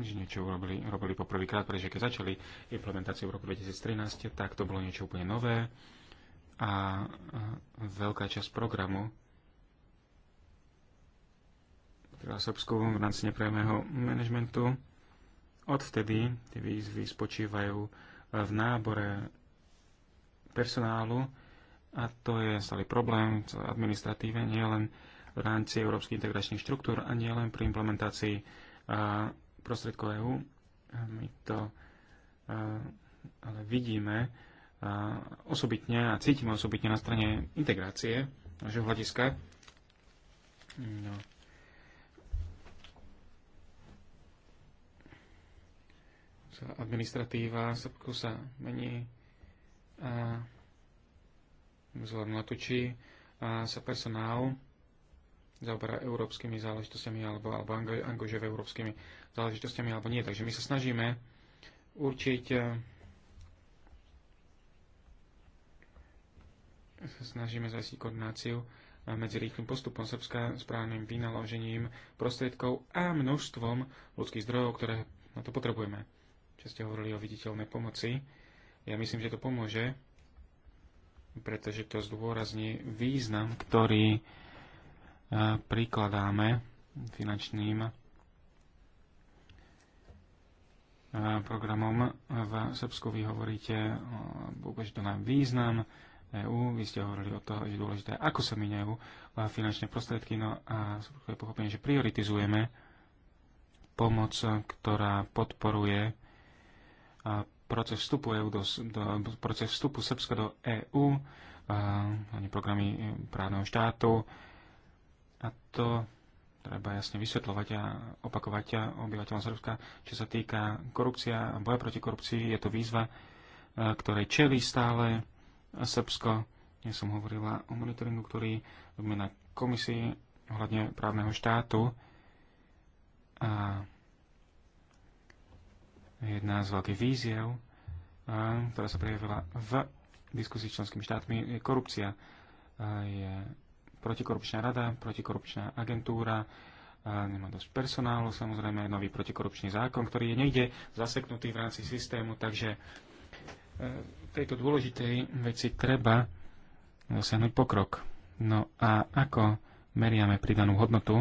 že niečo urobili, robili poprvýkrát, pretože keď začali implementáciu v roku 2013, tak to bolo niečo úplne nové a veľká časť programu teda Srbsku v rámci neprajemného manažmentu. Odvtedy tie výzvy spočívajú v nábore personálu a to je stály problém v administratíve, nielen v rámci európskych integračných štruktúr a nielen pri implementácii prostriedkov EÚ. My to e, ale vidíme e, osobitne a cítime osobitne na strane integrácie našeho hľadiska. No. Administratíva Srbku sa mení a vzhľadom na to, či sa personál zaoberá európskymi záležitostiami alebo, alebo angažuje európskymi záležitostiami alebo nie. Takže my sa snažíme určiť eh, sa snažíme zajistiť koordináciu eh, medzi rýchlym postupom Srbska, správnym vynaložením prostriedkov a množstvom ľudských zdrojov, ktoré na to potrebujeme. Čo ste hovorili o viditeľnej pomoci, ja myslím, že to pomôže, pretože to zdôrazní význam, ktorý eh, prikladáme finančným programom v Srbsku. Vy hovoríte o dodám význam EÚ. Vy ste hovorili o toho, že je dôležité, ako sa míňajú e, finančné prostriedky. No a je pochopenie, že prioritizujeme pomoc, ktorá podporuje proces vstupu, EU do, do, proces vstupu Srbska do EÚ, ani programy e, právneho štátu. A to treba jasne vysvetľovať a opakovať a obyvateľom Srbska. Čo sa týka korupcia, a boja proti korupcii, je to výzva, e, ktorej čelí stále Srbsko. Ja som hovorila o monitoringu, ktorý robíme na komisii ohľadne právneho štátu. A jedna z veľkých víziev, e, ktorá sa prejavila v diskusii s členskými štátmi, je korupcia. E, je protikorupčná rada, protikorupčná agentúra, nemá dosť personálu, samozrejme nový protikorupčný zákon, ktorý je niekde zaseknutý v rámci systému, takže e, tejto dôležitej veci treba dosiahnuť pokrok. No a ako meriame pridanú hodnotu?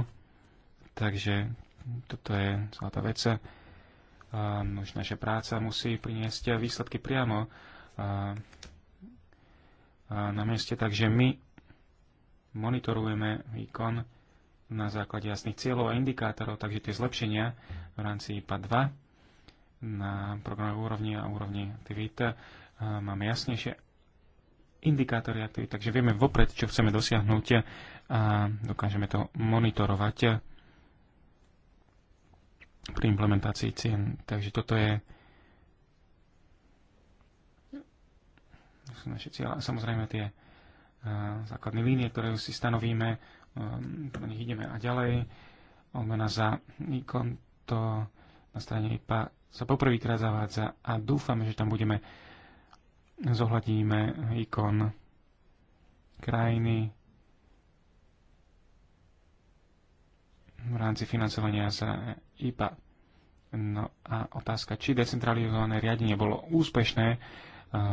Takže toto je celá tá vec. Už naša práca musí priniesť výsledky priamo na mieste, takže my monitorujeme výkon na základe jasných cieľov a indikátorov, takže tie zlepšenia v rámci IPA 2 na programovej úrovni a úrovni aktivít eh, máme jasnejšie indikátory aktivít, takže vieme vopred, čo chceme dosiahnuť a dokážeme to monitorovať pri implementácii cien. Takže toto je to sú naše cieľa. Samozrejme tie E, základné línie, ktoré si stanovíme, po e, nich ideme a ďalej. Odmena za to na strane IPA sa poprvýkrát zavádza a dúfame, že tam budeme
zohľadníme
ikon krajiny v rámci financovania za IPA. No a otázka, či decentralizované riadenie bolo úspešné,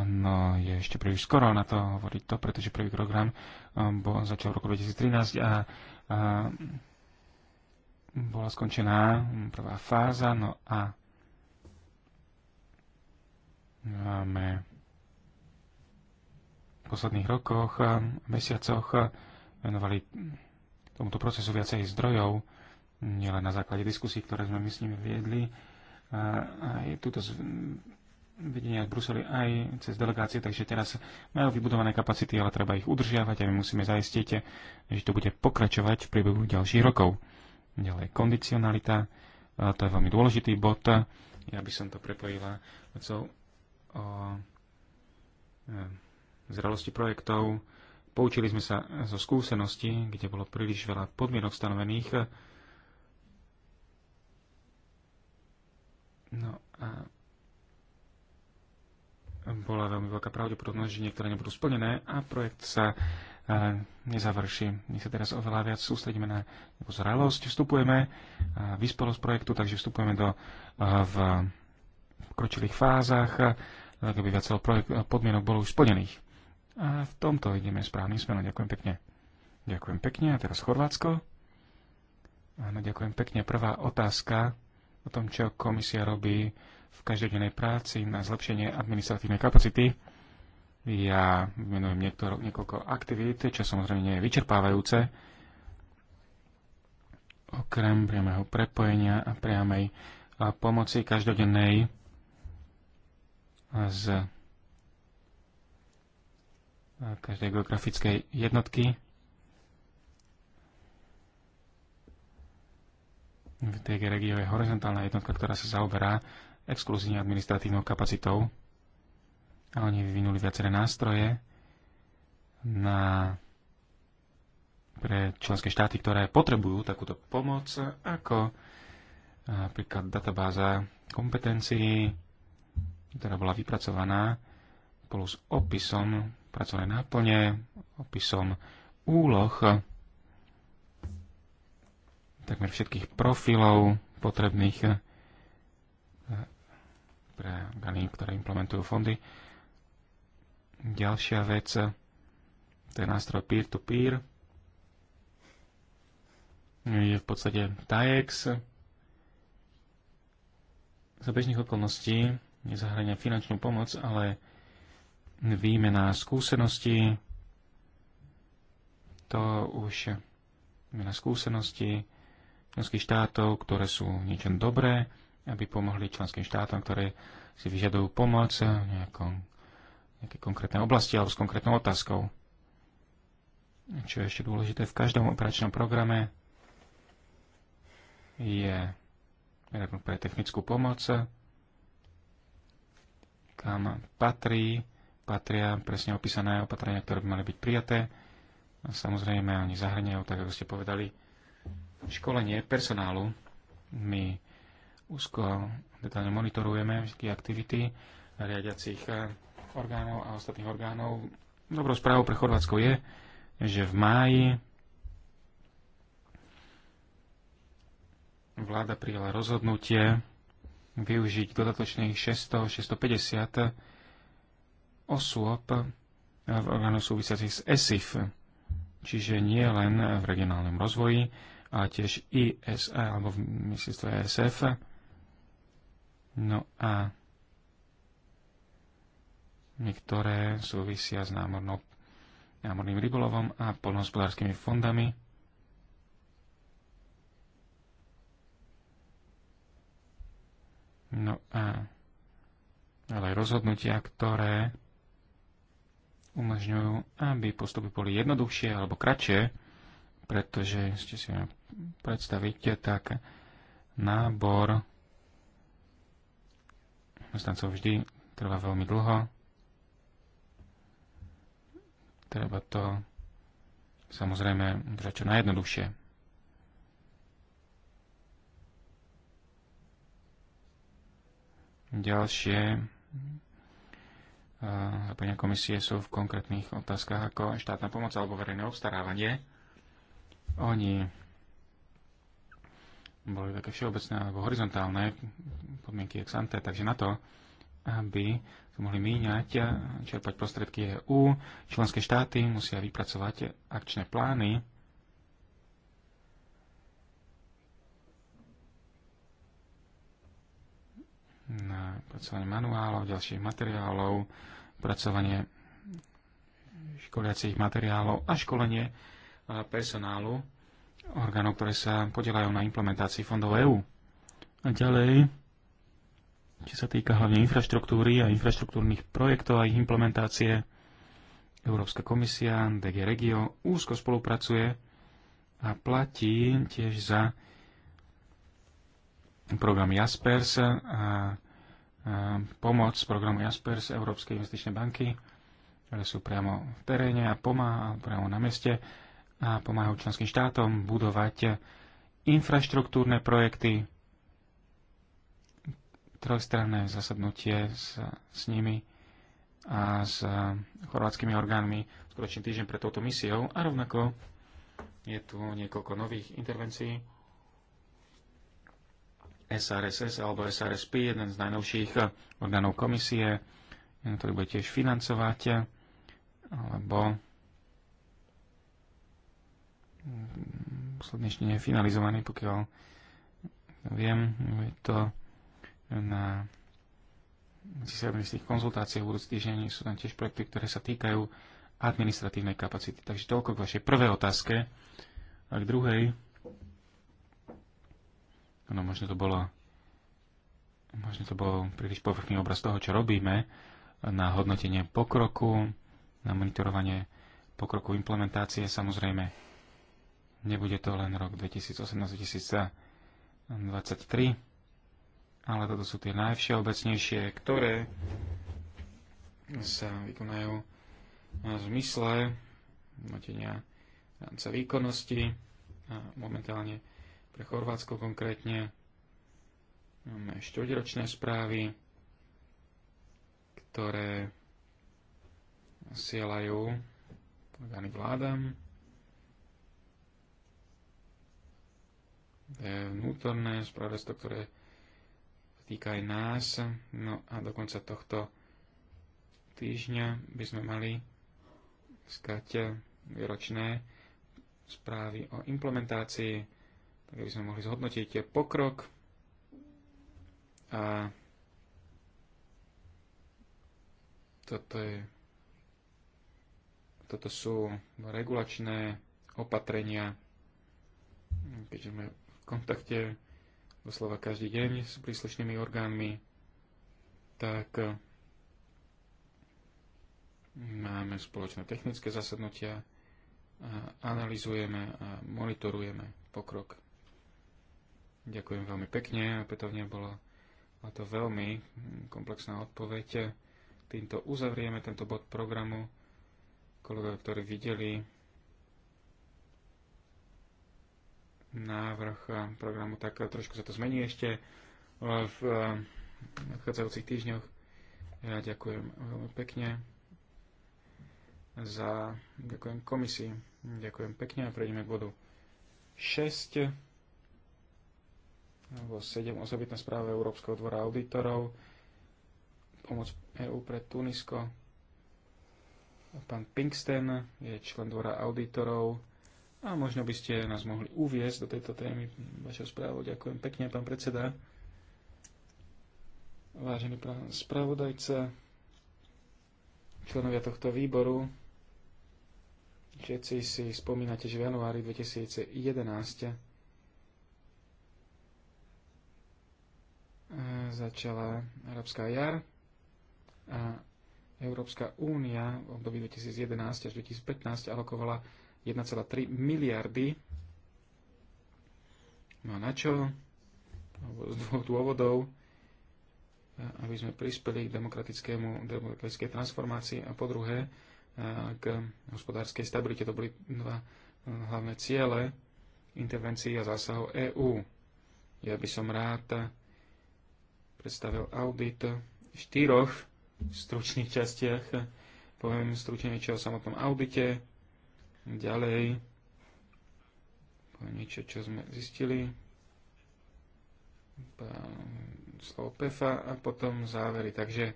No, je ešte príliš skoro na to hovoriť to, pretože prvý program um, bol začal v roku 2013 a, a bola skončená um, prvá fáza, no a máme v posledných rokoch, a mesiacoch venovali tomuto procesu viacej zdrojov, nielen na základe diskusí, ktoré sme my s nimi viedli. A, aj túto vedenia v Bruseli aj cez delegácie, takže teraz majú vybudované kapacity, ale treba ich udržiavať a my musíme zaistiť, že to bude pokračovať v priebehu ďalších rokov. Ďalej kondicionalita, to je veľmi dôležitý bod, ja by som to prepojila so, o e, zrelosti projektov. Poučili sme sa zo skúsenosti, kde bolo príliš veľa podmienok stanovených. No a bola veľmi veľká pravdepodobnosť, že niektoré nebudú splnené a projekt sa e, nezavrší. My sa teraz oveľa viac sústredíme na zrelosť, vstupujeme e, vyspelosť projektu, takže vstupujeme do, e, v kročilých fázach, tak aby viac projekt, podmienok bolo už splnených. A v tomto ideme správnym smerom. Ďakujem pekne. Ďakujem pekne. A teraz Chorvátsko. Áno, ďakujem pekne. Prvá otázka o tom, čo komisia robí v každodennej práci na zlepšenie administratívnej kapacity. Ja menujem niektor, niekoľko aktivít, čo samozrejme nie je vyčerpávajúce. Okrem priamého prepojenia a priamej pomoci každodennej z každej geografickej jednotky v Regio je horizontálna jednotka, ktorá sa zaoberá exkluzívne administratívnou kapacitou a oni vyvinuli viaceré nástroje na pre členské štáty, ktoré potrebujú takúto pomoc, ako napríklad databáza kompetencií, ktorá bola vypracovaná spolu s opisom pracovnej náplne, opisom úloh, takmer všetkých profilov potrebných pre orgány, ktoré implementujú fondy. Ďalšia vec, to je nástroj peer-to-peer. -peer. Je v podstate TAEX. Za bežných okolností nezahrania finančnú pomoc, ale výmena skúseností, to už výmena skúseností členských štátov, ktoré sú niečo dobré, aby pomohli členským štátom, ktoré si vyžadujú pomoc v nejaké konkrétnej oblasti alebo s konkrétnou otázkou. Čo je ešte dôležité, v každom operačnom programe je pre technickú pomoc, kam patrí, patria presne opísané opatrenia, ktoré by mali byť prijaté. A samozrejme, oni zahrňajú, tak ako ste povedali, školenie personálu. My úzko detálne monitorujeme všetky aktivity riadiacich eh, orgánov a ostatných orgánov. Dobrou správou pre Chorvátsko je, že v máji vláda prijala rozhodnutie využiť dodatočných 600-650 osôb v orgánoch súvisiacich s ESIF, čiže nie len v regionálnom rozvoji, ale tiež ISA e alebo v ministerstve ESF, No a niektoré súvisia s námornou, námorným rybolovom a polnohospodárskymi fondami. No a ale aj rozhodnutia, ktoré umožňujú, aby postupy boli jednoduchšie alebo kratšie, pretože ste si predstavíte, tak nábor zamestnancov vždy trvá veľmi dlho. Treba to samozrejme držať čo najjednoduchšie. Ďalšie eh, zapojenia komisie sú v konkrétnych otázkach ako štátna pomoc alebo verejné obstarávanie. Oni boli také všeobecné alebo horizontálne podmienky ex ante, takže na to, aby mohli míňať, čerpať prostredky EU, členské štáty musia vypracovať akčné plány, na pracovanie manuálov, ďalších materiálov, pracovanie školiacich materiálov a školenie personálu orgánov, ktoré sa podielajú na implementácii fondov EÚ. A ďalej, čo sa týka hlavne infraštruktúry a infraštruktúrnych projektov a ich implementácie, Európska komisia, DG Regio úzko spolupracuje a platí tiež za program Jaspers a, a pomoc programu Jaspers Európskej investičnej banky, ktoré sú priamo v teréne a pomáha priamo na meste a pomáhajú členským štátom budovať infraštruktúrne projekty. Trojstranné zasadnutie s, s nimi a s chorvátskymi orgánmi skutočne týždeň pred touto misiou a rovnako je tu niekoľko nových intervencií. SRSS alebo SRSP, jeden z najnovších orgánov komisie, ktorý bude tiež financovať, alebo Posledne ešte je finalizovaný, pokiaľ viem, je to na tých konzultáciách v budúci týždeň sú tam tiež projekty, ktoré sa týkajú administratívnej kapacity. Takže toľko k vašej prvej otázke. A k druhej, no možno to bolo možno to bol príliš povrchný obraz toho, čo robíme na hodnotenie pokroku, na monitorovanie pokroku implementácie. Samozrejme, Nebude to len rok 2018-2023, ale toto sú tie najvšeobecnejšie, ktoré sa vykonajú v zmysle hodnotenia rámca výkonnosti a momentálne pre Chorvátsko konkrétne máme štvrťročné správy, ktoré sielajú orgány vládam vnútorné spravodajstvo, ktoré týka aj nás. No a do konca tohto týždňa by sme mali skať výročné správy o implementácii, tak aby sme mohli zhodnotiť pokrok a toto, je, toto sú regulačné opatrenia, keďže sme kontakte doslova každý deň s príslušnými orgánmi, tak eh, máme spoločné technické zasadnutia, a analizujeme a monitorujeme pokrok. Ďakujem veľmi pekne, opätovne bola to veľmi hm, komplexná odpoveď. Týmto uzavrieme tento bod programu. Kolegovia, ktorí videli návrh programu, tak trošku sa to zmení ešte e, v e, nadchádzajúcich týždňoch. Ja ďakujem veľmi pekne za, ďakujem komisii, ďakujem pekne a prejdeme k bodu 6 alebo 7 osobitná správa Európskeho dvora auditorov pomoc EÚ pre Tunisko. Pán Pinksten je člen dvora auditorov a možno by ste nás mohli uviezť do tejto témy vašou správou. Ďakujem pekne, pán predseda. Vážený pán spravodajca, členovia tohto výboru, všetci si spomínate, že v januári 2011 začala arabská jar a Európska únia v období 2011 až 2015 alokovala 1,3 miliardy. No a na čo? Z dvoch dôvodov, aby sme prispeli k demokratickému, demokratickej transformácii a po druhé k hospodárskej stabilite. To boli dva e, hlavné ciele intervencií a zásahov EÚ. Ja by som rád predstavil audit v štyroch stručných častiach. Poviem stručne niečo o samotnom audite, Ďalej, niečo, čo sme zistili, slovo PEFA a potom závery. Takže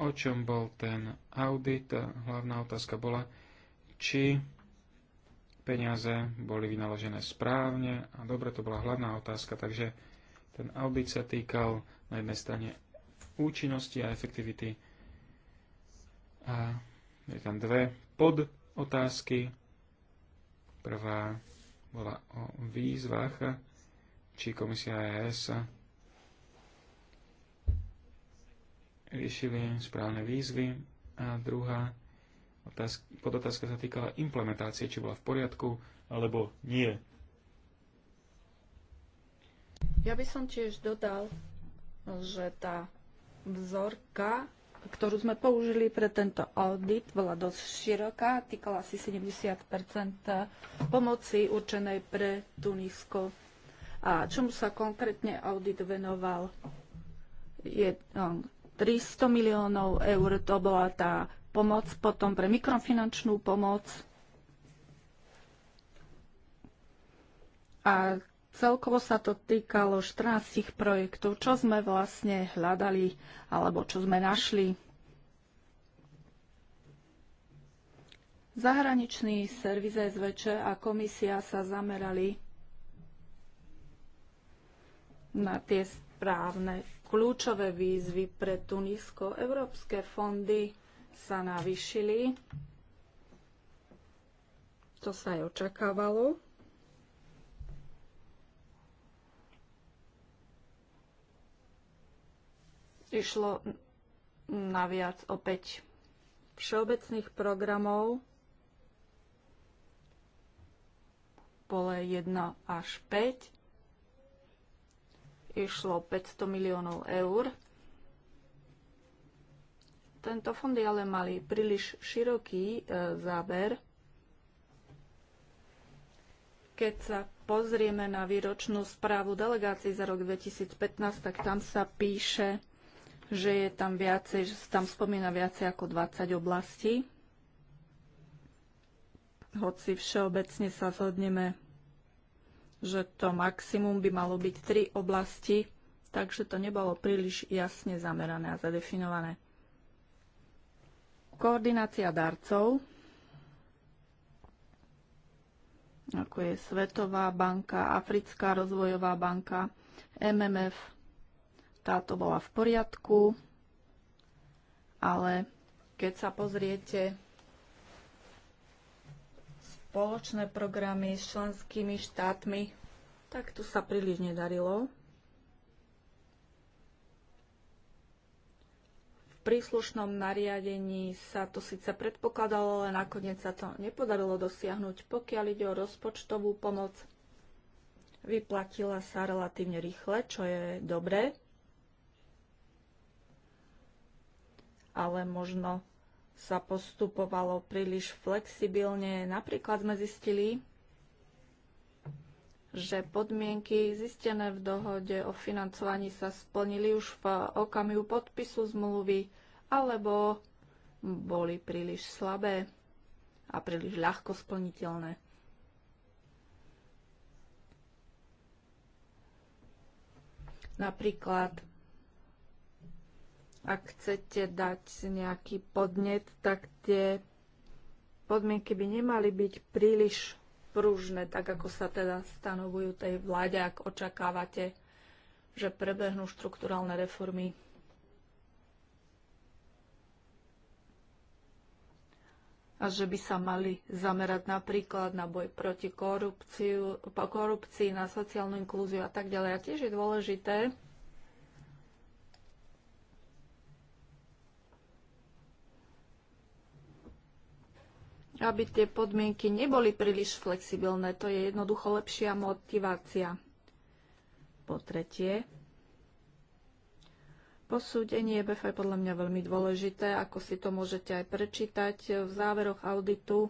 o čom bol ten audit? Hlavná otázka bola, či peniaze boli vynaložené správne a dobre, to bola hlavná otázka, takže ten audit sa týkal na jednej strane účinnosti a efektivity a je tam dve pod otázky Prvá bola o výzvach, či komisia ES riešili správne výzvy a druhá otázka, podotázka sa týkala implementácie, či bola v poriadku alebo nie.
Ja by som tiež dodal, že tá vzorka ktorú sme použili pre tento audit, bola dosť široká, týkala asi 70 pomoci určenej pre Tunisko. A čomu sa konkrétne audit venoval? Je, no, 300 miliónov eur to bola tá pomoc, potom pre mikrofinančnú pomoc a Celkovo sa to týkalo 14 projektov, čo sme vlastne hľadali alebo čo sme našli. Zahraničný servis SVČ a komisia sa zamerali na tie správne kľúčové výzvy pre Tunisko. Európske fondy sa navýšili. To sa aj očakávalo. išlo naviac opäť všeobecných programov pole 1 až 5 išlo 500 miliónov eur. Tento fond je ale mali príliš široký e, záber. Keď sa pozrieme na výročnú správu delegácií za rok 2015, tak tam sa píše, že je tam viacej, že sa tam spomína viacej ako 20 oblastí. Hoci všeobecne sa zhodneme, že to maximum by malo byť 3 oblasti, takže to nebolo príliš jasne zamerané a zadefinované. Koordinácia darcov, ako je Svetová banka, Africká rozvojová banka, MMF, táto bola v poriadku, ale keď sa pozriete spoločné programy s členskými štátmi, tak tu sa príliš nedarilo. V príslušnom nariadení sa to síce predpokladalo, ale nakoniec sa to nepodarilo dosiahnuť. Pokiaľ ide o rozpočtovú pomoc, vyplatila sa relatívne rýchle, čo je dobré. ale možno sa postupovalo príliš flexibilne. Napríklad sme zistili, že podmienky zistené v dohode o financovaní sa splnili už v okamihu podpisu zmluvy alebo boli príliš slabé a príliš ľahko splniteľné. Napríklad ak chcete dať nejaký podnet, tak tie podmienky by nemali byť príliš pružné, tak ako sa teda stanovujú tej vláde, ak očakávate, že prebehnú štruktúralne reformy. A že by sa mali zamerať napríklad na boj proti korupciu, korupcii, na sociálnu inklúziu a tak ďalej. A tiež je dôležité, aby tie podmienky neboli príliš flexibilné. To je jednoducho lepšia motivácia. Po tretie, posúdenie BF je podľa mňa veľmi dôležité, ako si to môžete aj prečítať v záveroch auditu.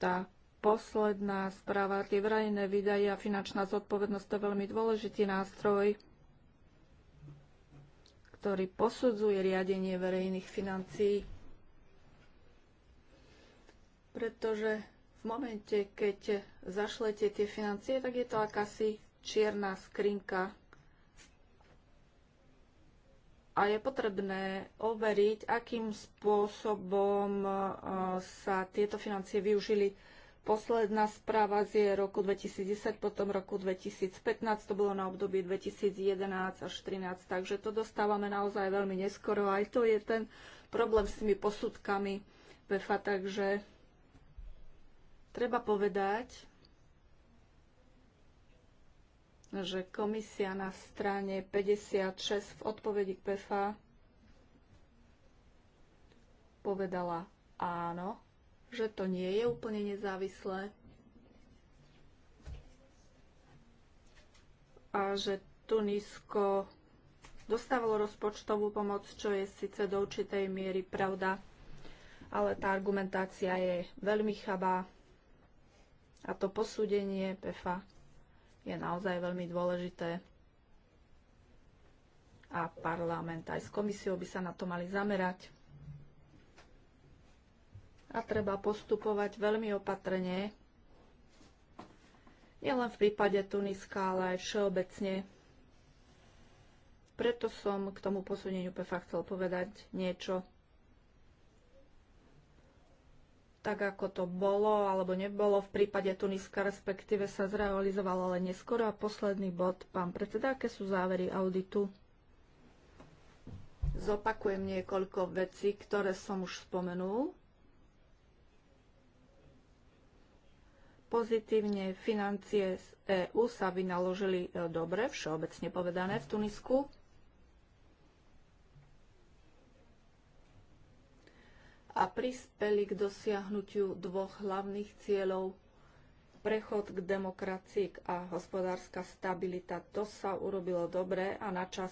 Tá posledná správa, tie verejné výdaje a finančná zodpovednosť to je veľmi dôležitý nástroj ktorý posudzuje riadenie verejných financií. Pretože v momente, keď zašlete tie financie, tak je to akási čierna skrinka. A je potrebné overiť, akým spôsobom eh, sa tieto financie využili Posledná správa z je roku 2010, potom roku 2015, to bolo na období 2011 až 2013, takže to dostávame naozaj veľmi neskoro. Aj to je ten problém s tými posudkami VEFA, takže treba povedať, že komisia na strane 56 v odpovedi k PFA povedala áno, že to nie je úplne nezávislé a že Tunisko dostávalo rozpočtovú pomoc, čo je síce do určitej miery pravda, ale tá argumentácia je veľmi chabá a to posúdenie PEFA je naozaj veľmi dôležité a parlament aj s komisiou by sa na to mali zamerať a treba postupovať veľmi opatrne, nielen v prípade Tuniska, ale aj všeobecne. Preto som k tomu posuneniu PFA chcel povedať niečo. Tak ako to bolo alebo nebolo v prípade Tuniska, respektíve sa zrealizovalo len neskoro. A posledný bod, pán predseda, aké sú závery auditu? Zopakujem niekoľko vecí, ktoré som už spomenul. Pozitívne financie z EÚ sa vynaložili e, dobre, všeobecne povedané, v Tunisku. a prispeli k dosiahnutiu dvoch hlavných cieľov prechod k demokracii a hospodárska stabilita. To sa urobilo dobre a na čas.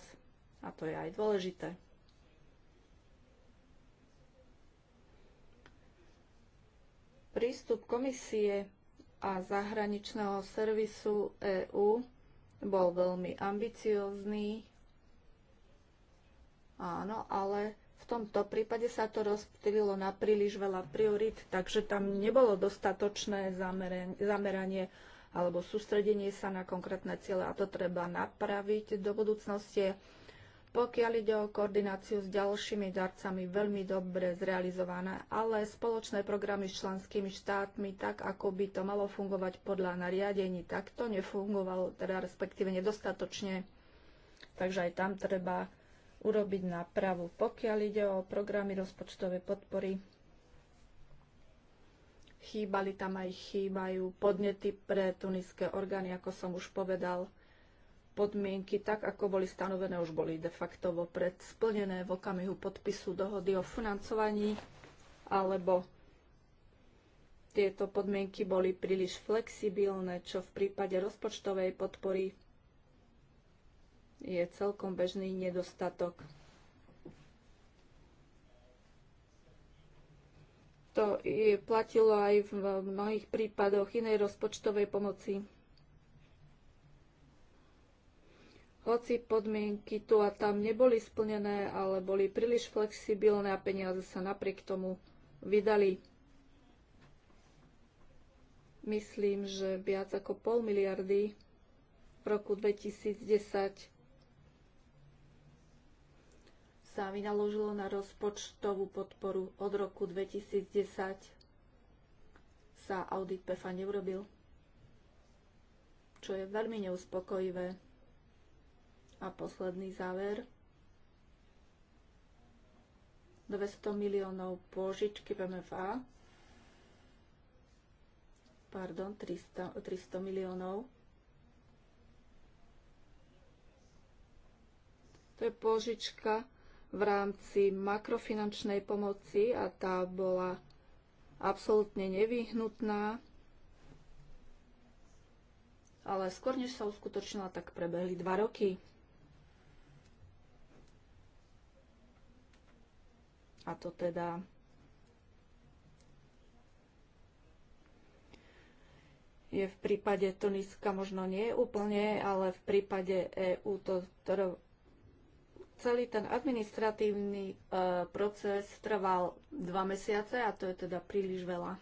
A to je aj dôležité. Prístup komisie a zahraničného servisu EÚ bol veľmi ambiciózny. Áno, ale v tomto prípade sa to rozptýlilo na príliš veľa priorit, takže tam nebolo dostatočné zameranie alebo sústredenie sa na konkrétne ciele a to treba napraviť do budúcnosti pokiaľ ide o koordináciu s ďalšími darcami, veľmi dobre zrealizované, ale spoločné programy s členskými štátmi, tak ako by to malo fungovať podľa nariadení, tak to nefungovalo, teda respektíve nedostatočne. Takže aj tam treba urobiť nápravu. Pokiaľ ide o programy rozpočtovej podpory, chýbali tam aj chýbajú podnety pre tuniské orgány, ako som už povedal podmienky, tak ako boli stanovené, už boli de facto vopred splnené v okamihu podpisu dohody o financovaní, alebo tieto podmienky boli príliš flexibilné, čo v prípade rozpočtovej podpory je celkom bežný nedostatok. To platilo aj v mnohých prípadoch inej rozpočtovej pomoci. hoci podmienky tu a tam neboli splnené, ale boli príliš flexibilné a peniaze sa napriek tomu vydali. Myslím, že viac ako pol miliardy v roku 2010 sa vynaložilo na rozpočtovú podporu. Od roku 2010 sa audit PEFA neurobil, čo je veľmi neuspokojivé. A posledný záver. 200 miliónov pôžičky VMFA. Pardon, 300, 300 miliónov. To je pôžička v rámci makrofinančnej pomoci a tá bola absolútne nevyhnutná. Ale skôr, než sa uskutočnila, tak prebehli dva roky. A to teda je v prípade Tuniska možno nie úplne, ale v prípade EÚ to trv... celý ten administratívny e, proces trval dva mesiace a to je teda príliš veľa.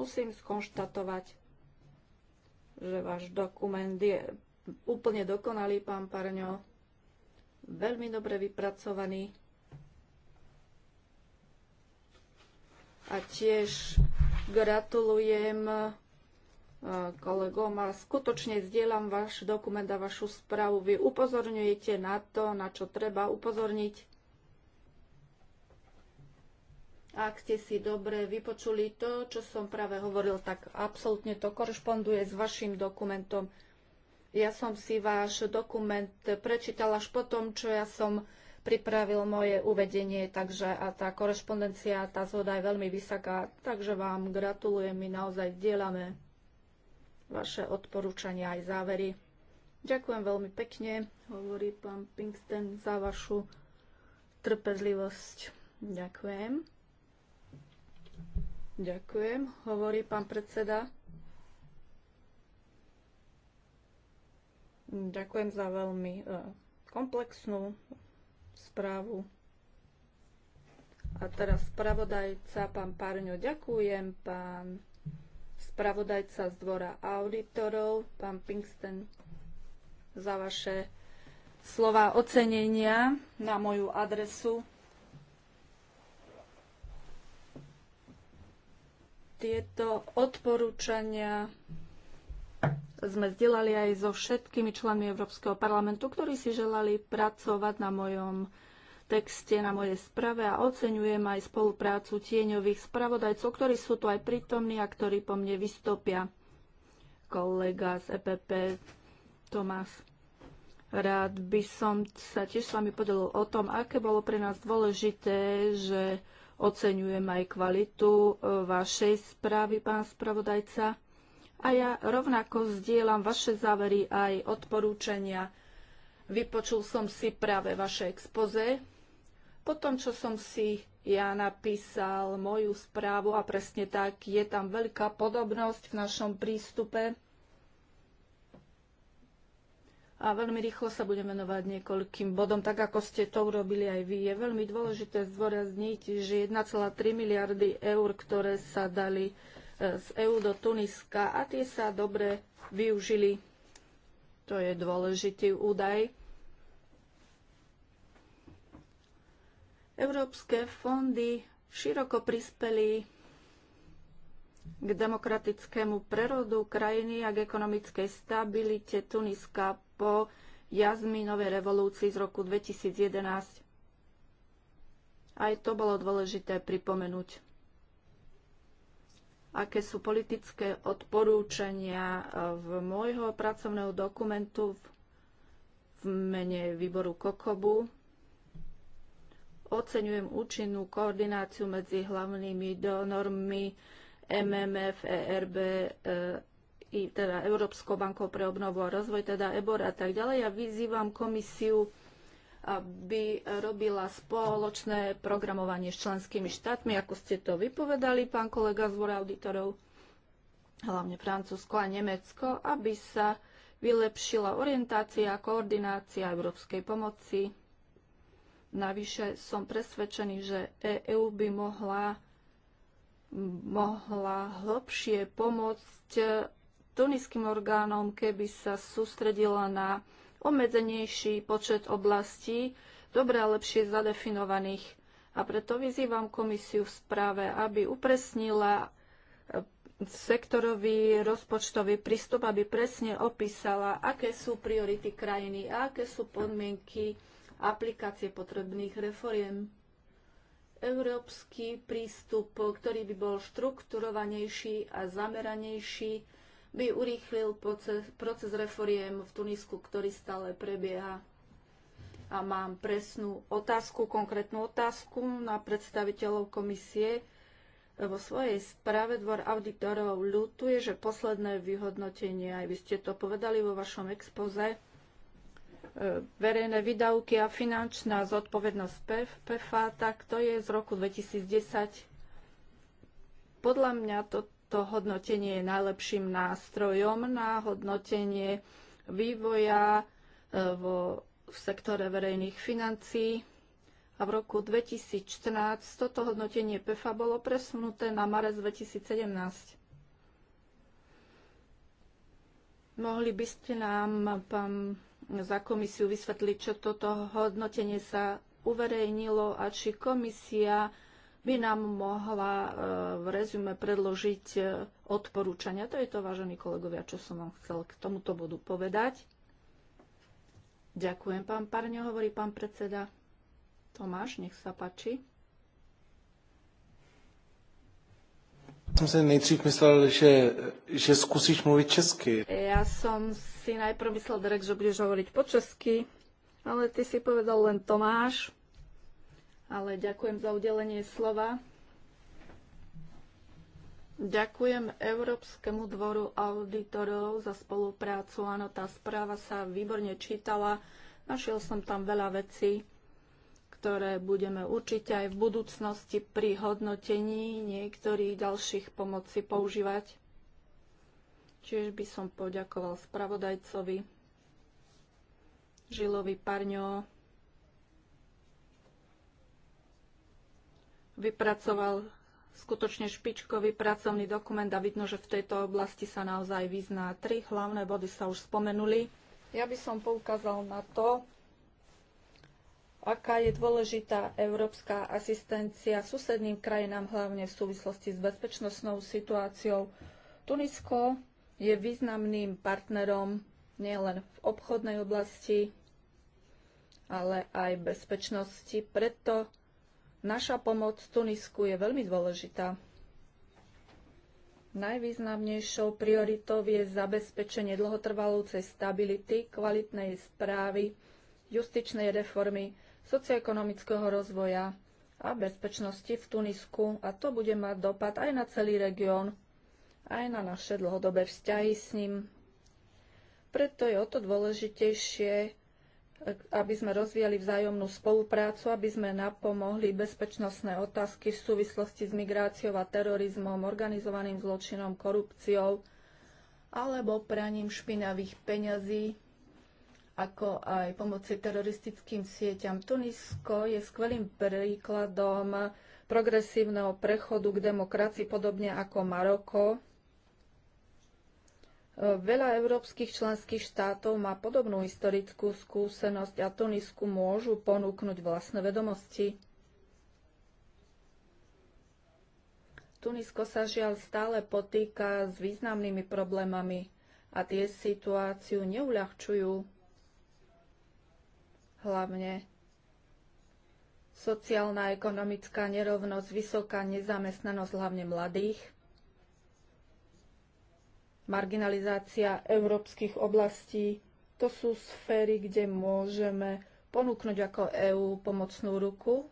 Musím skonštatovať, že váš dokument je úplne dokonalý, pán Parňo veľmi dobre vypracovaný a tiež gratulujem e, kolegom a skutočne zdieľam váš dokument a vašu správu. Vy upozorňujete na to, na čo treba upozorniť. Ak ste si dobre vypočuli to, čo som práve hovoril, tak absolútne to korešponduje s vašim dokumentom. Ja som si váš dokument prečítala až po tom, čo ja som pripravil moje uvedenie, takže a tá korešpondencia, tá zhoda je veľmi vysoká, takže vám gratulujem, my naozaj dielame vaše odporúčania aj závery. Ďakujem veľmi pekne, hovorí pán Pinkston, za vašu trpezlivosť. Ďakujem. Ďakujem, hovorí pán predseda. Ďakujem za veľmi e, komplexnú správu. A teraz spravodajca, pán Párňo, ďakujem, pán spravodajca z dvora auditorov, pán Pinkston, za vaše slova ocenenia na moju adresu. Tieto odporúčania sme zdieľali aj so všetkými členmi Európskeho parlamentu, ktorí si želali pracovať na mojom texte, na mojej sprave a oceňujem aj spoluprácu tieňových spravodajcov, ktorí sú tu aj prítomní a ktorí po mne vystopia. Kolega z EPP Tomás. Rád by som sa tiež s vami podelil o tom, aké bolo pre nás dôležité, že oceňujem aj kvalitu e, vašej správy, pán spravodajca. A ja rovnako zdieľam vaše závery aj odporúčania. Vypočul som si práve vaše expoze. Po tom, čo som si ja napísal moju správu a presne tak je tam veľká podobnosť v našom prístupe. A veľmi rýchlo sa budem venovať niekoľkým bodom, tak ako ste to urobili aj vy. Je veľmi dôležité zdôrazniť, že 1,3 miliardy eur, ktoré sa dali z EÚ do Tuniska a tie sa dobre využili. To je dôležitý údaj. Európske fondy široko prispeli k demokratickému prerodu krajiny a k ekonomickej stabilite Tuniska po jazminovej revolúcii z roku 2011. Aj to bolo dôležité pripomenúť aké sú politické odporúčania e, v môjho pracovného dokumentu v mene výboru Kokobu. Oceňujem účinnú koordináciu medzi hlavnými donormi MMF, ERB, e, i teda Európskou bankou pre obnovu a rozvoj, teda EBOR a tak ďalej. Ja vyzývam komisiu, aby robila spoločné programovanie s členskými štátmi, ako ste to vypovedali, pán kolega z Dvora auditorov, hlavne Francúzsko a Nemecko, aby sa vylepšila orientácia a koordinácia európskej pomoci. Navyše som presvedčený, že EÚ by mohla, mohla hlbšie pomôcť tuniským orgánom, keby sa sústredila na obmedzenejší počet oblastí, dobre a lepšie zadefinovaných. A preto vyzývam komisiu v správe, aby upresnila eh, sektorový rozpočtový prístup, aby presne opísala, aké sú priority krajiny a aké sú podmienky aplikácie potrebných reforiem. Európsky prístup, ktorý by bol štrukturovanejší a zameranejší, by urýchlil proces, proces reforiem v Tunisku, ktorý stále prebieha. A mám presnú otázku, konkrétnu otázku na predstaviteľov komisie. Vo svojej správe Dvor auditorov ľutuje, že posledné vyhodnotenie, aj vy ste to povedali vo vašom expoze, e, verejné výdavky a finančná zodpovednosť PFA, tak to je z roku 2010. Podľa mňa to to hodnotenie je najlepším nástrojom na hodnotenie vývoja e, vo sektore verejných financií. A v roku 2014 toto hodnotenie PEFA bolo presunuté na marec 2017. Mohli by ste nám, pán za komisiu, vysvetliť, čo toto hodnotenie sa uverejnilo a či komisia by nám mohla eh, v rezume predložiť eh, odporúčania. To je to, vážení kolegovia, čo som vám chcel k tomuto bodu povedať. Ďakujem, pán Parňo, hovorí pán predseda. Tomáš, nech sa páči.
Som si nejdřív myslel, že, že skúsiš mluviť česky.
Ja som si najprv myslel, Derek, že budeš hovoriť po česky, ale ty si povedal len Tomáš ale ďakujem za udelenie slova. Ďakujem Európskemu dvoru auditorov za spoluprácu. Áno, tá správa sa výborne čítala. Našiel som tam veľa vecí, ktoré budeme určite aj v budúcnosti pri hodnotení niektorých ďalších pomoci používať. Čiže by som poďakoval spravodajcovi Žilovi Parňo vypracoval skutočne špičkový pracovný dokument a vidno, že v tejto oblasti sa naozaj vyzná. Tri hlavné body sa už spomenuli. Ja by som poukázal na to, aká je dôležitá európska asistencia susedným krajinám, hlavne v súvislosti s bezpečnostnou situáciou. Tunisko je významným partnerom nielen v obchodnej oblasti, ale aj bezpečnosti. Preto Naša pomoc Tunisku je veľmi dôležitá. Najvýznamnejšou prioritou je zabezpečenie dlhotrvalúcej stability, kvalitnej správy, justičnej reformy, socioekonomického rozvoja a bezpečnosti v Tunisku a to bude mať dopad aj na celý región, aj na naše dlhodobé vzťahy s ním. Preto je o to dôležitejšie aby sme rozvíjali vzájomnú spoluprácu, aby sme napomohli bezpečnostné otázky v súvislosti s migráciou a terorizmom, organizovaným zločinom, korupciou alebo praním špinavých peňazí, ako aj pomoci teroristickým sieťam. Tunisko je skvelým príkladom progresívneho prechodu k demokracii, podobne ako Maroko, Veľa európskych členských štátov má podobnú historickú skúsenosť a Tunisku môžu ponúknuť vlastné vedomosti. Tunisko sa žiaľ stále potýka s významnými problémami a tie situáciu neuľahčujú. Hlavne sociálna a ekonomická nerovnosť, vysoká nezamestnanosť hlavne mladých – marginalizácia európskych oblastí. To sú sféry, kde môžeme ponúknuť ako EÚ pomocnú ruku.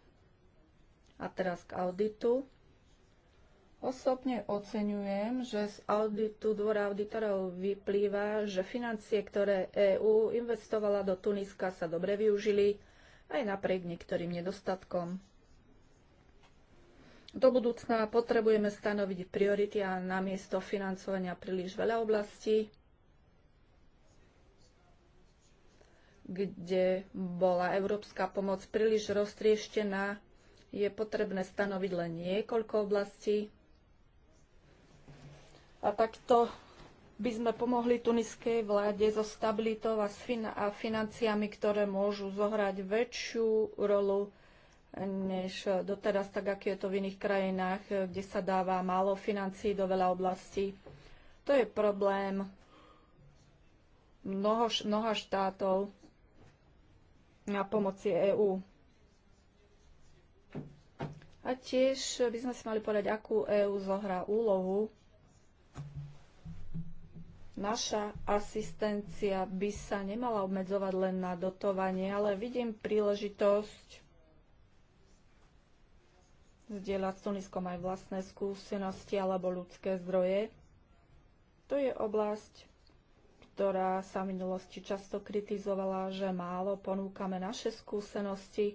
A teraz k auditu. Osobne oceňujem, že z auditu dvora auditorov vyplýva, že financie, ktoré EÚ investovala do Tuniska, sa dobre využili aj napriek niektorým nedostatkom. Do budúcna potrebujeme stanoviť priority a namiesto financovania príliš veľa oblastí, kde bola európska pomoc príliš roztrieštená, je potrebné stanoviť len niekoľko oblastí. A takto by sme pomohli tuniskej vláde so stabilitou a, a financiami, ktoré môžu zohrať väčšiu rolu než doteraz, tak ako je to v iných krajinách, kde sa dáva málo financií do veľa oblastí. To je problém mnoho, mnoha štátov na pomoci EÚ. A tiež by sme si mali povedať, akú EÚ zohrá úlohu. Naša asistencia by sa nemala obmedzovať len na dotovanie, ale vidím príležitosť zdieľať s Tuniskom aj vlastné skúsenosti alebo ľudské zdroje. To je oblasť, ktorá sa v minulosti často kritizovala, že málo ponúkame naše skúsenosti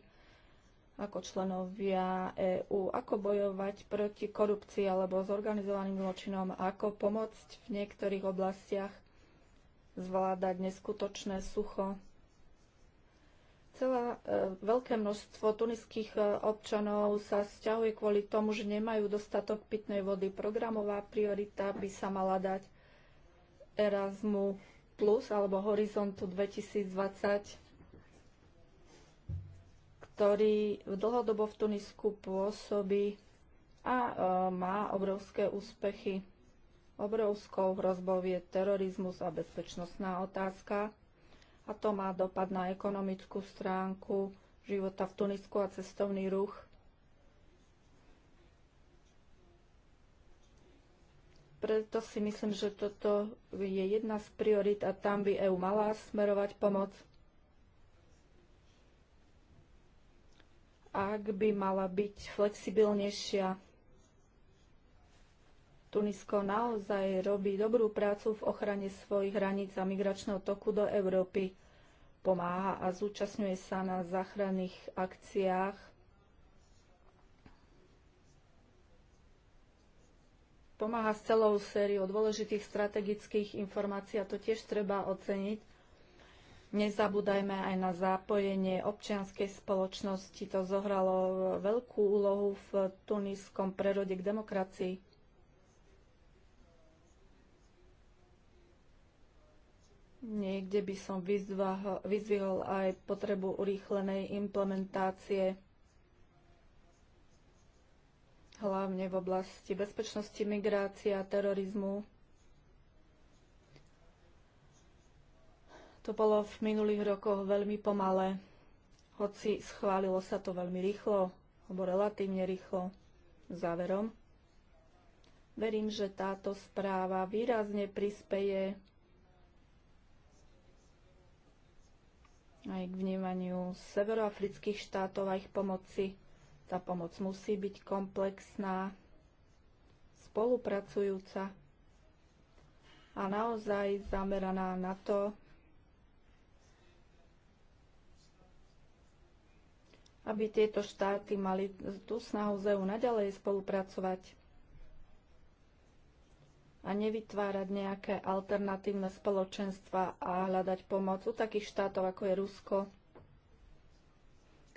ako členovia EÚ, ako bojovať proti korupcii alebo zorganizovaným zločinom, ako pomôcť v niektorých oblastiach zvládať neskutočné sucho celá e, veľké množstvo tuniských e, občanov sa sťahuje kvôli tomu, že nemajú dostatok pitnej vody. Programová priorita by sa mala dať Erasmu Plus alebo Horizontu 2020, ktorý dlhodobo v Tunisku pôsobí a e, má obrovské úspechy. Obrovskou hrozbou je terorizmus a bezpečnostná otázka a to má dopad na ekonomickú stránku života v Tunisku a cestovný ruch. Preto si myslím, že toto je jedna z priorit a tam by EU mala smerovať pomoc. Ak by mala byť flexibilnejšia Tunisko naozaj robí dobrú prácu v ochrane svojich hraníc a migračného toku do Európy. Pomáha a zúčastňuje sa na záchranných akciách. Pomáha s celou sériou dôležitých strategických informácií a to tiež treba oceniť. Nezabúdajme aj na zápojenie občianskej spoločnosti. To zohralo veľkú úlohu v tuniskom prerode k demokracii. Niekde by som vyzvihol aj potrebu urýchlenej implementácie, hlavne v oblasti bezpečnosti, migrácie a terorizmu. To bolo v minulých rokoch veľmi pomalé, hoci schválilo sa to veľmi rýchlo, alebo relatívne rýchlo. Záverom, verím, že táto správa výrazne prispeje aj k vnímaniu severoafrických štátov a ich pomoci. Tá pomoc musí byť komplexná, spolupracujúca a naozaj zameraná na to, aby tieto štáty mali tú snahu ZEU naďalej spolupracovať a nevytvárať nejaké alternatívne spoločenstva a hľadať pomoc u takých štátov, ako je Rusko,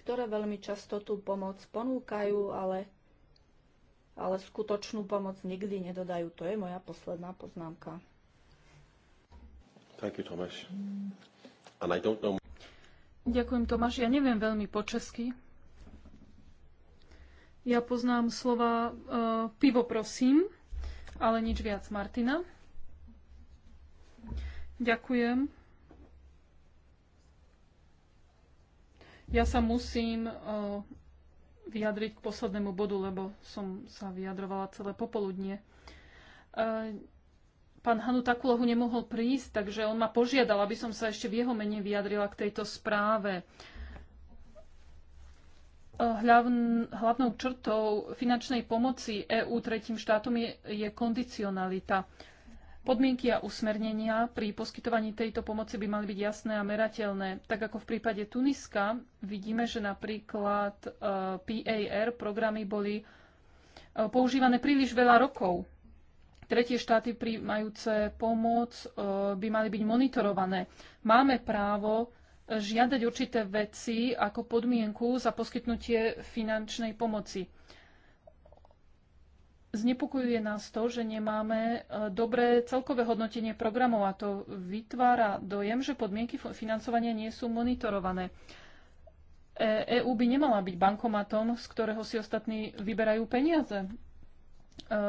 ktoré veľmi často tú pomoc ponúkajú, ale, ale skutočnú pomoc nikdy nedodajú. To je moja posledná
poznámka.
Thank you, Tomáš. And I don't know...
Ďakujem, Tomáš. Ja neviem veľmi po česky. Ja poznám slova uh, pivo, prosím ale nič viac. Martina? Ďakujem. Ja sa musím vyjadriť k poslednému bodu, lebo som sa vyjadrovala celé popoludnie. E, pán Hanu Takulohu nemohol prísť, takže on ma požiadal, aby som sa ešte v jeho mene vyjadrila k tejto správe hlavnou črtou finančnej pomoci EÚ tretím štátom je, je kondicionalita. Podmienky a usmernenia pri poskytovaní tejto pomoci by mali byť jasné a merateľné. Tak ako v prípade Tuniska vidíme, že napríklad e, PAR programy boli e, používané príliš veľa rokov. Tretie štáty príjmajúce pomoc e, by mali byť monitorované. Máme právo žiadať určité veci ako podmienku za poskytnutie finančnej pomoci. Znepokojuje nás to, že nemáme e, dobré celkové hodnotenie programov a to vytvára dojem, že podmienky financovania nie sú monitorované. EÚ e by nemala byť bankomatom, z ktorého si ostatní vyberajú peniaze. E,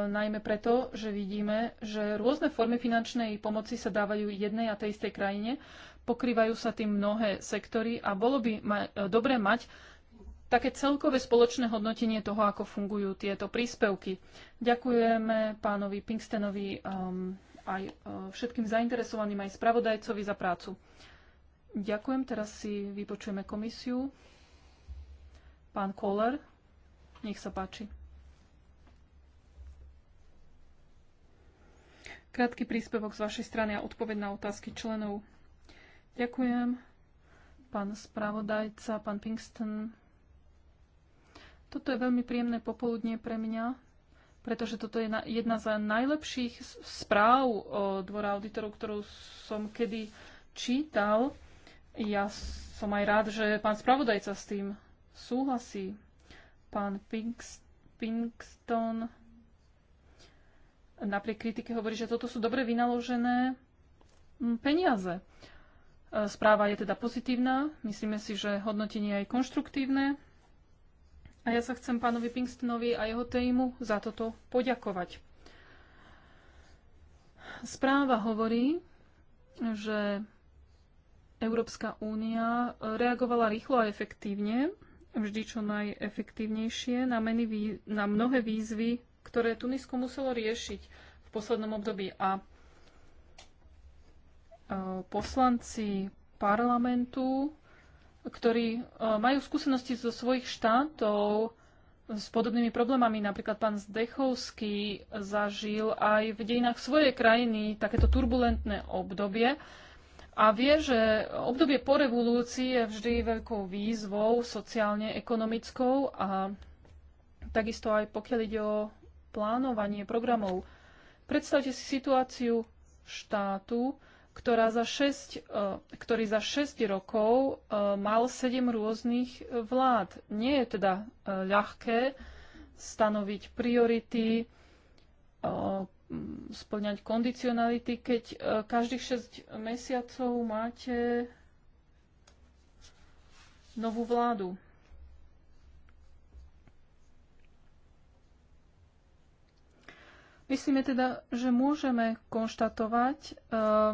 najmä preto, že vidíme, že rôzne formy finančnej pomoci sa dávajú jednej a tej istej krajine, pokrývajú sa tým mnohé sektory a bolo by ma- e, dobre mať také celkové spoločné hodnotenie toho, ako fungujú tieto príspevky. Ďakujeme pánovi Pinkstenovi um, aj uh, všetkým zainteresovaným, aj spravodajcovi za prácu. Ďakujem, teraz si vypočujeme komisiu. Pán Koller, nech sa páči. Krátky príspevok z vašej strany a odpoveď na otázky členov Ďakujem. Pán spravodajca, pán Pinkston. Toto je veľmi príjemné popoludnie pre mňa, pretože toto je jedna z najlepších správ o dvora auditorov, ktorú som kedy čítal. Ja som aj rád, že pán spravodajca s tým súhlasí. Pán Pinkston napriek kritike hovorí, že toto sú dobre vynaložené peniaze. Správa je teda pozitívna, myslíme si, že hodnotenie je konštruktívne. A ja sa chcem pánovi Pinkstonovi a jeho týmu za toto poďakovať. Správa hovorí, že Európska únia reagovala rýchlo a efektívne, vždy čo najefektívnejšie, na, meny, na mnohé výzvy, ktoré Tunisko muselo riešiť v poslednom období. A E, poslanci parlamentu, ktorí e, majú skúsenosti zo svojich štátov s podobnými problémami. Napríklad pán Zdechovský zažil aj v dejinách svojej krajiny takéto turbulentné obdobie a vie, že obdobie po revolúcii je vždy veľkou výzvou sociálne, ekonomickou a takisto aj pokiaľ ide o plánovanie programov. Predstavte si situáciu štátu, ktorá za 6, e, ktorý za 6 rokov e, mal 7 rôznych e, vlád. Nie je teda ľahké stanoviť priority, splňať kondicionality, keď každých 6 mesiacov máte novú vládu. Myslíme teda, že môžeme konštatovať eh,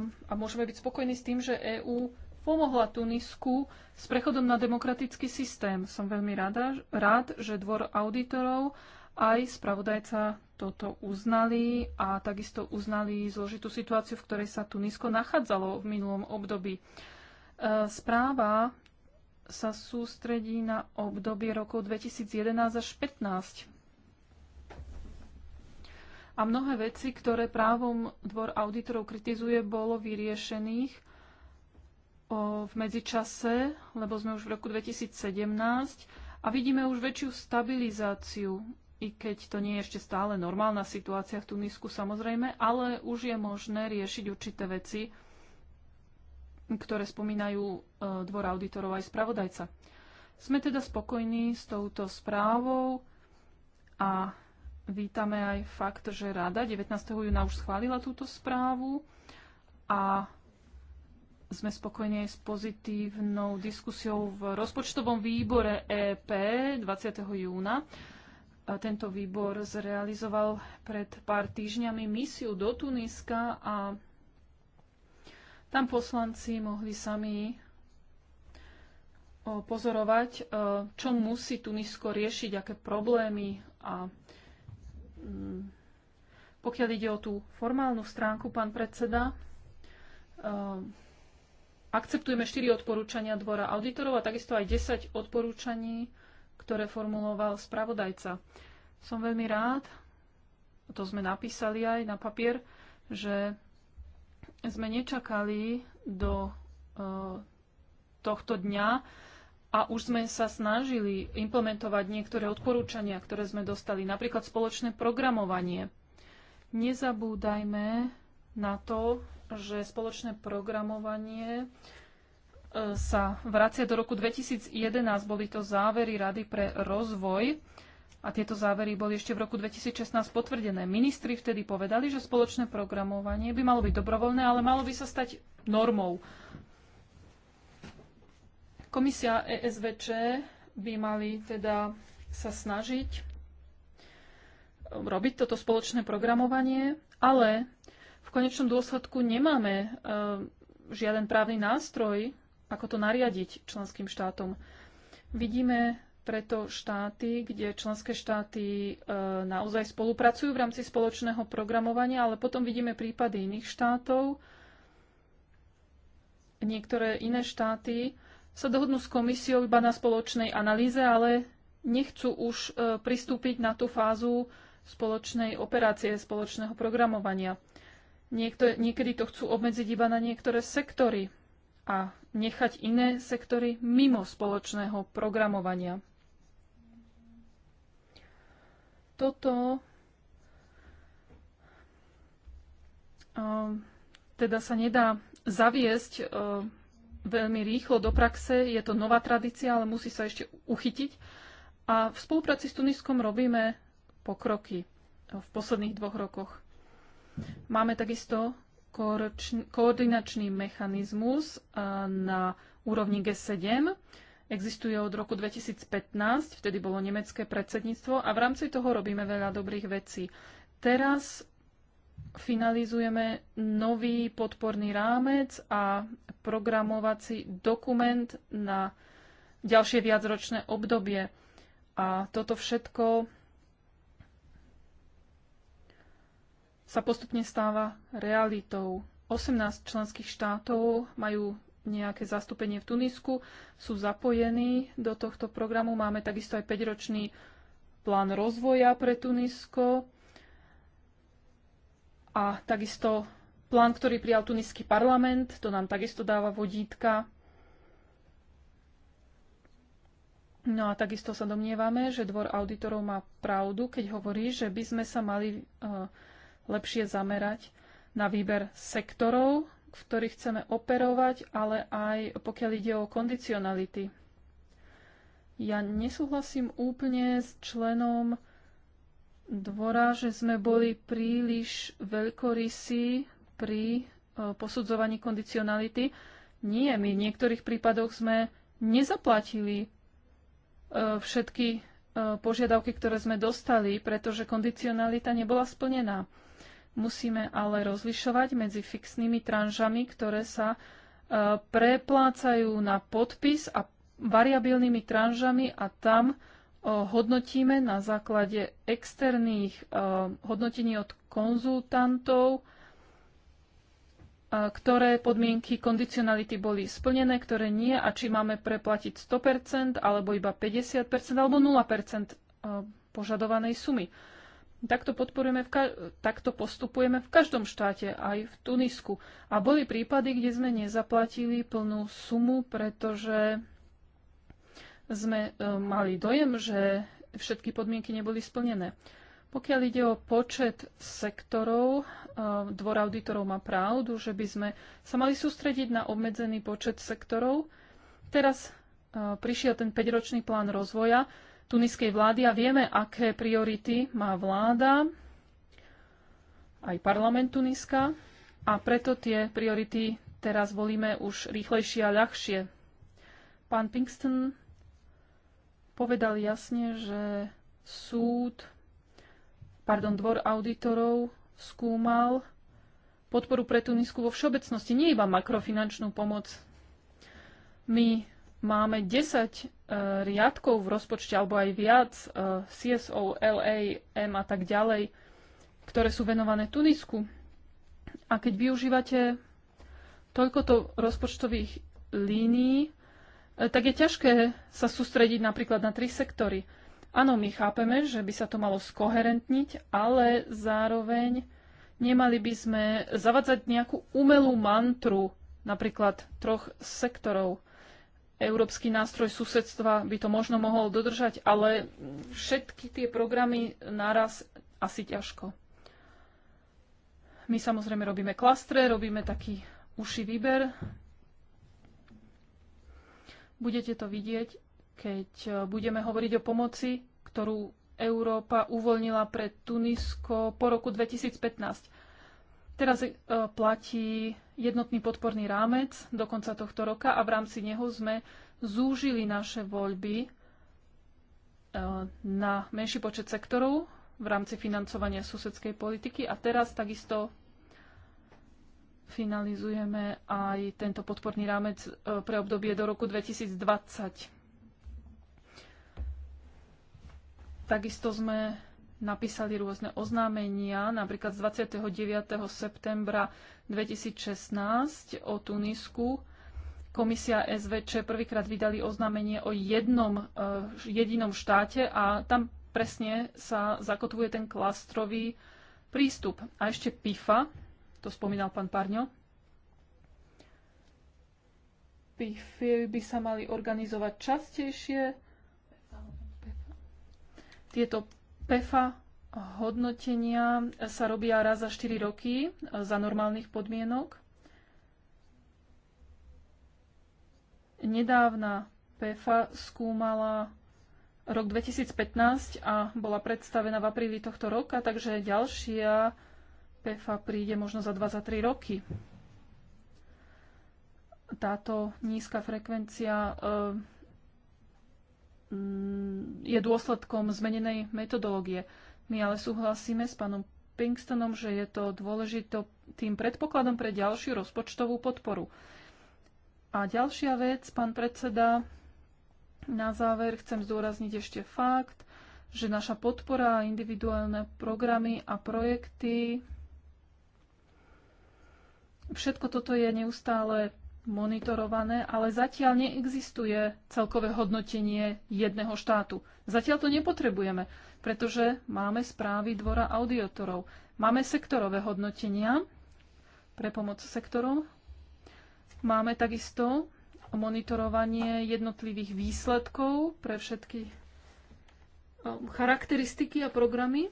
a môžeme byť spokojní s tým, že EÚ pomohla Tunisku s prechodom na demokratický systém. Som veľmi rada, rád, že dvor auditorov aj spravodajca toto uznali a takisto uznali zložitú situáciu, v ktorej sa Tunisko nachádzalo v minulom období. Eh, správa sa sústredí na obdobie rokov 2011 až 2015 a mnohé veci, ktoré právom dvor auditorov kritizuje, bolo vyriešených v medzičase, lebo sme už v roku 2017 a vidíme už väčšiu stabilizáciu, i keď to nie je ešte stále normálna situácia v Tunisku samozrejme, ale už je možné riešiť určité veci, ktoré spomínajú e, dvor auditorov aj spravodajca. Sme teda spokojní s touto správou a Vítame aj fakt, že Rada 19. júna už schválila túto správu a sme spokojní aj s pozitívnou diskusiou v rozpočtovom výbore EP 20. júna. A tento výbor zrealizoval pred pár týždňami misiu do Tuniska a tam poslanci mohli sami eh, pozorovať, eh, čo musí Tunisko riešiť, aké problémy a Mm. Pokiaľ ide o tú formálnu stránku, pán predseda, eh, akceptujeme 4 odporúčania Dvora auditorov a takisto aj 10 odporúčaní, ktoré formuloval spravodajca. Som veľmi rád, to sme napísali aj na papier, že sme nečakali do eh, tohto dňa, a už sme sa snažili implementovať niektoré odporúčania, ktoré sme dostali, napríklad spoločné programovanie. Nezabúdajme na to, že spoločné programovanie e, sa vracia do roku 2011. Boli to závery Rady pre rozvoj a tieto závery boli ešte v roku 2016 potvrdené. Ministri vtedy povedali, že spoločné programovanie by malo byť dobrovoľné, ale malo by sa stať normou. Komisia ESVČ by mali teda sa snažiť robiť toto spoločné programovanie, ale v konečnom dôsledku nemáme e, žiaden právny nástroj, ako to nariadiť členským štátom. Vidíme preto štáty, kde členské štáty e, naozaj spolupracujú v rámci spoločného programovania, ale potom vidíme prípady iných štátov. Niektoré iné štáty sa dohodnú s komisiou iba na spoločnej analýze, ale nechcú už e, pristúpiť na tú fázu spoločnej operácie, spoločného programovania. Niekto, niekedy to chcú obmedziť iba na niektoré sektory a nechať iné sektory mimo spoločného programovania. Toto e, teda sa nedá zaviesť e, veľmi rýchlo do praxe. Je to nová tradícia, ale musí sa ešte uchytiť. A v spolupráci s Tuniskom robíme pokroky v posledných dvoch rokoch. Máme takisto koordinačný mechanizmus na úrovni G7. Existuje od roku 2015, vtedy bolo nemecké predsedníctvo a v rámci toho robíme veľa dobrých vecí. Teraz finalizujeme nový podporný rámec a programovací dokument na ďalšie viacročné obdobie. A toto všetko sa postupne stáva realitou. 18 členských štátov majú nejaké zastúpenie v Tunisku, sú zapojení do tohto programu. Máme takisto aj 5-ročný plán rozvoja pre Tunisko a takisto plán, ktorý prijal tuniský parlament, to nám takisto dáva vodítka. No a takisto sa domnievame, že dvor auditorov má pravdu, keď hovorí, že by sme sa mali e, lepšie zamerať na výber sektorov, v ktorých chceme operovať, ale aj pokiaľ ide o kondicionality. Ja nesúhlasím úplne s členom dvora, že sme boli príliš veľkorysí pri posudzovaní kondicionality. Nie, my v niektorých prípadoch sme nezaplatili e, všetky e, požiadavky, ktoré sme dostali, pretože kondicionalita nebola splnená. Musíme ale rozlišovať medzi fixnými tranžami, ktoré sa e, preplácajú na podpis a variabilnými tranžami a tam E, hodnotíme na základe externých e, hodnotení od konzultantov, e, ktoré podmienky kondicionality boli splnené, ktoré nie a či máme preplatiť 100% alebo iba 50% alebo 0% požadovanej sumy. Takto, podporujeme v takto postupujeme v každom štáte, aj v Tunisku. A boli prípady, kde sme nezaplatili plnú sumu, pretože sme e, mali dojem, že všetky podmienky neboli splnené. Pokiaľ ide o počet sektorov, e, dvor auditorov má pravdu, že by sme sa mali sústrediť na obmedzený počet sektorov. Teraz e, prišiel ten 5-ročný plán rozvoja tuniskej vlády a vieme, aké priority má vláda, aj parlament Tuniska a preto tie priority teraz volíme už rýchlejšie a ľahšie. Pán Pinkston povedal jasne, že súd, pardon, dvor auditorov skúmal podporu pre Tunisku vo všeobecnosti, nie iba makrofinančnú pomoc. My máme 10 uh, e, riadkov v rozpočte, alebo aj viac, uh, e, CSO, LA, M a tak ďalej, ktoré sú venované Tunisku. A keď využívate toľkoto rozpočtových línií, E, tak je ťažké sa sústrediť napríklad na tri sektory. Áno, my chápeme, že by sa to malo skoherentniť, ale zároveň nemali by sme zavadzať nejakú umelú mantru napríklad troch sektorov. Európsky nástroj susedstva by to možno mohol dodržať, ale všetky tie programy naraz asi ťažko. My samozrejme robíme klastre, robíme taký uši výber Budete to vidieť, keď e, budeme hovoriť o pomoci, ktorú Európa uvoľnila pre Tunisko po roku 2015. Teraz e, platí jednotný podporný rámec do konca tohto roka a v rámci neho sme zúžili naše voľby e, na menší počet sektorov v rámci financovania susedskej politiky a teraz takisto finalizujeme aj tento podporný rámec e, pre obdobie do roku 2020. Takisto sme napísali rôzne oznámenia, napríklad z 29. septembra 2016 o Tunisku. Komisia SVČ prvýkrát vydali oznámenie o jednom e, jedinom štáte a tam presne sa zakotvuje ten klastrový prístup. A ešte PIFA, to spomínal pán Parňo, by, by sa mali organizovať častejšie. Tieto PEFA hodnotenia sa robia raz za 4 roky e, za normálnych podmienok. Nedávna PEFA skúmala rok 2015 a bola predstavená v apríli tohto roka, takže ďalšia PFA príde možno za 2-3 roky. Táto nízka frekvencia eh, mm, je dôsledkom zmenenej metodológie. My ale súhlasíme s pánom Pinkstonom, že je to dôležité tým predpokladom pre ďalšiu rozpočtovú podporu. A ďalšia vec, pán predseda, na záver chcem zdôrazniť ešte fakt, že naša podpora a individuálne programy a projekty Všetko toto je neustále monitorované, ale zatiaľ neexistuje celkové hodnotenie jedného štátu. Zatiaľ to nepotrebujeme, pretože máme správy dvora auditorov. Máme sektorové hodnotenia pre pomoc sektorom. Máme takisto monitorovanie jednotlivých výsledkov pre všetky eh, charakteristiky a programy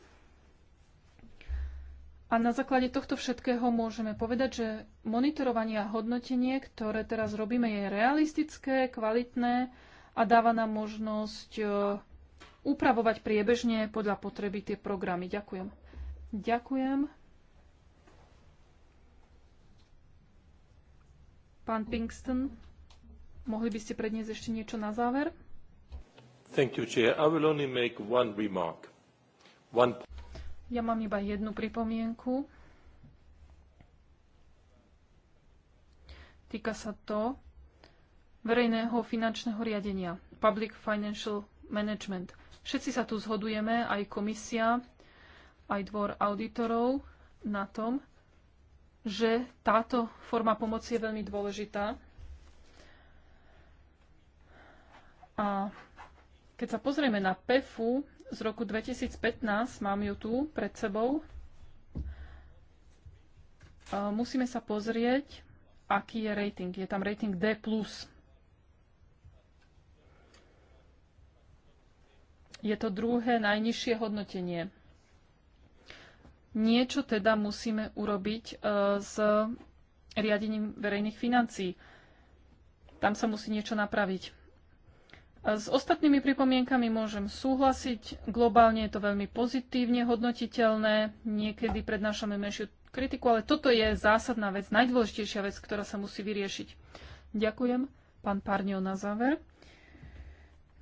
a na základe tohto všetkého môžeme povedať, že monitorovanie a hodnotenie, ktoré teraz robíme, je realistické, kvalitné a dáva nám možnosť e, upravovať priebežne podľa potreby tie programy. Ďakujem. Ďakujem. Pán Pinkston, mohli by ste predniesť ešte niečo na záver? Thank you, Chair. I will only make one remark. One... Ja mám iba jednu pripomienku. Týka sa to verejného finančného riadenia, Public Financial Management. Všetci sa tu zhodujeme, aj komisia, aj dvor auditorov, na tom, že táto forma pomoci je veľmi dôležitá. A keď sa pozrieme na PEFu, z roku 2015, mám ju tu pred sebou. Musíme sa pozrieť, aký je rating. Je tam rating D+. Je to druhé najnižšie hodnotenie. Niečo teda musíme urobiť e, s riadením verejných financií. Tam sa musí niečo napraviť. S ostatnými pripomienkami môžem súhlasiť. Globálne je to veľmi pozitívne hodnotiteľné. Niekedy prednášame menšiu kritiku, ale toto je zásadná vec, najdôležitejšia vec, ktorá sa musí vyriešiť. Ďakujem. Pán Parnio na záver.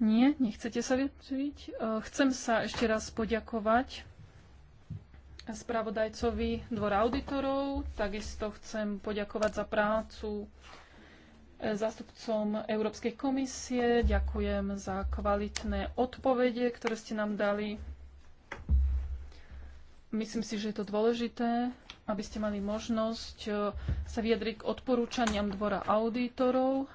Nie, nechcete sa vyjadriť. E, chcem sa ešte raz poďakovať spravodajcovi dvora auditorov. Takisto chcem poďakovať za prácu zástupcom Európskej komisie. Ďakujem za kvalitné odpovede, ktoré ste nám dali. Myslím si, že je to dôležité, aby ste mali možnosť e, sa vyjadriť k odporúčaniam dvora auditorov.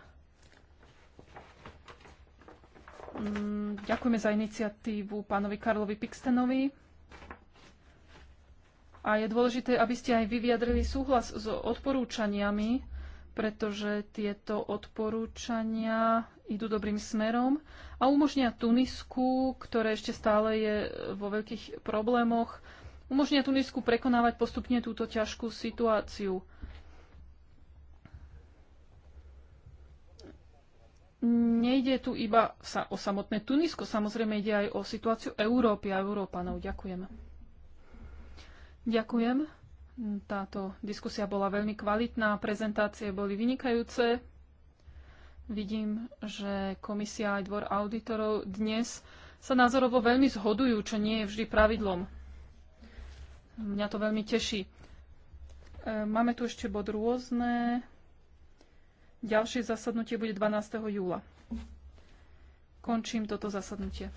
Mm, ďakujeme za iniciatívu pánovi Karlovi Pikstenovi. A je dôležité, aby ste aj vyjadrili súhlas s odporúčaniami, pretože tieto odporúčania idú dobrým smerom a umožnia Tunisku, ktoré ešte stále je vo veľkých problémoch, umožnia Tunisku prekonávať postupne túto ťažkú situáciu. Nejde tu iba sa o samotné Tunisko, samozrejme ide aj o situáciu Európy a Európanov. Ďakujem. Ďakujem. Táto diskusia bola veľmi kvalitná, prezentácie boli vynikajúce. Vidím, že komisia aj dvor auditorov dnes sa názorovo veľmi zhodujú, čo nie je vždy pravidlom. Mňa to veľmi teší. E, máme tu ešte bod rôzne. Ďalšie zasadnutie bude 12. júla. Končím toto zasadnutie.